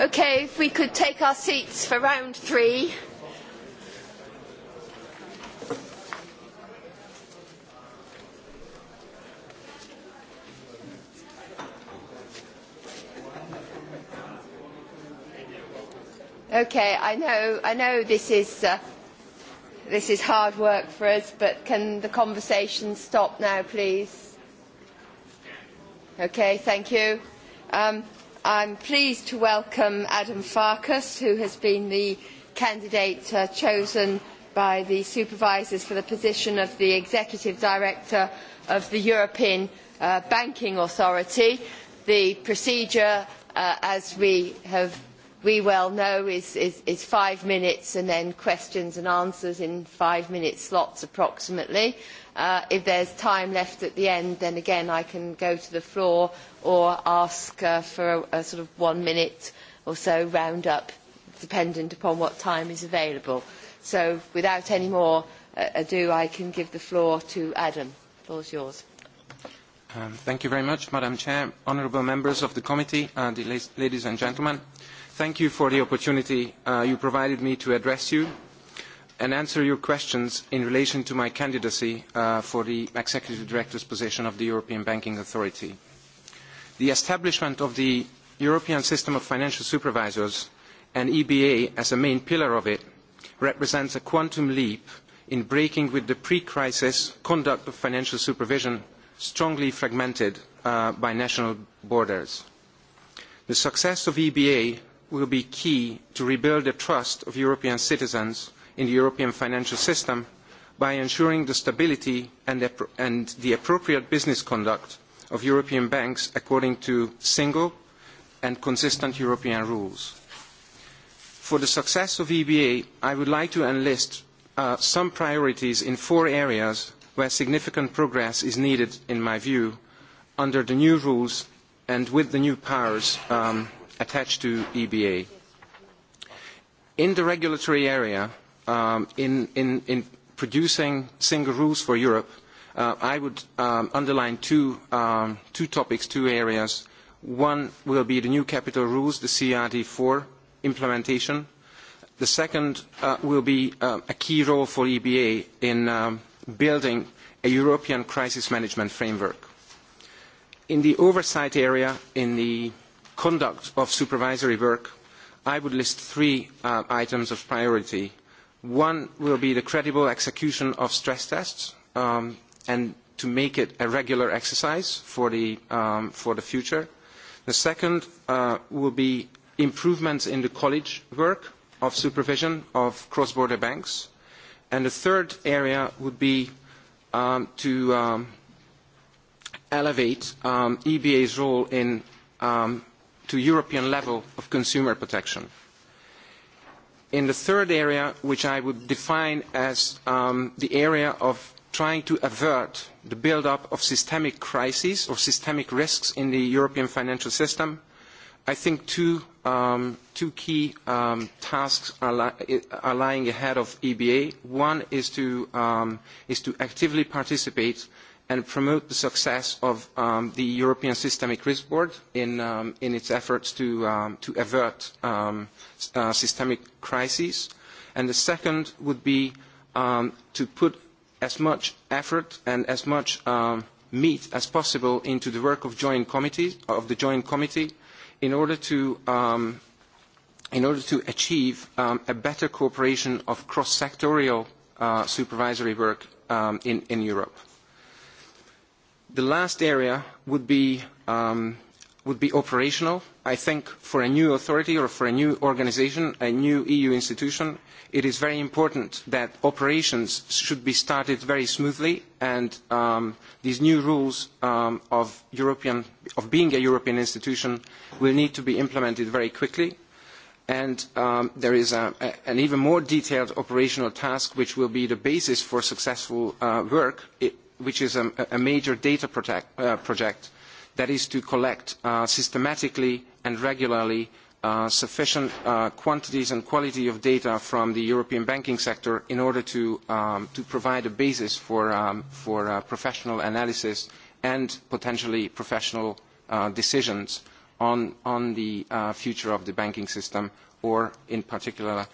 Okay, if we could take our seats for round three. Okay, I know, I know this is, uh, this is hard work for us, but can the conversation stop now, please? Okay, thank you. Um, I am pleased to welcome Adam Farkas, who has been the candidate chosen by the supervisors for the position of the Executive Director of the European Banking Authority. The procedure, as we have we well know is, is, is five minutes and then questions and answers in five minute slots approximately if there is time left at the end, then again I can go to the floor or ask for a, sort of one minute or so round up, dependent upon what time is available. So without any more ado, I can give the floor to Adam. The floor is yours. thank you very much, Madam Chair, honourable members of the committee, ladies and gentlemen. Thank you for the opportunity you provided me to address you and answer your questions in relation to my candidacy for the Executive Director's position of the European Banking Authority. The establishment of the European System of Financial Supervisors and EBA as a main pillar of it represents a quantum leap in breaking with the pre-crisis conduct of financial supervision strongly fragmented by national borders. The success of EBA will be key to rebuild the trust of European citizens in the European financial system by ensuring the stability and the appropriate business conduct of European banks according to single and consistent European rules. For the success of EBA, I would like to enlist some priorities in four areas where significant progress is needed, in my view, under the new rules and with the new powers attached to EBA. In the regulatory area, in, in, in producing single rules for Europe, I would underline two, topics, two areas. One will be the new capital rules, the CRD4 implementation. The second will be a key role for EBA in building a European crisis management framework. In the oversight area, in the conduct of supervisory work, I would list three items of priority One will be the credible execution of stress tests and to make it a regular exercise for the, for the future. The second will be improvements in the college work of supervision of cross-border banks. And the third area would be to elevate EBA's role in, to European level of consumer protection in the third area, which I would define as the area of trying to avert the build-up of systemic crises or systemic risks in the European financial system, I think two, key tasks are, lying ahead of the EBA. One is to, actively participate and promote the success of um, the European Systemic Risk Board in, um, in its efforts to, um, to avert um, uh, systemic crises. And the second would be um, to put as much effort and as much um, meat as possible into the work of, joint committees, of the Joint Committee in order to, um, in order to achieve um, a better cooperation of cross-sectorial uh, supervisory work um, in, in Europe. The last area would be operational. I think for a new authority or for a new organisation, a new EU institution, it is very important that operations should be started very smoothly and these new rules of, being a European institution will need to be implemented very quickly. And there is an even more detailed operational task which will be the basis for successful work which is a, major data project that is to collect systematically and regularly sufficient quantities and quality of data from the European banking sector in order to, provide a basis for, professional analysis and potentially professional decisions on, the future of the banking system or in particular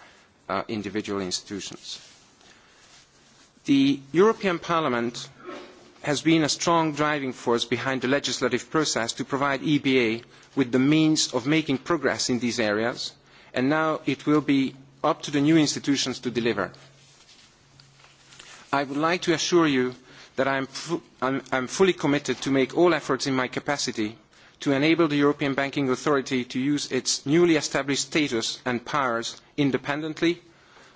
individual institutions. The European Parliament has been a strong driving force behind the legislative process to provide the EBA with the means of making progress in these areas, and now it will be up to the new institutions to deliver. I would like to assure you that I am fully committed to make all efforts in my capacity to enable the European Banking Authority to use its newly established status and powers independently,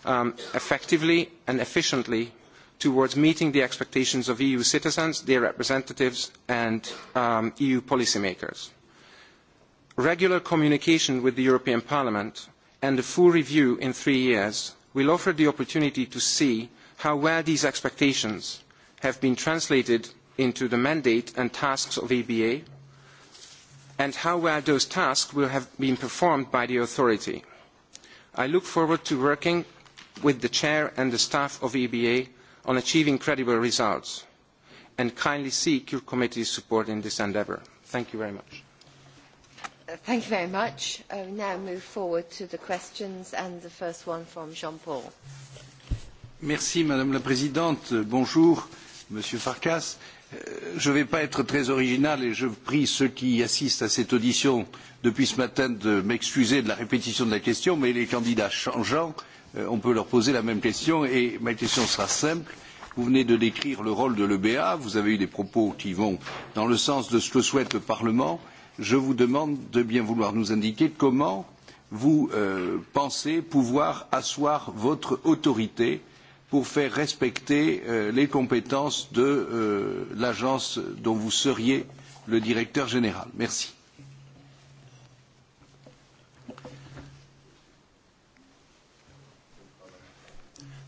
effectively and efficiently towards meeting the expectations of EU citizens, their representatives and EU policymakers. Regular communication with the European Parliament and a full review in three years will offer the opportunity to see how well these expectations have been translated into the mandate and tasks of EBA and how well those tasks will have been performed by the authority. I look forward to working with the Chair and the staff of EBA on achieving credible results and kindly seek your committee's support in this endeavour. Thank you very much. Thank you very much. I will now move forward to the questions and the first one from Jean-Paul. Merci Madame la Présidente. Bonjour Monsieur Farkas. Je ne vais pas être très original et je prie ceux qui assistent à cette audition depuis ce matin de m'excuser de la répétition de la question, mais les candidats changeant, on peut leur poser la même question et ma question sera simple. Vous venez de décrire le rôle de l'EBA, vous avez eu des propos qui vont dans le sens de ce que souhaite le Parlement. Je vous demande de bien vouloir nous indiquer comment vous pensez pouvoir asseoir votre autorité pour faire respecter les compétences de l'agence dont vous seriez le directeur général. Merci.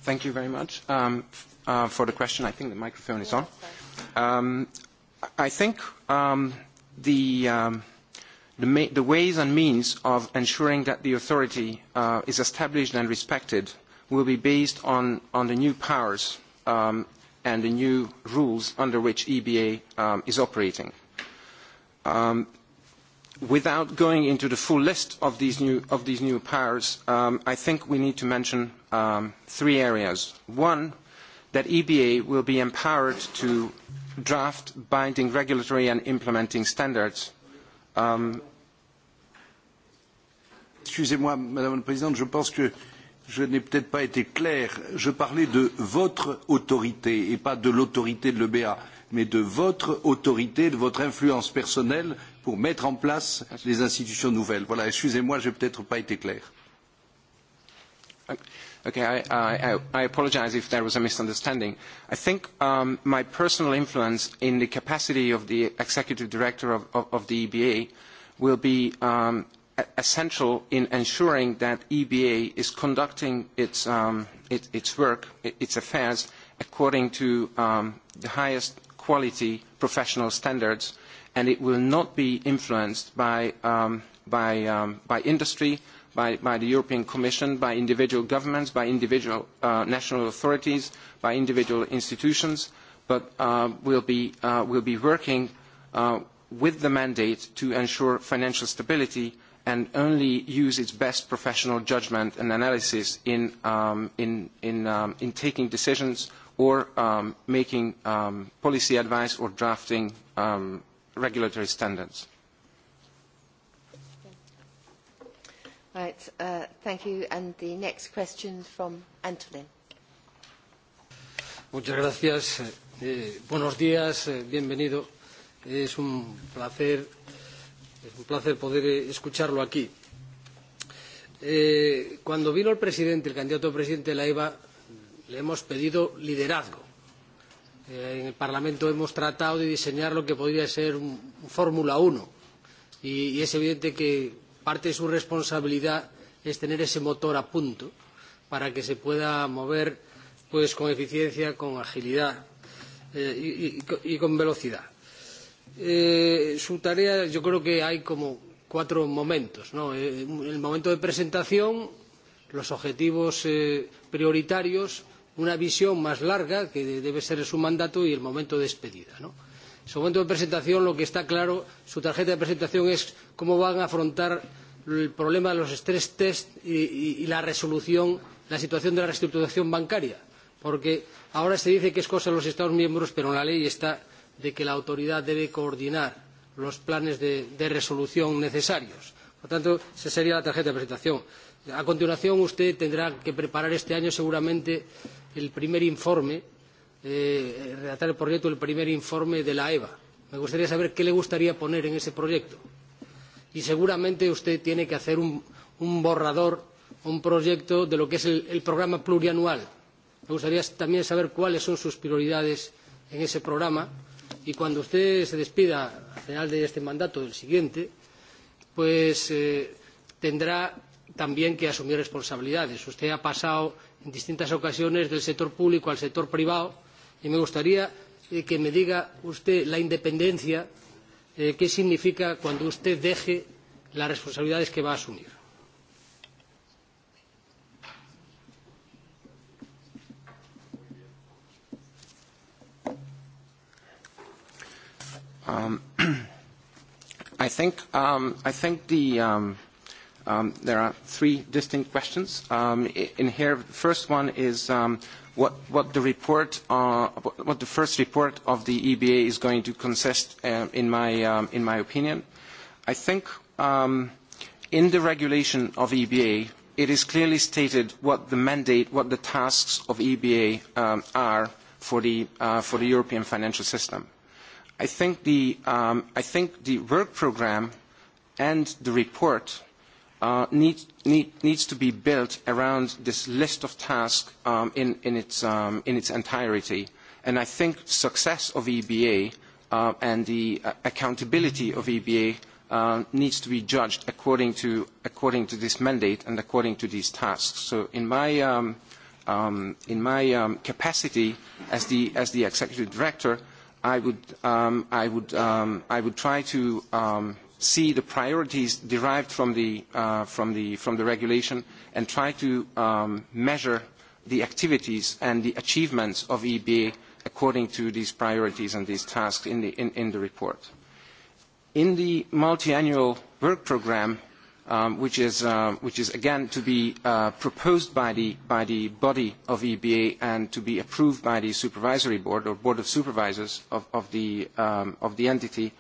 Thank you very much um, uh, for the question. I think the microphone is on. Um, I think um, the, um, the, ma the ways and means of ensuring that the authority uh, is established and respected will be based on, on the new powers um, and the new rules under which EBA um, is operating. Um, without going into the full list of these new, of these new powers, um, I think we need to mention three areas. One, that EBA will be empowered to draft binding regulatory and implementing standards. Excusez-moi, Madame la Présidente, je pense que je n'ai peut-être pas été clair. Je parlais de votre autorité et pas de l'autorité de l'EBA, mais de votre autorité, de votre influence personnelle pour mettre en place les institutions nouvelles. Voilà, excusez-moi, je n'ai peut-être pas été clair. Okay, I, I, I apologize if there was a misunderstanding. I think um, my personal influence in the capacity of the executive director of, of, of the EBA will be um, essential in ensuring that EBA is conducting its, um, it, its work, its affairs, according to um, the highest quality professional standards, and it will not be influenced by, um, by, um, by industry, by, by the European Commission, by individual governments, by individual uh, national authorities, by individual institutions, but uh, we'll, be, uh, we'll be working uh, with the mandate to ensure financial stability and only use its best professional judgment and analysis in, um, in, in, um, in taking decisions or um, making um, policy advice or drafting um, regulatory standards. Right, uh, thank you. And the next question from Antolin. Muchas gracias. Eh, buenos días, eh, bienvenido. Es un placer, es un placer poder escucharlo aquí. Eh, cuando vino el presidente, el candidato a presidente de la EVA, le hemos pedido liderazgo. Eh, en el Parlamento hemos tratado de diseñar lo que podría ser un, un Fórmula 1 y, y es evidente que parte de su responsabilidad es tener ese motor a punto para que se pueda mover pues con eficiencia, con agilidad eh, y, y con velocidad. Eh, su tarea, yo creo que hay como cuatro momentos. ¿no? el momento de presentación, los objetivos eh, prioritarios, una visión más larga que debe ser su mandato y el momento de despedida. ¿no? Eh, su momento de presentación lo que está claro su tarjeta de presentación es cómo van a afrontar el problema de los stress test y, la resolución la situación de la reestructuración bancaria porque ahora se dice que es cosa de los Estados miembros pero en la ley está de que la autoridad debe coordinar los planes de, resolución necesarios. Por tanto, esa sería la tarjeta de presentación. A continuación, usted tendrá que preparar este año seguramente el primer informe redactar el proyecto del primer informe de la EVA. Me gustaría saber qué le gustaría poner en ese proyecto. Y seguramente usted tiene que hacer un, borrador, un proyecto de lo que es el, programa plurianual. Me gustaría también saber cuáles son sus prioridades en ese programa. Y cuando usted se despida al final de este mandato, del siguiente, pues tendrá también que asumir responsabilidades. Usted ha pasado en distintas ocasiones del sector público al sector privado Y me gustaría que me diga usted la independencia, qué significa cuando usted deje las responsabilidades que va a asumir. I think the there are three distinct questions in here. The first one is what, what, the report, uh, what the first report of the EBA is going to consist, uh, in, my, um, in my opinion. I think um, in the regulation of EBA, it is clearly stated what the mandate, what the tasks of EBA um, are for the, uh, for the European financial system. I think the, um, I think the work programme and the report needs to be built around this list of tasks in, its, entirety. And I think success of EBA and the accountability of EBA needs to be judged according to, according to this mandate and according to these tasks. So in my, in my capacity as the, as the executive director, I would, I would, I would try to see the priorities derived from the, regulation and try to measure the activities and the achievements of EBA according to these priorities and these tasks in the, report. In the multi-annual work programme, which, is, again to be proposed by the, body of EBA and to be approved by the supervisory board or board of supervisors of, the, entity,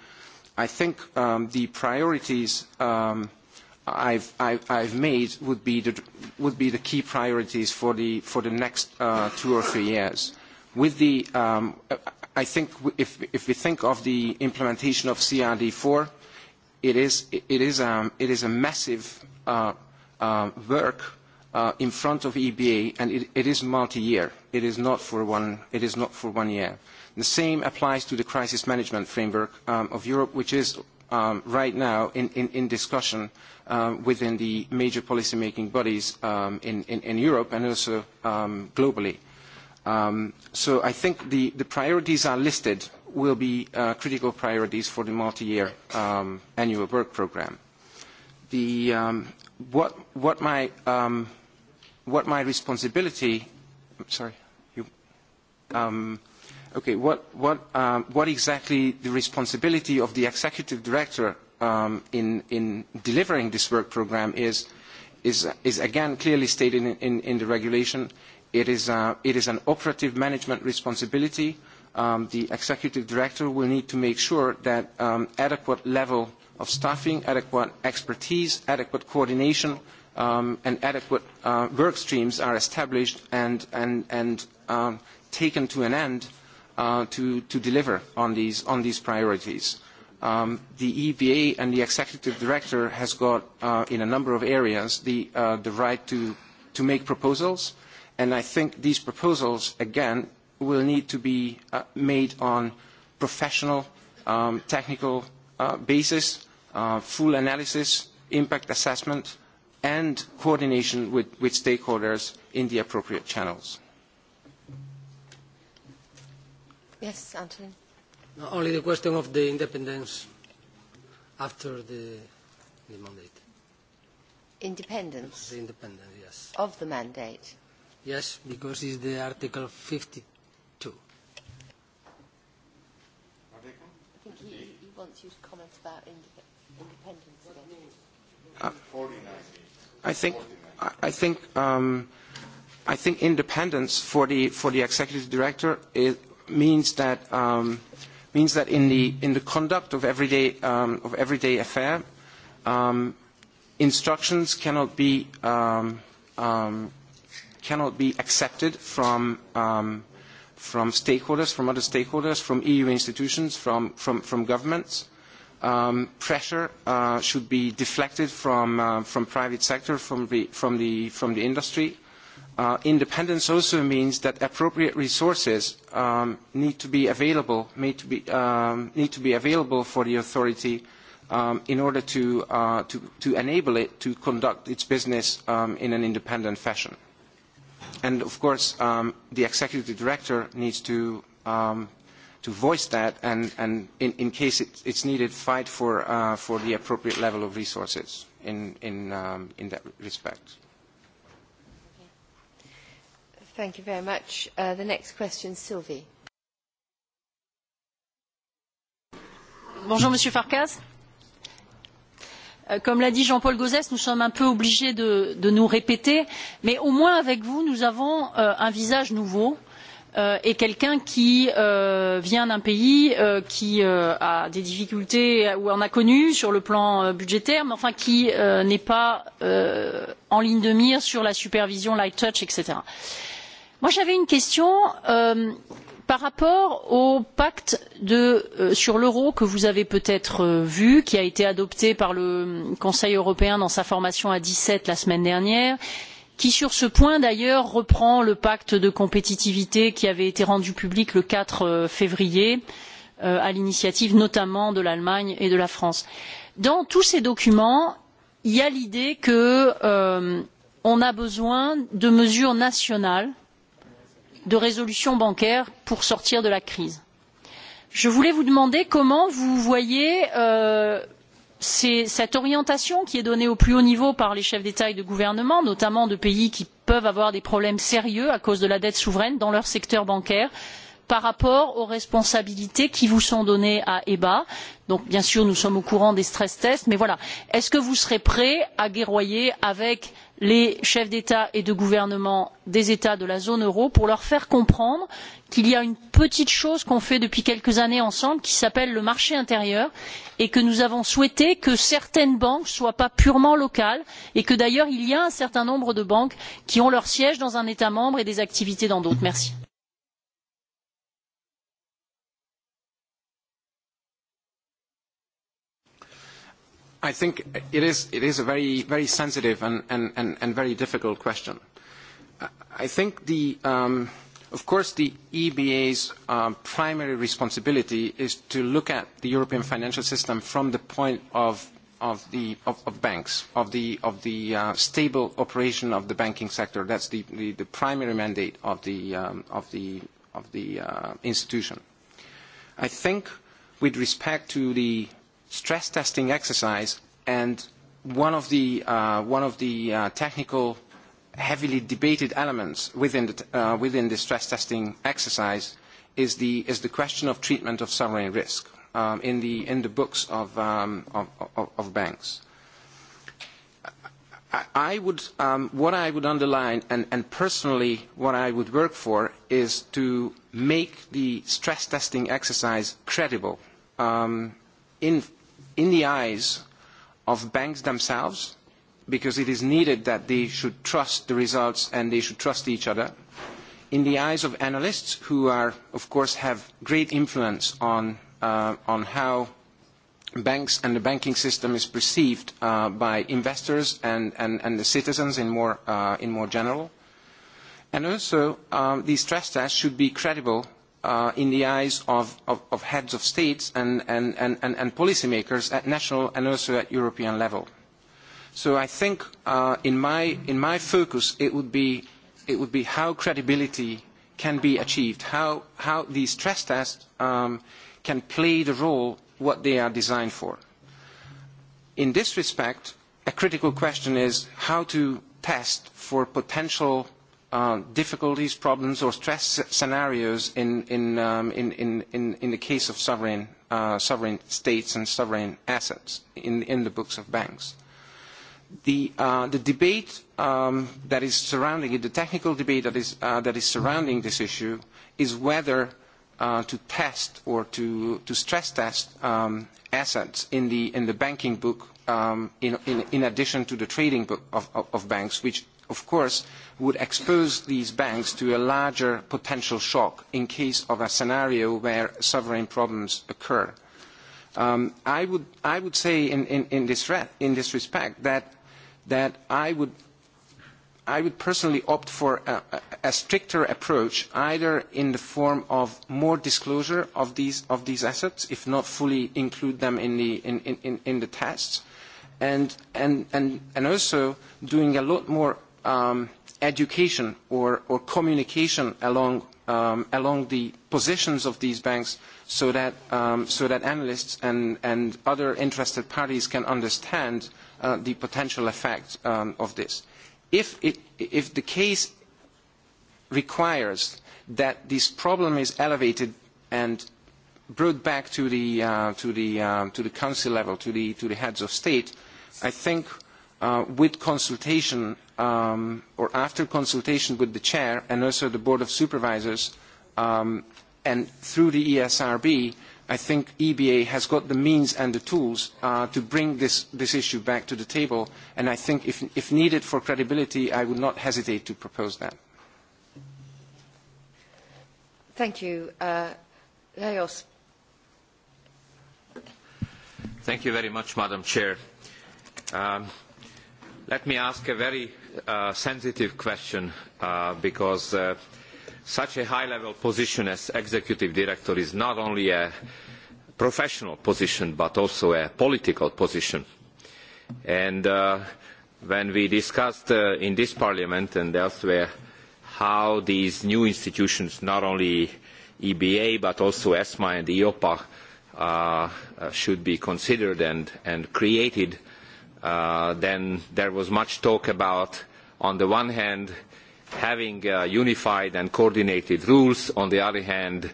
I think the priorities I've, I've made would be, the, would be the key priorities for the, for the next two or three years. With the, I think if, if we think of the implementation of CRD4, it is, it is, um, it is a massive work in front of EBA, and it, it is multi-year. It is not for one. It is not for one year. The same applies to the crisis management framework of Europe, which is right now in, discussion within the major policymaking bodies in, Europe and also globally. so I think the, the priorities are listed will be critical priorities for the multi-year annual work programme. what, my, responsibility, sorry, you, um, okay, what, what, um, what exactly the responsibility of the executive director um, in, in delivering this work program is, is, is again clearly stated in, in, in the regulation. It is, uh, it is an operative management responsibility. Um, the executive director will need to make sure that um, adequate level of staffing, adequate expertise, adequate coordination, um, and adequate uh, work streams are established and, and, and um, taken to an end to, deliver on these, priorities. the EBA and the executive director has got, in a number of areas, the, right to, make proposals, and I think these proposals, again, will need to be made on professional, technical basis, full analysis, impact assessment, and coordination with stakeholders in the appropriate channels. Yes, Antonin. Only the question of the independence after the, the mandate. Independence? The independence, yes. Of the mandate? Yes, because it's the Article 52. I think he, he wants you to comment about independence again. I think, I think, um, I think independence for the for the executive director is, means that means that in the in the conduct of everyday um, of everyday affair, um, instructions cannot be um, um, cannot be accepted from um, from stakeholders, from other stakeholders, from EU institutions, from from from governments. Um, pressure uh, should be deflected from uh, from private sector, from the from the from the industry independence also means that appropriate resources need to be available, need to be, need to be available for the authority in order to, to, enable it to conduct its business in an independent fashion. And of course, the executive director needs to, to voice that and, and in, in case it, it's needed, fight for, for the appropriate level of resources in, in, in that respect. Thank you very much. Uh, the next question, Sylvie. Bonjour, Monsieur Farkas. Comme l'a dit Jean-Paul Gauzès, nous sommes un peu obligés de, de nous répéter, mais au moins avec vous, nous avons euh, un visage nouveau et quelqu'un qui vient d'un pays qui a des difficultés ou en a connu sur le plan budgétaire, mais enfin qui n'est pas en ligne de mire sur la supervision light touch, etc. Euh, j'avais une question par rapport au pacte sur l'euro que vous avez peut-être vu, qui a été adopté par le Conseil européen dans sa formation à dix sept la semaine dernière, qui sur ce point d'ailleurs reprend le pacte de compétitivité qui avait été rendu public le quatre février à l'initiative notamment de l'Allemagne et de la France. Dans tous ces documents, il y a l'idée qu'on a besoin de mesures nationales de résolution bancaire pour sortir de la crise. Je voulais vous demander comment vous voyez cette orientation qui est donnée au plus haut niveau par les chefs d'État et de gouvernement, notamment de pays qui peuvent avoir des problèmes sérieux à cause de la dette souveraine dans leur secteur bancaire, par rapport aux responsabilités qui vous sont données à EBA. Donc bien sûr, nous sommes au courant des stress tests, mais voilà. Est-ce que vous serez prêt à guerroyer avec les chefs d'état et de gouvernement des états de la zone euro pour leur faire comprendre qu'il y a une petite chose qu'on fait depuis quelques années ensemble qui s'appelle le marché intérieur et que nous avons souhaité que certaines banques ne soient pas purement locales et que d'ailleurs il y a un certain nombre de banques qui ont leur siège dans un état membre et des activités dans d'autres. merci. I think it is, it is a very, very sensitive and, and, and, and very difficult question. I think the, um, of course, the EBA's um, primary responsibility is to look at the European financial system from the point of of the of, of banks of the of the uh, stable operation of the banking sector. That's the, the, the primary mandate of the um, of the of the uh, institution. I think, with respect to the stress testing exercise, and one of the, uh, one of the uh, technical heavily debated elements within the, uh, within the stress testing exercise is the, is the question of treatment of sovereign risk um, in, the, in the books of, um, of, of, of banks. I would, um, what I would underline, and, and personally what I would work for, is to make the stress testing exercise credible um, in, in the eyes of banks themselves, because it is needed that they should trust the results and they should trust each other, in the eyes of analysts who are, of course, have great influence on, how banks and the banking system is perceived by investors and, and, the citizens in more, in more general. And also, these stress tests should be credible in the eyes of, heads of states and, and, and, and, and policymakers at national and also at European level. So I think in, my, in my focus it would, be, it would be how credibility can be achieved, how, how these stress tests can play the role what they are designed for. In this respect, a critical question is how to test for potential difficulties, problems, or stress scenarios in, in, um, in, in, the case of sovereign, states and sovereign assets in, in the books of banks. The, debate that is surrounding it, the technical debate that is, uh, that is surrounding this issue, is whether to test or to, to stress test um, assets in the, in the banking book um, in, in, in addition to the trading book of, of banks, which of course, would expose these banks to a larger potential shock in case of a scenario where sovereign problems occur. I would say in this respect that I would personally opt for a stricter approach, either in the form of more disclosure of these assets, if not fully include them in the tests, and also doing a lot more um, education or, or communication along, um, along the positions of these banks so that, um, so that analysts and, and other interested parties can understand uh, the potential effect um, of this. If, it, if the case requires that this problem is elevated and brought back to the, uh, to the, um, to the council level, to the, to the heads of state, I think uh, with consultation or after consultation with the chair and also the board of supervisors and through the ESRB, I think EBA has got the means and the tools to bring this, issue back to the table. And I think if, if needed for credibility, I would not hesitate to propose that. Thank you. Leos. Thank you very much, Madam Chair. let me ask a very a sensitive question because such a high-level position as executive director is not only a professional position but also a political position. And when we discussed in this parliament and elsewhere how these new institutions, not only EBA but also ESMA and EOPA, should be considered and, created, then there was much talk about, on the one hand, having unified and coordinated rules, on the other hand,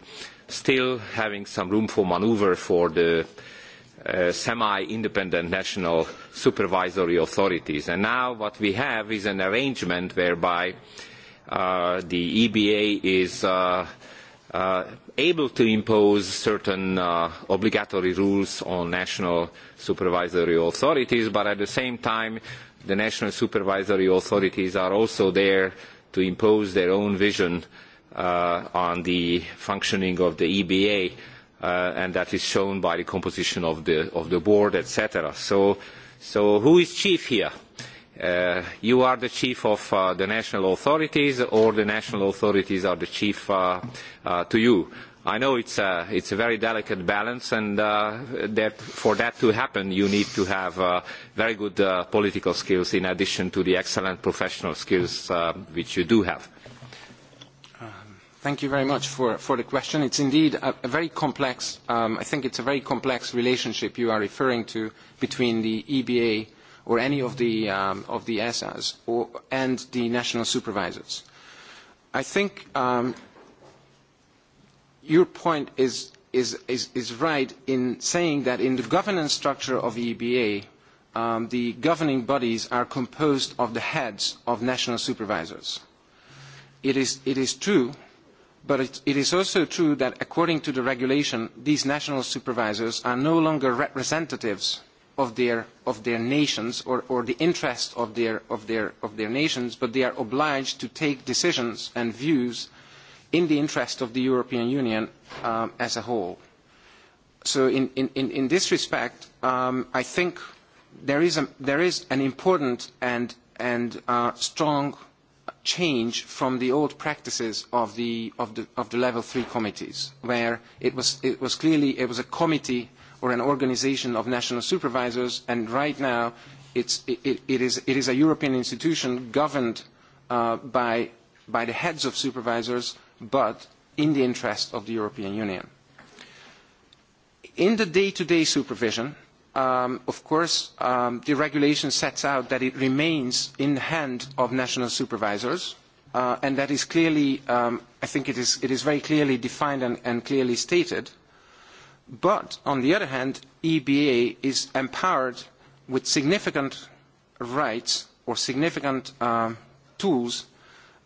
still having some room for manoeuvre for the semi-independent national supervisory authorities. And now what we have is an arrangement whereby the EBA is able to impose certain obligatory rules on national supervisory authorities, but at the same time, the national supervisory authorities are also there to impose their own vision on the functioning of the EBA, and that is shown by the composition of the, board, etc. So, so who is chief here? you are the chief of the national authorities or the national authorities are the chief to you. I know it's a, it's a very delicate balance and that for that to happen you need to have very good political skills in addition to the excellent professional skills which you do have. Thank you very much for, for the question. It's indeed a, a very complex, um, I think it's a very complex relationship you are referring to between the EBA or any of the, um, of the ESAs or, and the national supervisors. I think um, your point is, is, is, is right in saying that in the governance structure of the EBA, um, the governing bodies are composed of the heads of national supervisors. It is, it is true, but it, it is also true that according to the regulation, these national supervisors are no longer representatives of their, of their nations or, or the interest of their, of, their, of their nations, but they are obliged to take decisions and views in the interest of the European Union um, as a whole. So in, in, in, in this respect, um, I think there is, a, there is an important and, and uh, strong change from the old practices of the, of the, of the level three committees, where it was, it was clearly it was a committee or an organisation of national supervisors, and right now it's, it, it, is, it is a European institution governed uh, by, by the heads of supervisors, but in the interest of the European Union. In the day-to-day supervision, of course, the regulation sets out that it remains in the hand of national supervisors, and that is clearly, I think it is, it is very clearly defined and, and clearly stated But on the other hand, the EBA is empowered with significant rights or significant tools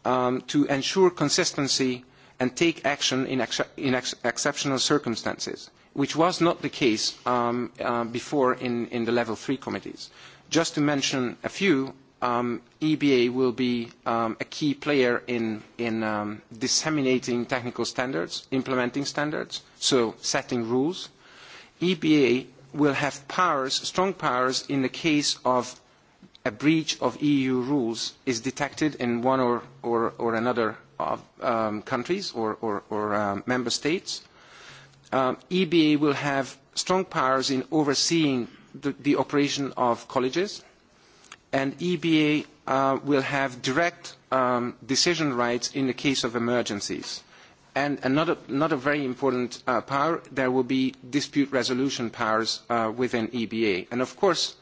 to ensure consistency and take action in, exceptional circumstances, which was not the case before in, the level three committees. Just to mention a few, EBA will be a key player in disseminating technical standards, implementing standards, so setting rules. EBA will have powers, strong powers, in the case of a breach of EU rules is detected in one or another of countries or member states. EBA will have strong powers in overseeing the operation of colleges and EBA will have direct decision rights in the case of emergencies. And another, very important power, there will be dispute resolution powers within EBA. And of course,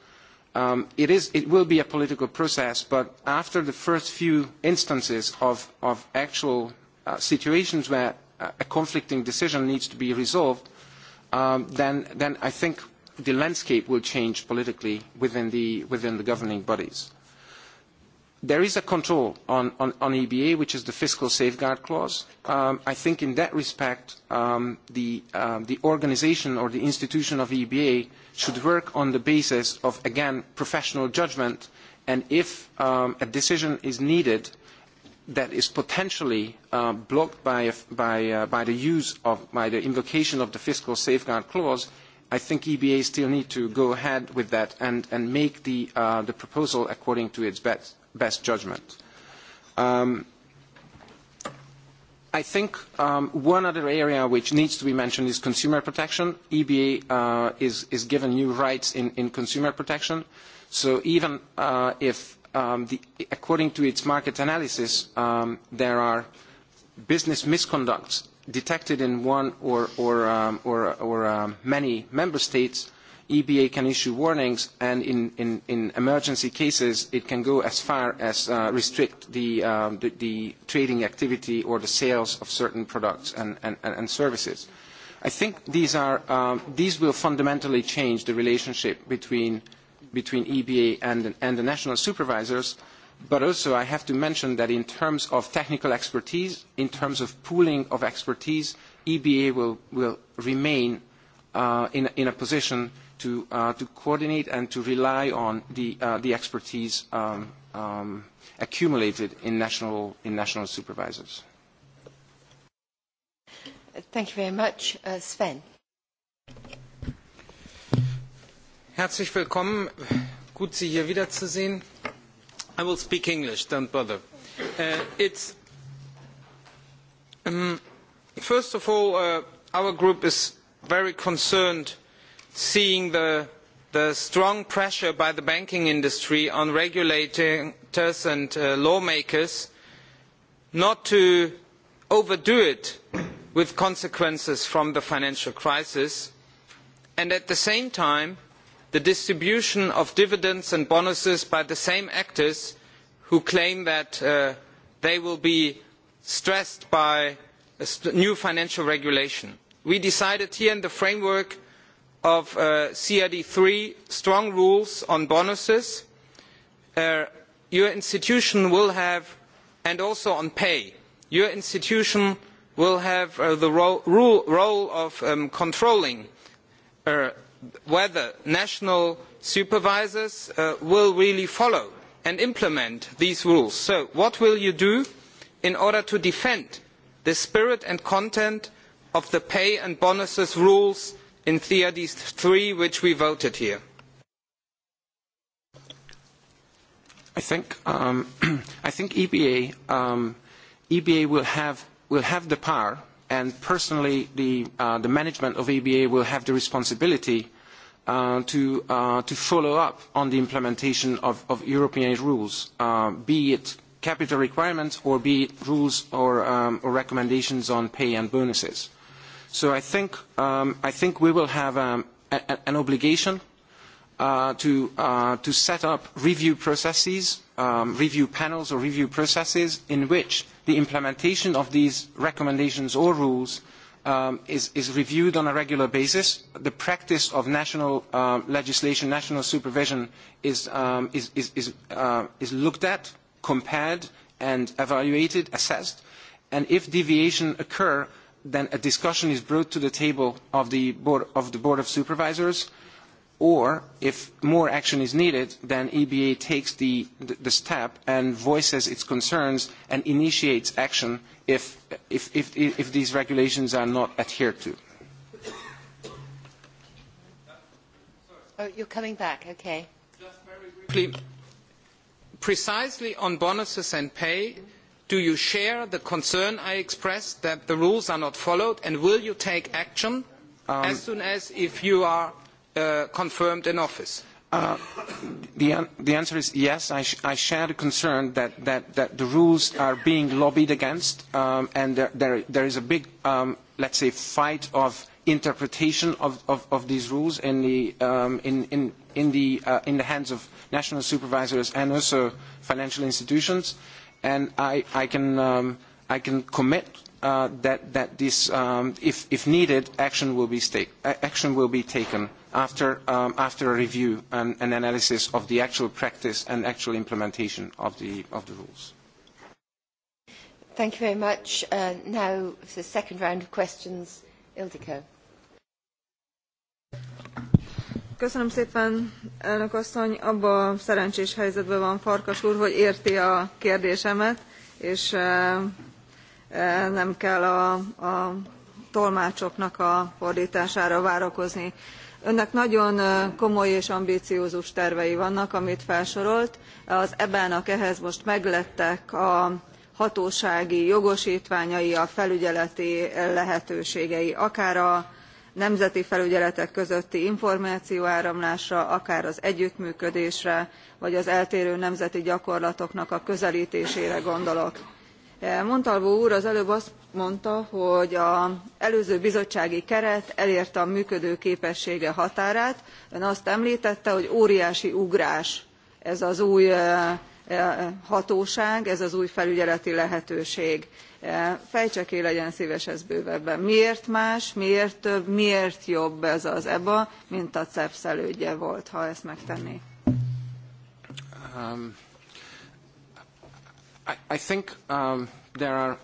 it, will be a political process, but after the first few instances of, actual situations where a conflicting decision needs to be resolved, then, I think the landscape will change politically within the, within the governing bodies. There is a control on, on, on EBA, which is the fiscal safeguard clause. Um, I think in that respect, um, the, um, the organization or the institution of EBA should work on the basis of, again, professional judgment. And if um, a decision is needed that is potentially uh, blocked by, by, uh, by the use of, by the invocation of the fiscal safeguard clause, I think EBA still need to go ahead with that and, and make the, uh, the proposal according to its best, best judgment. Um, I think um, one other area which needs to be mentioned is consumer protection. EBA uh, is, is given new rights in, in consumer protection. So even uh, if, um, the, according to its market analysis, um, there are business misconducts detected in one or, or, um, or, or um, many member states, EBA can issue warnings, and in, in, in emergency cases, it can go as far as uh, restrict the, um, the, the trading activity or the sales of certain products and, and, and services. I think these, are, um, these will fundamentally change the relationship between, between EBA and, and the national supervisors, But also I have to mention that in terms of technical expertise, in terms of pooling of expertise, EBA will, will remain in, a position to, coordinate and to rely on the, expertise accumulated in national, in national supervisors. Thank you very much. Sven. Herzlich willkommen. Gut, Sie hier wiederzusehen. I will speak English, don't bother. it's, first of all, our group is very concerned seeing the, strong pressure by the banking industry on regulators and lawmakers not to overdo it with consequences from the financial crisis and at the same time the distribution of dividends and bonuses by the same actors who claim that they will be stressed by a new financial regulation. we decided here in the framework of crd iii strong rules on bonuses your institution will have and also on pay your institution will have the role of controlling whether national supervisors will really follow and implement these rules. so what will you do in order to defend the spirit and content of the pay and bonuses rules in theades three which we voted here? I think EBA will have the power and personally the, management of EBA will have the responsibility to, follow up on the implementation of, European rules, be it capital requirements or be it rules or, recommendations on pay and bonuses. So I think, we will have an obligation to set up review processes, review panels or review processes in which the implementation of these recommendations or rules is reviewed on a regular basis. The practice of national legislation, national supervision is looked at, compared and evaluated, assessed, and if deviation occur, then a discussion is brought to the table of the Board of Supervisors or if more action is needed, then EBA takes the, the step and voices its concerns and initiates action if, if, if, if these regulations are not adhered to. Oh, you're coming back, okay. Just very briefly, precisely on bonuses and pay, do you share the concern I expressed that the rules are not followed, and will you take action as soon as if you are confirmed in office? the, answer is yes. I, I share the concern that, that, that the rules are being lobbied against, and there, there, there is a big, um, let's say, fight of interpretation of, of, of these rules in the, um, in, in, in, the, uh, in the hands of national supervisors and also financial institutions. And I, I, can, um, I can commit uh, that, that this, um, if, if needed, action will be, stake, action will be taken after, um, after a review and an analysis of the actual practice and actual implementation of the, of the rules. Thank you very much. Uh, now, the second round of questions, Ildiko. Köszönöm szépen, elnök asszony. Abban a szerencsés helyzetben van Farkas úr, hogy érti a kérdésemet, és nem kell a, a tolmácsoknak a fordítására várakozni önnek nagyon komoly és ambiciózus tervei vannak amit felsorolt az eba nak ehhez most meglettek a hatósági jogostványai a felügyeleti lehetőségei akár a nemzeti felügyeletek közötti információáramlásra akár az együttműködésre vagy az eltérő nemzeti gyakorlatoknak a közeltésére gondolok montalvo úr az előbb azt mondta hogy az előző bizottsági keret elérte a működőképessége határát ön azt emltette hogy óriási ugrás ez az új hatóság ez az új felügyeleti lehetőség. fejtse ki legyen szves ezt bővebben miért más miért több miért jobb ez az eba mint a ceps elődje volt ha ezt megtenné? I, I think um, there are...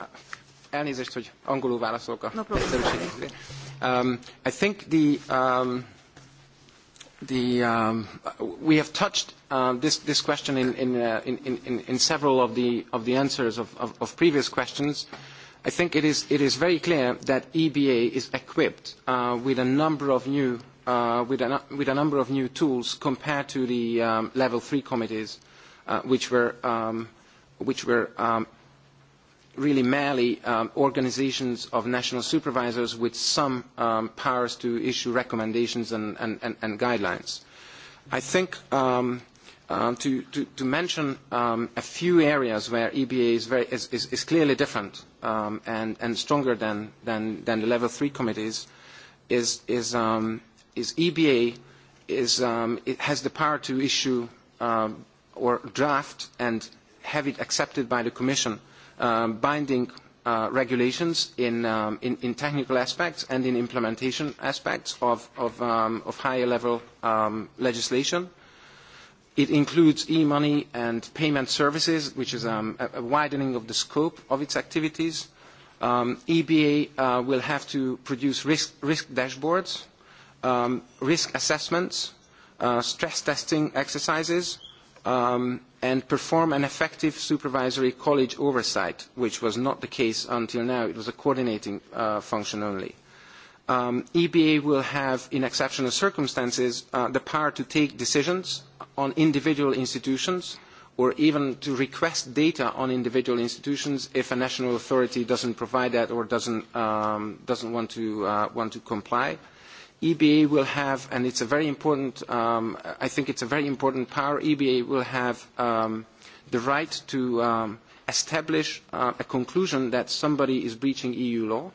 Elnézést, hogy angolul válaszolok a no Um, I think the... Um, the um, we have touched uh, this this question in in, uh, in in in several of the of the answers of, of, of previous questions. I think it is it is very clear that EBA is equipped uh, with a number of new uh, with a with a number of new tools compared to the um, level three committees, uh, which were. Um, which were um, really merely um, organizations of national supervisors with some um, powers to issue recommendations and, and, and, and guidelines. I think um, um, to, to, to mention um, a few areas where EBA is, very, is, is, is clearly different um, and, and stronger than, than, than the level three committees is, is, um, is EBA is, um, it has the power to issue um, or draft and have it accepted by the Commission binding regulations in technical aspects and in implementation aspects of higher level legislation. It includes e-money and payment services, which is a widening of the scope of its activities. EBA will have to produce risk dashboards, risk assessments, stress testing exercises, and perform an effective supervisory college oversight, which was not the case until now. It was a coordinating function only. Um, EBA will have, in exceptional circumstances, the power to take decisions on individual institutions or even to request data on individual institutions if a national authority doesn't provide that or doesn't, um, doesn't want, to, want to comply EBA will have, and it's a very important, um, I think it's a very important power, EBA will have um, the right to um, establish uh, a conclusion that somebody is breaching EU law.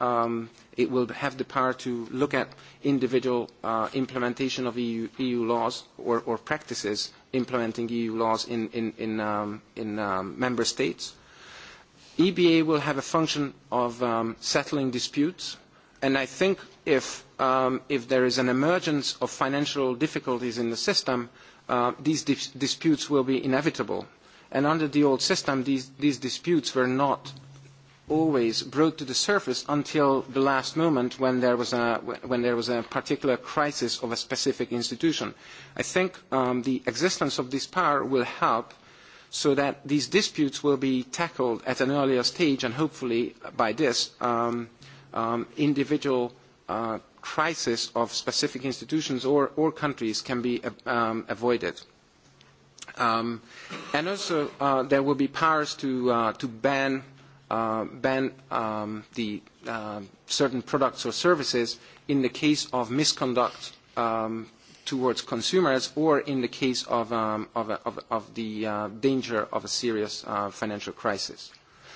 Um, it will have the power to look at individual uh, implementation of EU, EU laws or, or practices implementing EU laws in, in, in, um, in um, member states. EBA will have a function of um, settling disputes and I think if, there is an emergence of financial difficulties in the system, these disputes will be inevitable. And under the old system, these, disputes were not always brought to the surface until the last moment when there was a, when there was a particular crisis of a specific institution. I think the existence of this power will help so that these disputes will be tackled at an earlier stage and hopefully by this individual crisis of specific institutions or, or countries can be avoided. and also there will be powers to, to ban, ban the, certain products or services in the case of misconduct towards consumers or in the case of, um, of, of, of the uh, danger of a serious uh, financial crisis.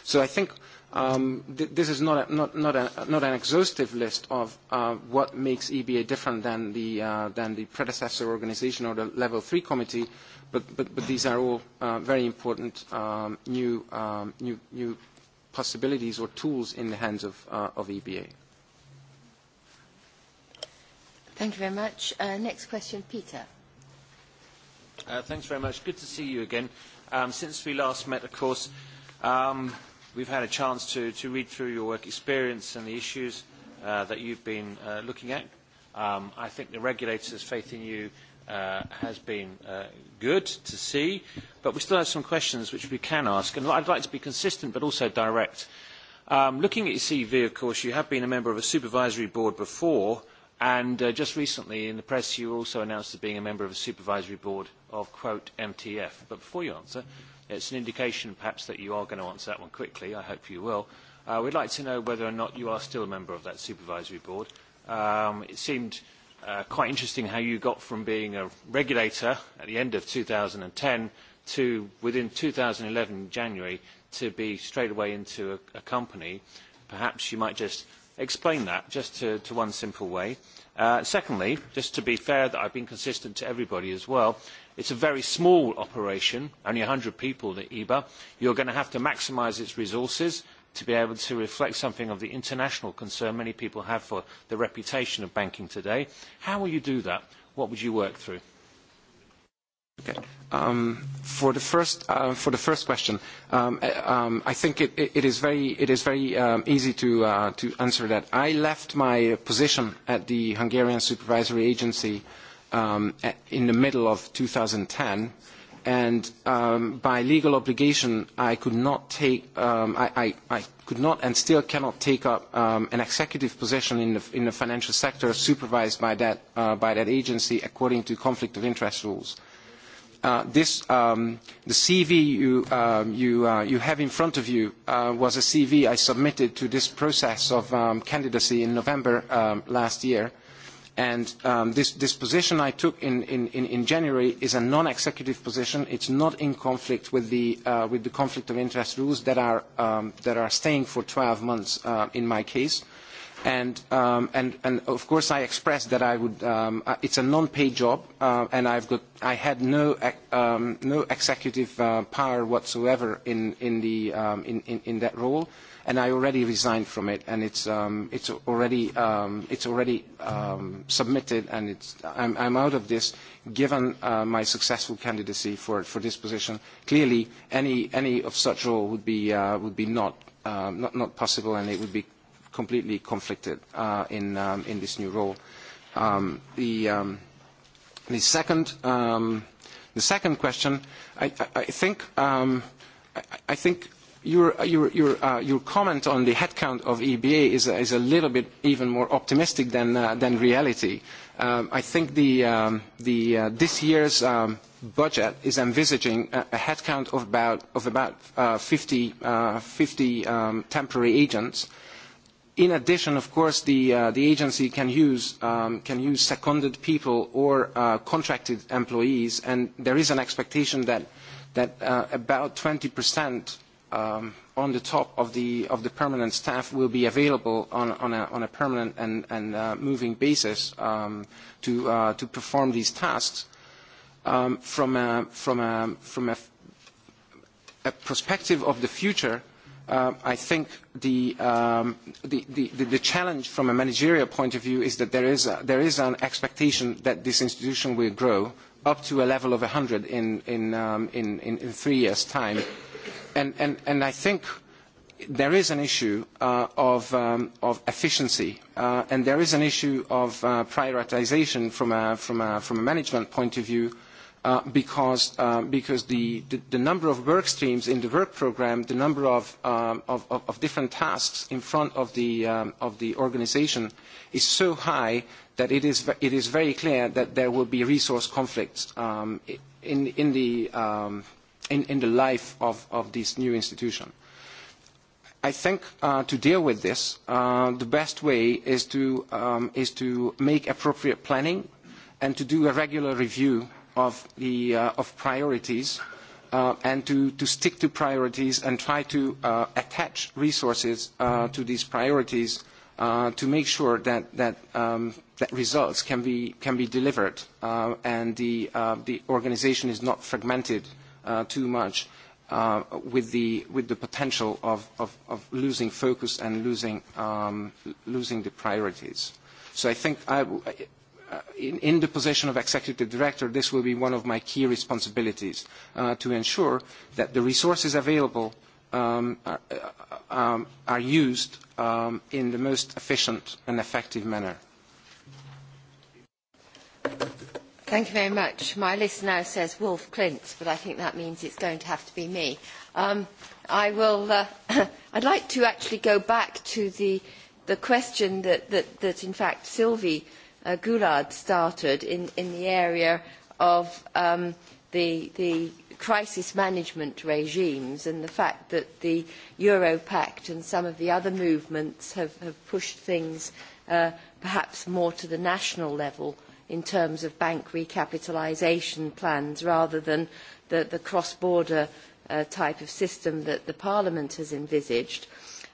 So I think um, th this is not, a, not, not, a, not an exhaustive list of uh, what makes EBA different than the, uh, than the predecessor organization or the level three committee, but, but, but these are all uh, very important um, new, um, new, new possibilities or tools in the hands of, uh, of EBA. Thank you very much. Uh, next question, Peter. Uh, thanks very much. Good to see you again. Um, since we last met, of course, um, we've had a chance to, to read through your work experience and the issues uh, that you've been uh, looking at. Um, I think the regulator's faith in you uh, has been uh, good to see, but we still have some questions which we can ask. And I'd like to be consistent but also direct. Um, looking at your CV, of course, you have been a member of a supervisory board before, and uh, just recently in the press you also announced as being a member of a supervisory board of, quote, MTF. But before you answer, It's an indication perhaps that you are going to answer that one quickly. I hope you will. Uh, we'd like to know whether or not you are still a member of that supervisory board. Um, it seemed uh, quite interesting how you got from being a regulator at the end of 2010 to within 2011 January to be straight away into a, a company. Perhaps you might just explain that just to, to one simple way. Uh, secondly, just to be fair that I've been consistent to everybody as well, It is a very small operation, only one hundred people, the EBA. You are going to have to maximise its resources to be able to reflect something of the international concern many people have for the reputation of banking today. How will you do that? What would you work through? For the first question, I think it is very easy to answer that. I left my position at the Hungarian Supervisory Agency um, in the middle of 2010, and um, by legal obligation, I could not take, um, I, I, I could not and still cannot take up um, an executive position in the, in the financial sector supervised by that, uh, by that agency according to conflict of interest rules. Uh, this, um, the CV you, you, uh, you have in front of you uh, was a CV I submitted to this process of um, candidacy in November um, last year. Uh, And this, this position I took in, in, in, January is a non-executive position. It's not in conflict with the, uh, with the conflict of interest rules that are, um, that are staying for 12 months uh, in my case. And, um, and, and of course I expressed that I would, um, it's a non-paid job uh, and I've got, I had no, um, no executive uh, power whatsoever in, in, the, um, in, in, in that role and I already resigned from it, and it's um, it's already um, it's already um, submitted, and it's I'm, I'm out of this. Given uh, my successful candidacy for for this position, clearly any any of such role would be uh, would be not um, not not possible, and it would be completely conflicted uh, in um, in this new role. Um, the um, the second um, the second question, I I, I think um, I, I think your comment on the headcount of EBA is a little bit even more optimistic than reality. I think this year's budget is envisaging a headcount of about 50 temporary agents. In addition, of course, the agency can use seconded people or contracted employees, and there is an expectation that about 20% um, on the top of the, of the permanent staff will be available on, on, a, on a permanent and, and uh, moving basis um, to, uh, to perform these tasks um, from, a, from, a, from a, a perspective of the future uh, I think the, um, the, the, the challenge from a managerial point of view is that there is, a, there is an expectation that this institution will grow up to a level of 100 in, in, um, in, in, in three years' time And, and, and I think there is an issue of, efficiency, and there is an issue of prioritisation from a, management point of view, because, the, number of work streams in the work programme, the number of, different tasks in front of the, organisation is so high that it is, very clear that there will be resource conflicts in, the in, in the life of, of this new institution. I think uh, to deal with this, uh, the best way is to, um, is to make appropriate planning and to do a regular review of, the, uh, of priorities uh, and to, to stick to priorities and try to uh, attach resources uh, to these priorities uh, to make sure that, that, um, that results can be, can be delivered uh, and the, uh, the organization is not fragmented uh, too much with the with the potential of, of, of losing focus and losing um, losing the priorities. So I think I, in, in the position of executive director, this will be one of my key responsibilities uh, to ensure that the resources available um, are, um, are used um, in the most efficient and effective manner. Thank you very much. My list now says Wolf Clint, but I think that means it's going to have to be me. Um, I will, uh, I'd like to actually go back to the, the question that, that, that in fact Sylvie uh, Goulard started in, in the area of um, the, the crisis management regimes and the fact that the Euro Pact and some of the other movements have, have pushed things uh, perhaps more to the national level in terms of bank recapitalisation plans rather than the, the cross-border uh, type of system that the Parliament has envisaged.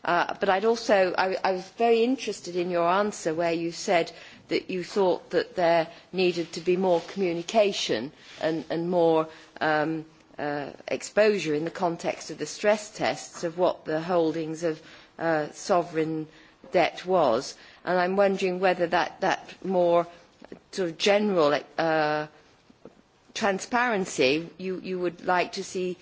Uh, but I'd also, I, I was very interested in your answer where you said that you thought that there needed to be more communication and, and more um, uh, exposure in the context of the stress tests of what the holdings of uh, sovereign debt was. And I'm wondering whether that, that more sort of general uh, transparency you, you would like to see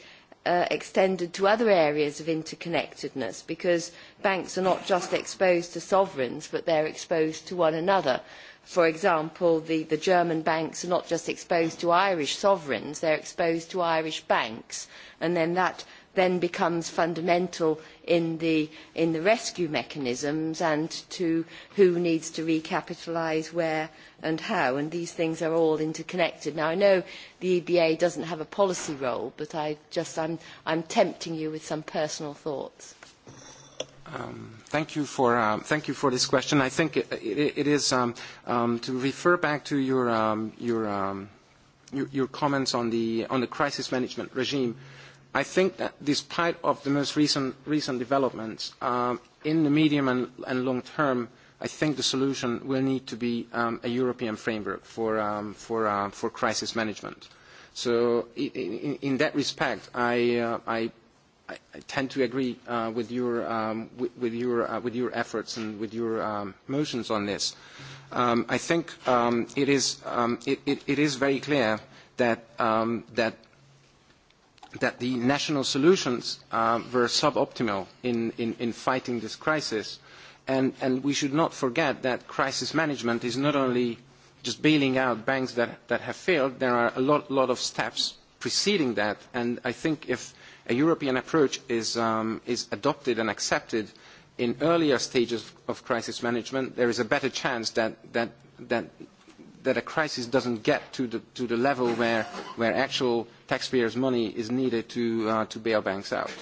uh, extended to other areas of interconnectedness because banks are not just exposed to sovereigns but they're exposed to one another. For example, the, the German banks are not just exposed to Irish sovereigns, they're exposed to Irish banks and then that then becomes fundamental in the, in the rescue mechanisms and to who needs to recapitalise where and how. And these things are all interconnected. Now, I know the EBA doesn't have a policy role, but I just, I'm, I'm tempting you with some personal thoughts. Um, thank you for um, thank you for this question. I think it, it, it is um, um, to refer back to your um, your, um, your your comments on the on the crisis management regime I think that despite of the most recent, recent developments, um, in the medium and, and long term, I think the solution will need to be um, a European framework for, um, for, uh, for crisis management. So in, in that respect, I, uh, I, I tend to agree uh, with, your, um, with, your, uh, with your efforts and with your um, motions on this. Um, I think um, it, is, um, it, it, it is very clear that, um, that that the national solutions uh, were suboptimal in, in, in fighting this crisis. And, and we should not forget that crisis management is not only just bailing out banks that, that have failed, there are a lot, lot of steps preceding that. And I think if a European approach is, um, is adopted and accepted in earlier stages of crisis management, there is a better chance that, that, that, that a crisis doesn't get to the, to the level where, where actual taxpayers' money is needed to, uh, to bail banks out.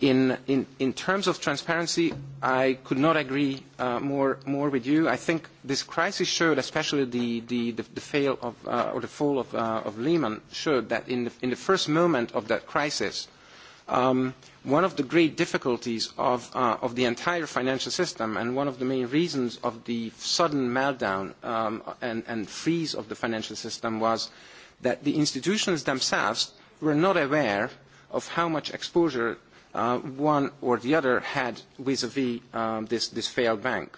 In, in, in terms of transparency, I could not agree uh, more, more with you. I think this crisis showed, especially the, the, the, the fail of, uh, or the fall of, uh, of Lehman, showed that in the, in the first moment of that crisis, um, one of the great difficulties of, uh, of the entire financial system and one of the main reasons of the sudden meltdown um, and, and freeze of the financial system was uh, that the institutions themselves were not aware of how much exposure one or the other had vis a vis this failed bank.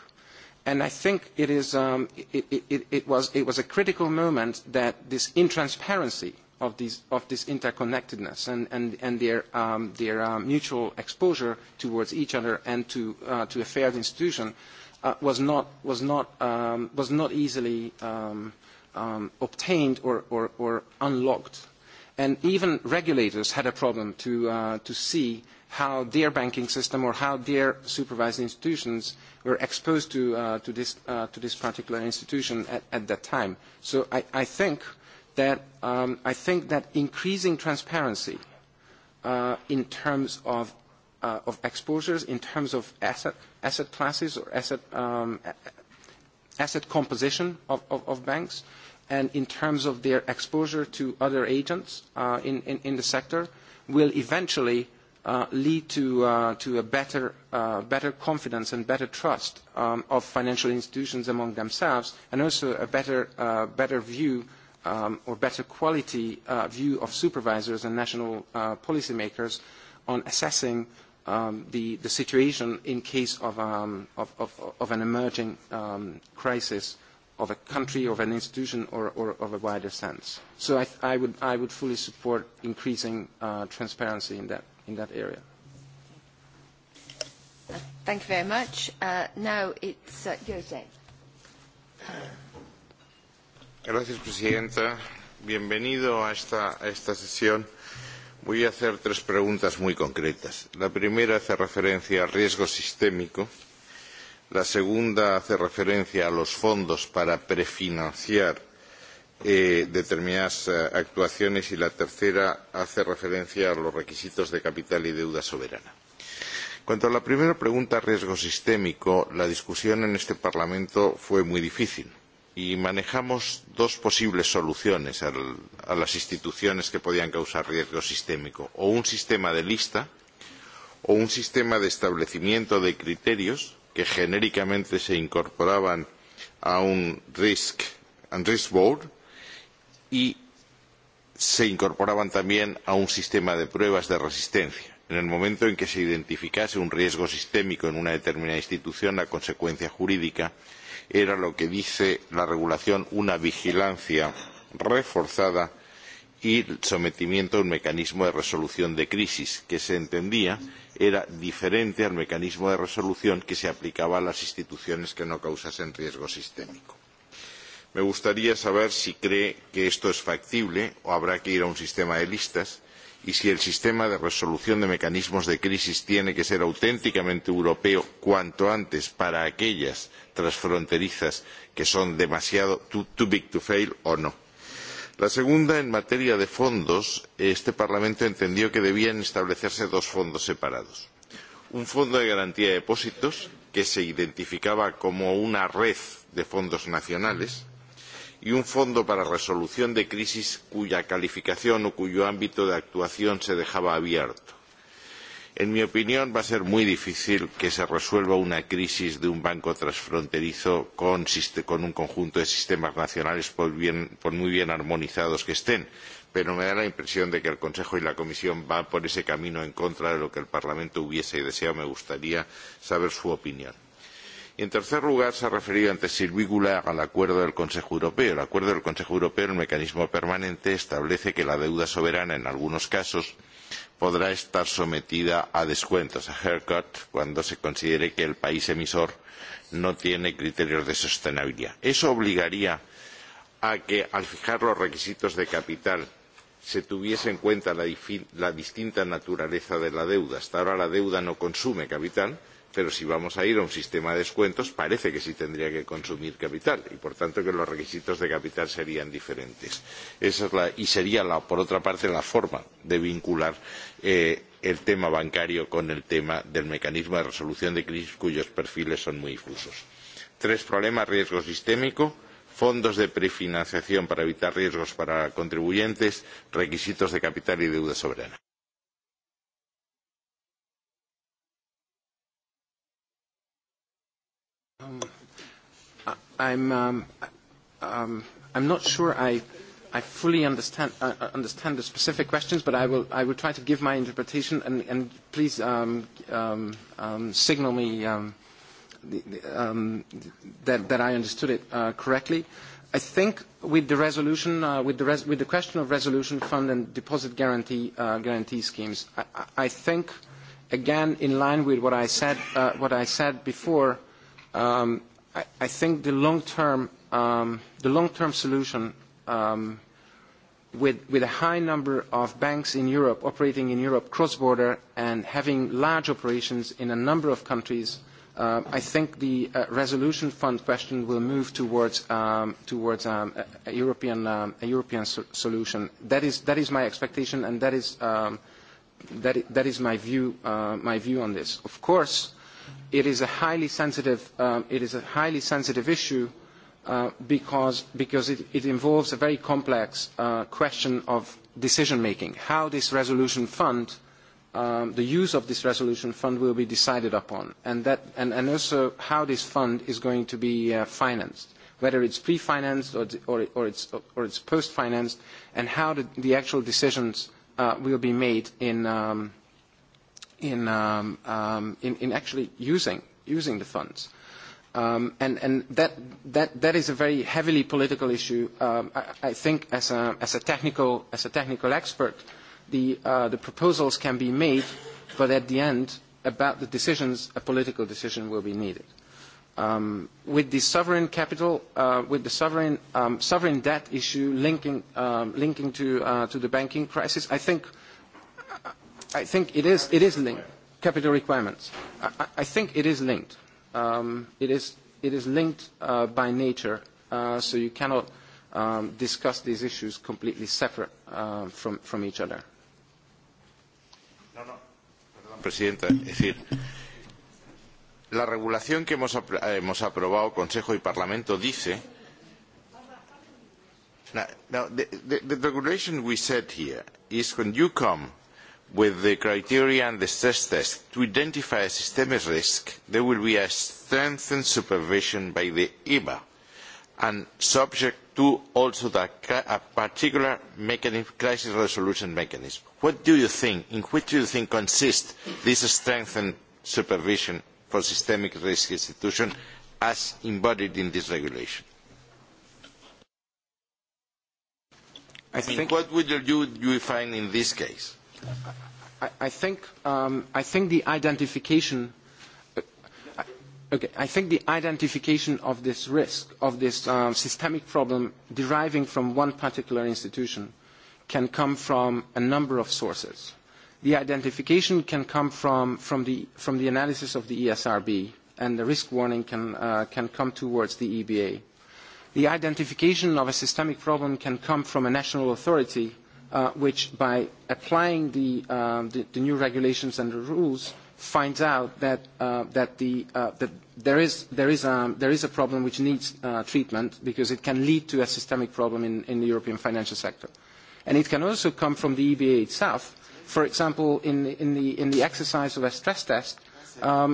And I think it, is, um, it, it, it, was, it was a critical moment that this intransparency of, these, of this interconnectedness and, and, and their, um, their um, mutual exposure towards each other and to, uh, to a failed institution uh, was, not, was, not, um, was not easily um, – um, obtained or, or, or unlocked. And even regulators had a problem to, uh, to see how their banking system or how their supervised institutions were exposed to, uh, to, this, uh, to this particular institution at, at that time. So I, I, think, that, um, I think that increasing transparency uh, in terms of, uh, of exposures, in terms of asset, asset classes or asset, um, asset composition of, of, of banks and in terms of their exposure to other agents uh, in, in, in the sector will eventually uh, lead to, uh, to a better, uh, better confidence and better trust um, of financial institutions among themselves and also a better, uh, better view um, or better quality uh, view of supervisors and national uh, policymakers on assessing um, the, the situation in case of, um, of, of, of an emerging um, crisis of a country, of an institution, or, or of a wider sense. So I, I, would, I would fully support increasing uh, transparency in that, in that area. Thank you very much. Uh, now it's uh, Jose. Gracias, Presidenta. Bienvenido a esta, a esta sesión Voy a hacer tres preguntas muy concretas. La primera hace referencia al riesgo sistémico. La segunda hace referencia a los fondos para prefinanciar determinadas actuaciones y la tercera hace referencia a los requisitos de capital y deuda soberana. Cuanto a la primera pregunta, riesgo sistémico, la discusión en este Parlamento fue muy difícil y manejamos dos posibles soluciones a las instituciones que podían causar riesgo sistémico o un sistema de lista o un sistema de establecimiento de criterios que genéricamente se incorporaban a un risk and risk board y se incorporaban también a un sistema de pruebas de resistencia. En el momento en que se identificase un riesgo sistémico en una determinada institución, la consecuencia jurídica era lo que dice la regulación una vigilancia reforzada y el sometimiento a un mecanismo de resolución de crisis que se entendía era diferente al mecanismo de resolución que se aplicaba a las instituciones que no causasen riesgo sistémico. Me gustaría saber si cree que esto es factible o habrá que ir a un sistema de listas y si el sistema de resolución de mecanismos de crisis tiene que ser auténticamente europeo cuanto antes para aquellas transfronterizas que son demasiado too, big to fail o no. La segunda, en materia de fondos, este Parlamento entendió que debían establecerse dos fondos separados. Un fondo de garantía de depósitos, que se identificaba como una red de fondos nacionales, y un fondo para resolución de crisis cuya calificación o cuyo ámbito de actuación se dejaba abierto. En mi opinión, va a ser muy difícil que se resuelva una crisis de un banco transfronterizo con, un conjunto de sistemas nacionales, por, muy bien armonizados que estén. Pero me da la impresión de que el Consejo y la Comisión van por ese camino en contra de lo que el Parlamento hubiese deseado. Me gustaría saber su opinión en tercer lugar, se ha referido antes Sylvie Goulard al acuerdo del Consejo Europeo. El acuerdo del Consejo Europeo, el mecanismo permanente, establece que la deuda soberana, en algunos casos, podrá estar sometida a descuentos, a haircut, cuando se considere que el país emisor no tiene criterios de sostenibilidad. Eso obligaría a que, al fijar los requisitos de capital, se tuviese en cuenta la, distinta naturaleza de la deuda. Hasta ahora la deuda no consume capital, Pero si vamos a ir a un sistema de descuentos, parece que sí tendría que consumir capital y, por tanto, que los requisitos de capital serían diferentes. Esa es la, y sería, la, por otra parte, la forma de vincular eh, el tema bancario con el tema del mecanismo de resolución de crisis cuyos perfiles son muy difusos. Tres problemas, riesgo sistémico, fondos de prefinanciación para evitar riesgos para contribuyentes, requisitos de capital y deuda soberana. I'm, um, um, I'm not sure I, I fully understand, uh, understand the specific questions, but I will, I will try to give my interpretation, and, and please um, um, um, signal me um, the, um, that, that I understood it uh, correctly. I think with the resolution, uh, with, the res with the question of resolution fund and deposit guarantee, uh, guarantee schemes, I, I think, again, in line with what I said, uh, what I said before, Um, I, I think the long-term um, the long-term solution um, with, with a high number of banks in Europe operating in Europe cross-border and having large operations in a number of countries, I think the uh, resolution fund question will move towards, um, towards um, a, European, um, a European solution. That is, that is my expectation and that is, um, that, that is my, view, uh, my view on this. Of course, it is a highly sensitive, it is a highly sensitive issue because, because it, it involves a very complex question of decision making, how this resolution fund the use of this resolution fund will be decided upon, and, that, and, and also how this fund is going to be uh, financed, whether it's pre-financed or, or, or it's, or it's post-financed, and how the, the actual decisions uh, will be made in, um, in, um, um, in, in actually using, using the funds. Um, and and that, that, that is a very heavily political issue. Um, I, I think as a, as, a technical, as a technical expert, the, uh, the proposals can be made, but at the end, about the decisions, a political decision will be needed. Um, with the sovereign capital, uh, with the sovereign, um, sovereign debt issue linking, um, linking to, uh, to the banking crisis, I think I think it is, it is linked. Capital requirements. I, I think it is linked. Um, it, is, it is linked uh, by nature, uh, so you cannot um, discuss these issues completely separate uh, from, from each other. Presidenta. Es decir, la regulación que hemos, hemos aprobado Consejo y Parlamento dice now, now the, the, the regulation we set here is when you come with the criteria and the stress test to identify systemic risk, there will be a strengthened supervision by the EBA and subject to also a particular crisis resolution mechanism. What do you think, in what do you think consists this strengthened supervision for systemic risk institutions as embodied in this regulation? I think what would you, you find in this case? I, I think um, I think the identification. Okay, I think the identification of this risk, of this um, systemic problem deriving from one particular institution can come from a number of sources. The identification can come from, from, the, from the analysis of the ESRB, and the risk warning can, uh, can come towards the EBA. The identification of a systemic problem can come from a national authority uh, which by applying the, the, new regulations and the rules finds out that, that, the, that there, is, there, is, there is a problem which needs treatment because it can lead to a systemic problem in, in the European financial sector. And it can also come from the EBA itself. For example, in, in, the, in the exercise of a stress test,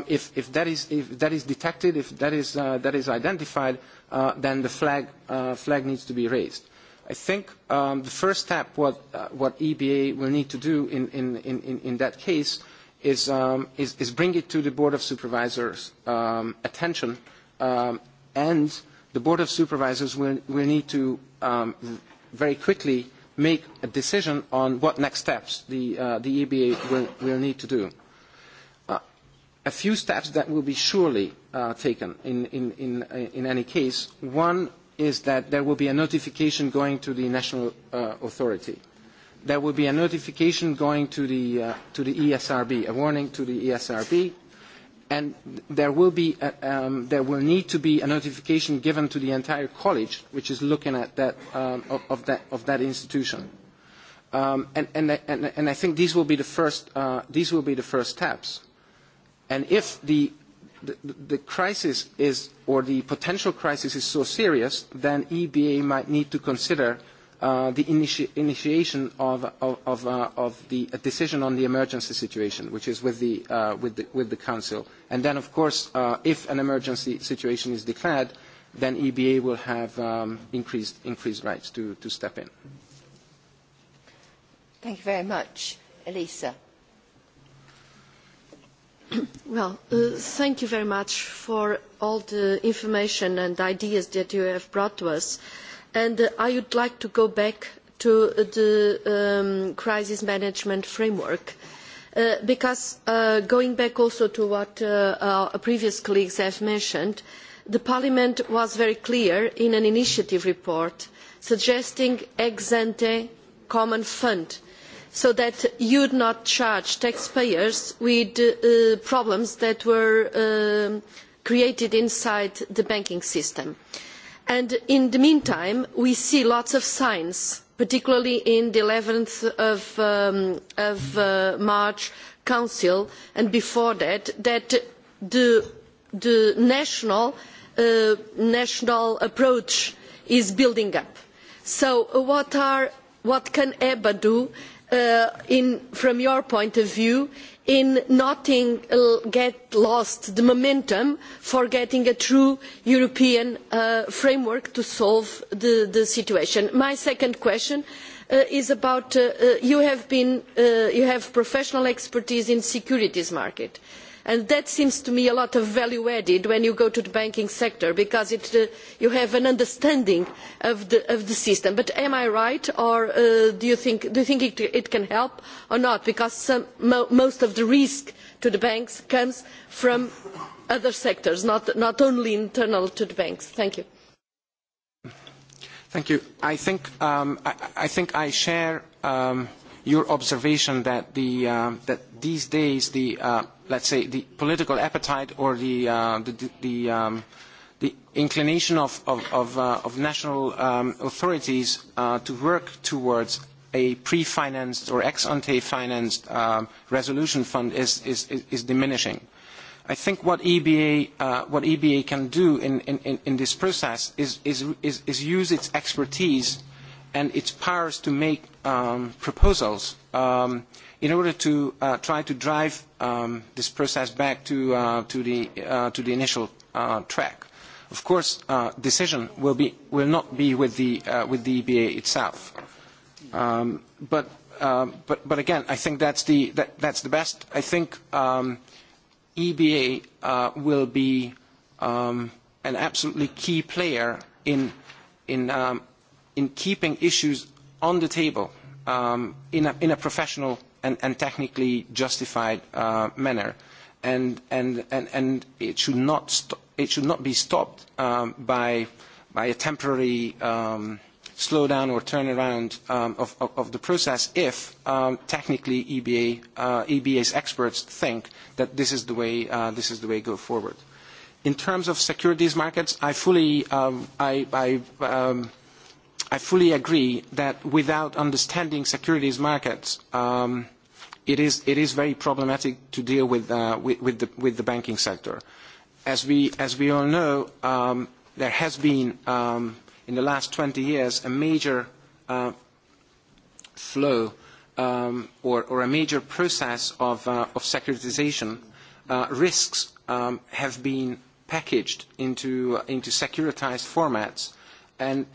if, if, that is, if that is detected, if that is, that is identified, then the flag, flag needs to be raised I think the first step what what EBA will need to do in in in in that case is um, is is bring it to the Board of Supervisors' um, attention, um, and the Board of Supervisors will will need to um, very quickly make a decision on what next steps the uh, the EBA will will need to do. Uh, a few steps that will be surely uh, taken in in in in any case. One is that there will be a notification going to the national authority. There will be a notification going to the, ESRB, a warning to the ESRB, and there will, be there will need to be a notification given to the entire college, which is looking at that, of, that, of that institution. and, and, and, I think these will be the first, these will be the first steps. And if the the, crisis is, or the potential crisis is so serious, then EBA might need to consider uh, the initi initiation of, of, of, uh, of the a decision on the emergency situation, which is with the, uh, with the, with the Council. And then, of course, uh, if an emergency situation is declared, then EBA will have um, increased, increased rights to, to step in. Thank you very much. Elisa. Well, thank you very much for all the information and ideas that you have brought to us. And I would like to go back to the crisis management framework, because going back also to what our previous colleagues have mentioned, Parliament was very clear in an initiative report suggesting ex-ante common fund so that you would not charge taxpayers with problems that were created inside the banking system. in the meantime, we see lots of signs, particularly in the 11th of March Council and before that, that the national, approach is building up. So what, can EBA do from your point of view in not getting lost the momentum for getting a true European framework to solve the situation? My second question is about you have professional expertise in the securities market and that seems to me a lot of value added when you go to the banking sector because you have an understanding of the system. but am i right or do you think it can help or not because most of the risk to the banks comes from other sectors not only internal to the banks? thank you. i think i share your observation that the uh, that these days the uh, let's say the political appetite or the uh, the the, um, the inclination of of of, uh, of national um, authorities uh, to work towards a pre-financed or ex-ante financed um, resolution fund is is is diminishing. I think what EBA, uh, what EBA can do in, in, in this process is, is, is, is use its expertise uh, and its powers to make proposals in order to try to drive this process back to, the, initial track. Of course, uh, decision will, be, will not be with the, with the EBA itself. but, but, again, I think that's the, that, that's the best. I think EBA will be an absolutely key player in, in in keeping issues on the table um, in, a, in a professional and, and technically justified uh, manner. And, and, and, and it, should not st- it should not be stopped um, by, by a temporary um, slowdown or turnaround um, of, of, of the process if um, technically EBA, uh, EBA's experts think that this is the way, uh, this is the way go forward. In terms of securities markets, I fully um, I, I, um, I fully agree that without understanding securities markets, it is very problematic to deal with the banking sector. As we all know, there has been, in the last 20 years, a major flow or a major process of securitization. Risks have been packaged into securitized formats, and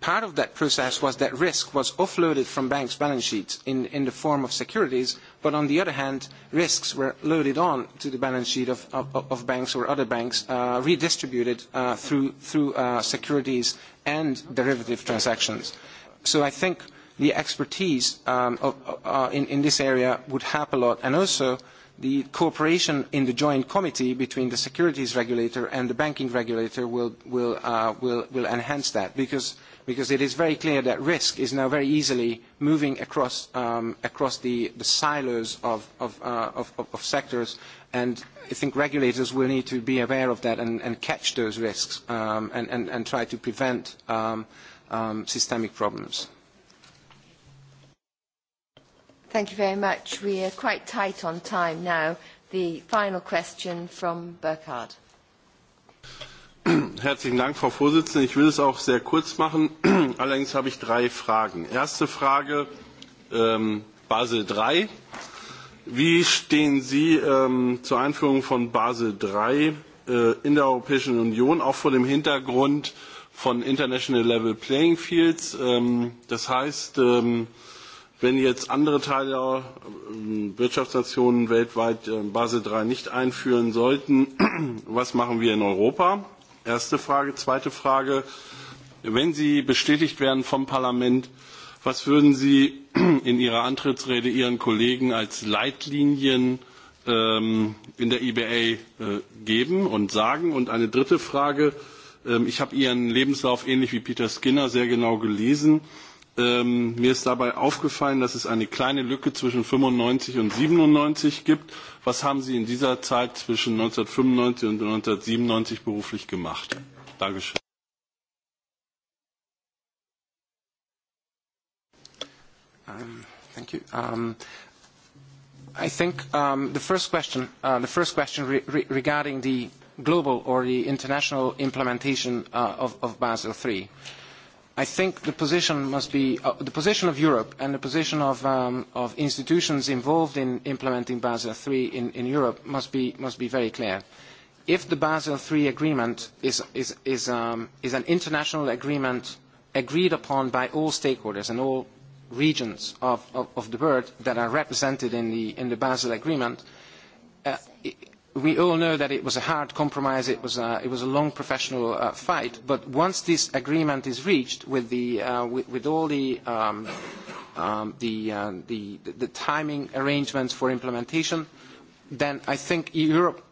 part of that process was that risk was offloaded from banks' balance sheets in, the form of securities, but on the other hand, risks were loaded on to the balance sheet of, banks or other banks, redistributed through, securities and derivative transactions. So I think the expertise in, in this area would help a lot. And also, the cooperation in the joint committee between the securities regulator and the banking regulator will, will, uh, will, will enhance that because, because it is very clear that risk is now very easily moving across, um, across the, the silos of, of, uh, of, of, of sectors and I think regulators will need to be aware of that and, and catch those risks um, and, and, and try to prevent um, um, systemic problems. Thank you very much. We are quite tight on time now. The final question from Burkhard. Herzlichen Dank, Frau Vorsitzende. Ich will es auch sehr kurz machen. Allerdings habe ich drei Fragen. Erste Frage, Basel III. Wie stehen Sie zur Einführung von Basel III in der Europäischen Union, auch vor dem Hintergrund von International Level Playing Fields? das heißt, Wenn jetzt andere Teile der Wirtschaftsnationen weltweit Basel III nicht einführen sollten, was machen wir in Europa? Erste Frage. Zweite Frage. Wenn Sie bestätigt werden vom Parlament, was würden Sie in Ihrer Antrittsrede Ihren Kollegen als Leitlinien in der EBA geben und sagen? Und eine dritte Frage. Ich habe Ihren Lebenslauf ähnlich wie Peter Skinner sehr genau gelesen mir ist dabei aufgefallen, dass es eine kleine Lücke zwischen 95 und 97 gibt. Was haben Sie in dieser Zeit zwischen 1995 und 1997 beruflich gemacht? Dankeschön. thank you. I think the first question, the first question regarding the global or the international implementation of, Basel III. I think the position must be uh, the position of Europe and the position of, um, of institutions involved in implementing Basel III in, in Europe must be, must be very clear. If the Basel III agreement is, is, is, um, is an international agreement agreed upon by all stakeholders and all regions of, of, of the world that are represented in the, in the Basel agreement, we all know that it was a hard compromise, it was a, it was a long professional uh, fight, but once this agreement is reached with, the, uh, with, with all the, um, um, the, uh, the, the timing arrangements for implementation, then I think Europe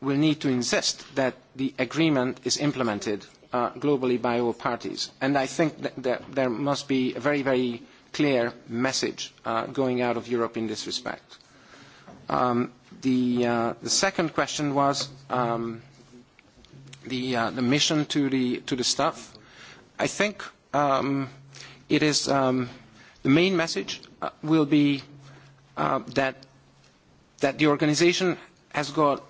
will need to insist that the agreement is implemented uh, globally by all parties. And I think that, that there must be a very, very clear message uh, going out of Europe in this respect. Um, The, second question was the, mission to the, to the staff. I think it is the main message will be that, the organization has got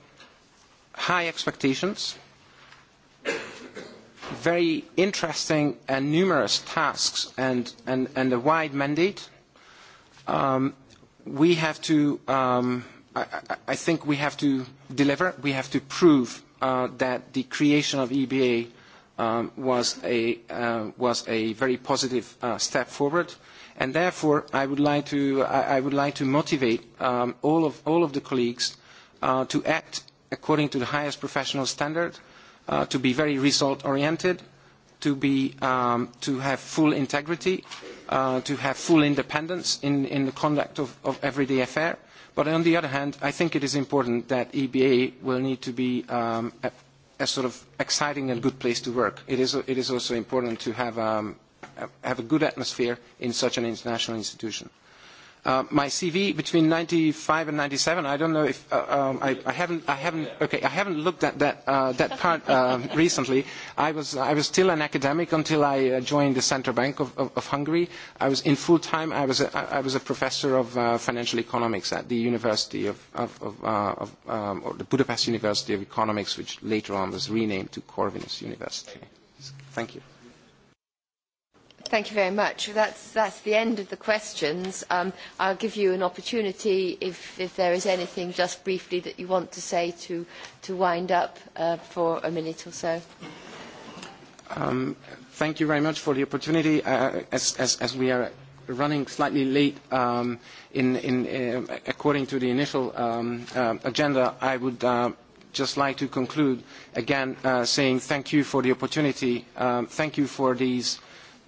high expectations, very interesting and numerous tasks and, and, and a wide mandate. we have to I, I think we have to deliver. We have to prove that the creation of EBA was, a, very positive step forward. And therefore, I would like to, motivate all, of, the colleagues to act according to the highest professional standard, to be very result-oriented, to, be, um, to have full integrity, uh, to have full independence in, the conduct of, of everyday affair, But on the other hand, I think it is important that EBA will need to be um, a, a sort of exciting and good place to work. It is, it is also important to have, um, have a good atmosphere in such an international institution my CV between 95 and 97, I don't know if um, I, I haven't, I haven't, okay, I haven't looked at that uh, that part uh, recently. I was I was still an academic until I uh, joined the Central Bank of, of, of Hungary. I was in full time. I was a, I was a professor of uh, financial economics at the University of of, of, uh, of um, or the Budapest University of Economics, which later on was renamed to Corvinus University. Thank you. Thank you very much. That's, that's the end of the questions. Um, I'll give you an opportunity if, if there is anything just briefly that you want to say to, to wind up uh, for a minute or so. Um, thank you very much for the opportunity. Uh, as, as, as we are running slightly late um, in, in, uh, according to the initial um, uh, agenda, I would uh, just like to conclude again uh, saying thank you for the opportunity. Um, thank you for these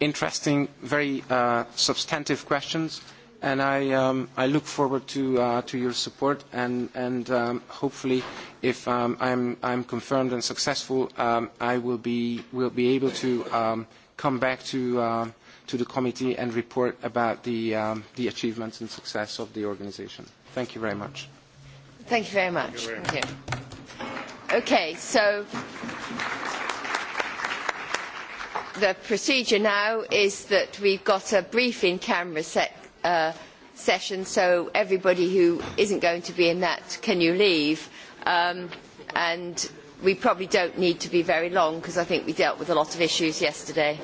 interesting, very uh, substantive questions, and I, um, I look forward to, uh, to your support. And, and um, hopefully, if um, I'm, I'm confirmed and successful, um, I will be, will be able to um, come back to, uh, to the committee and report about the, um, the achievements and success of the organization. Thank you very much. Thank you very much. Thank you. Okay, so the procedure now is that we have got a brief in camera session, so everybody who isn't going to be in that, can you leave? and we probably do not need to be very long because I think we dealt with a lot of issues yesterday.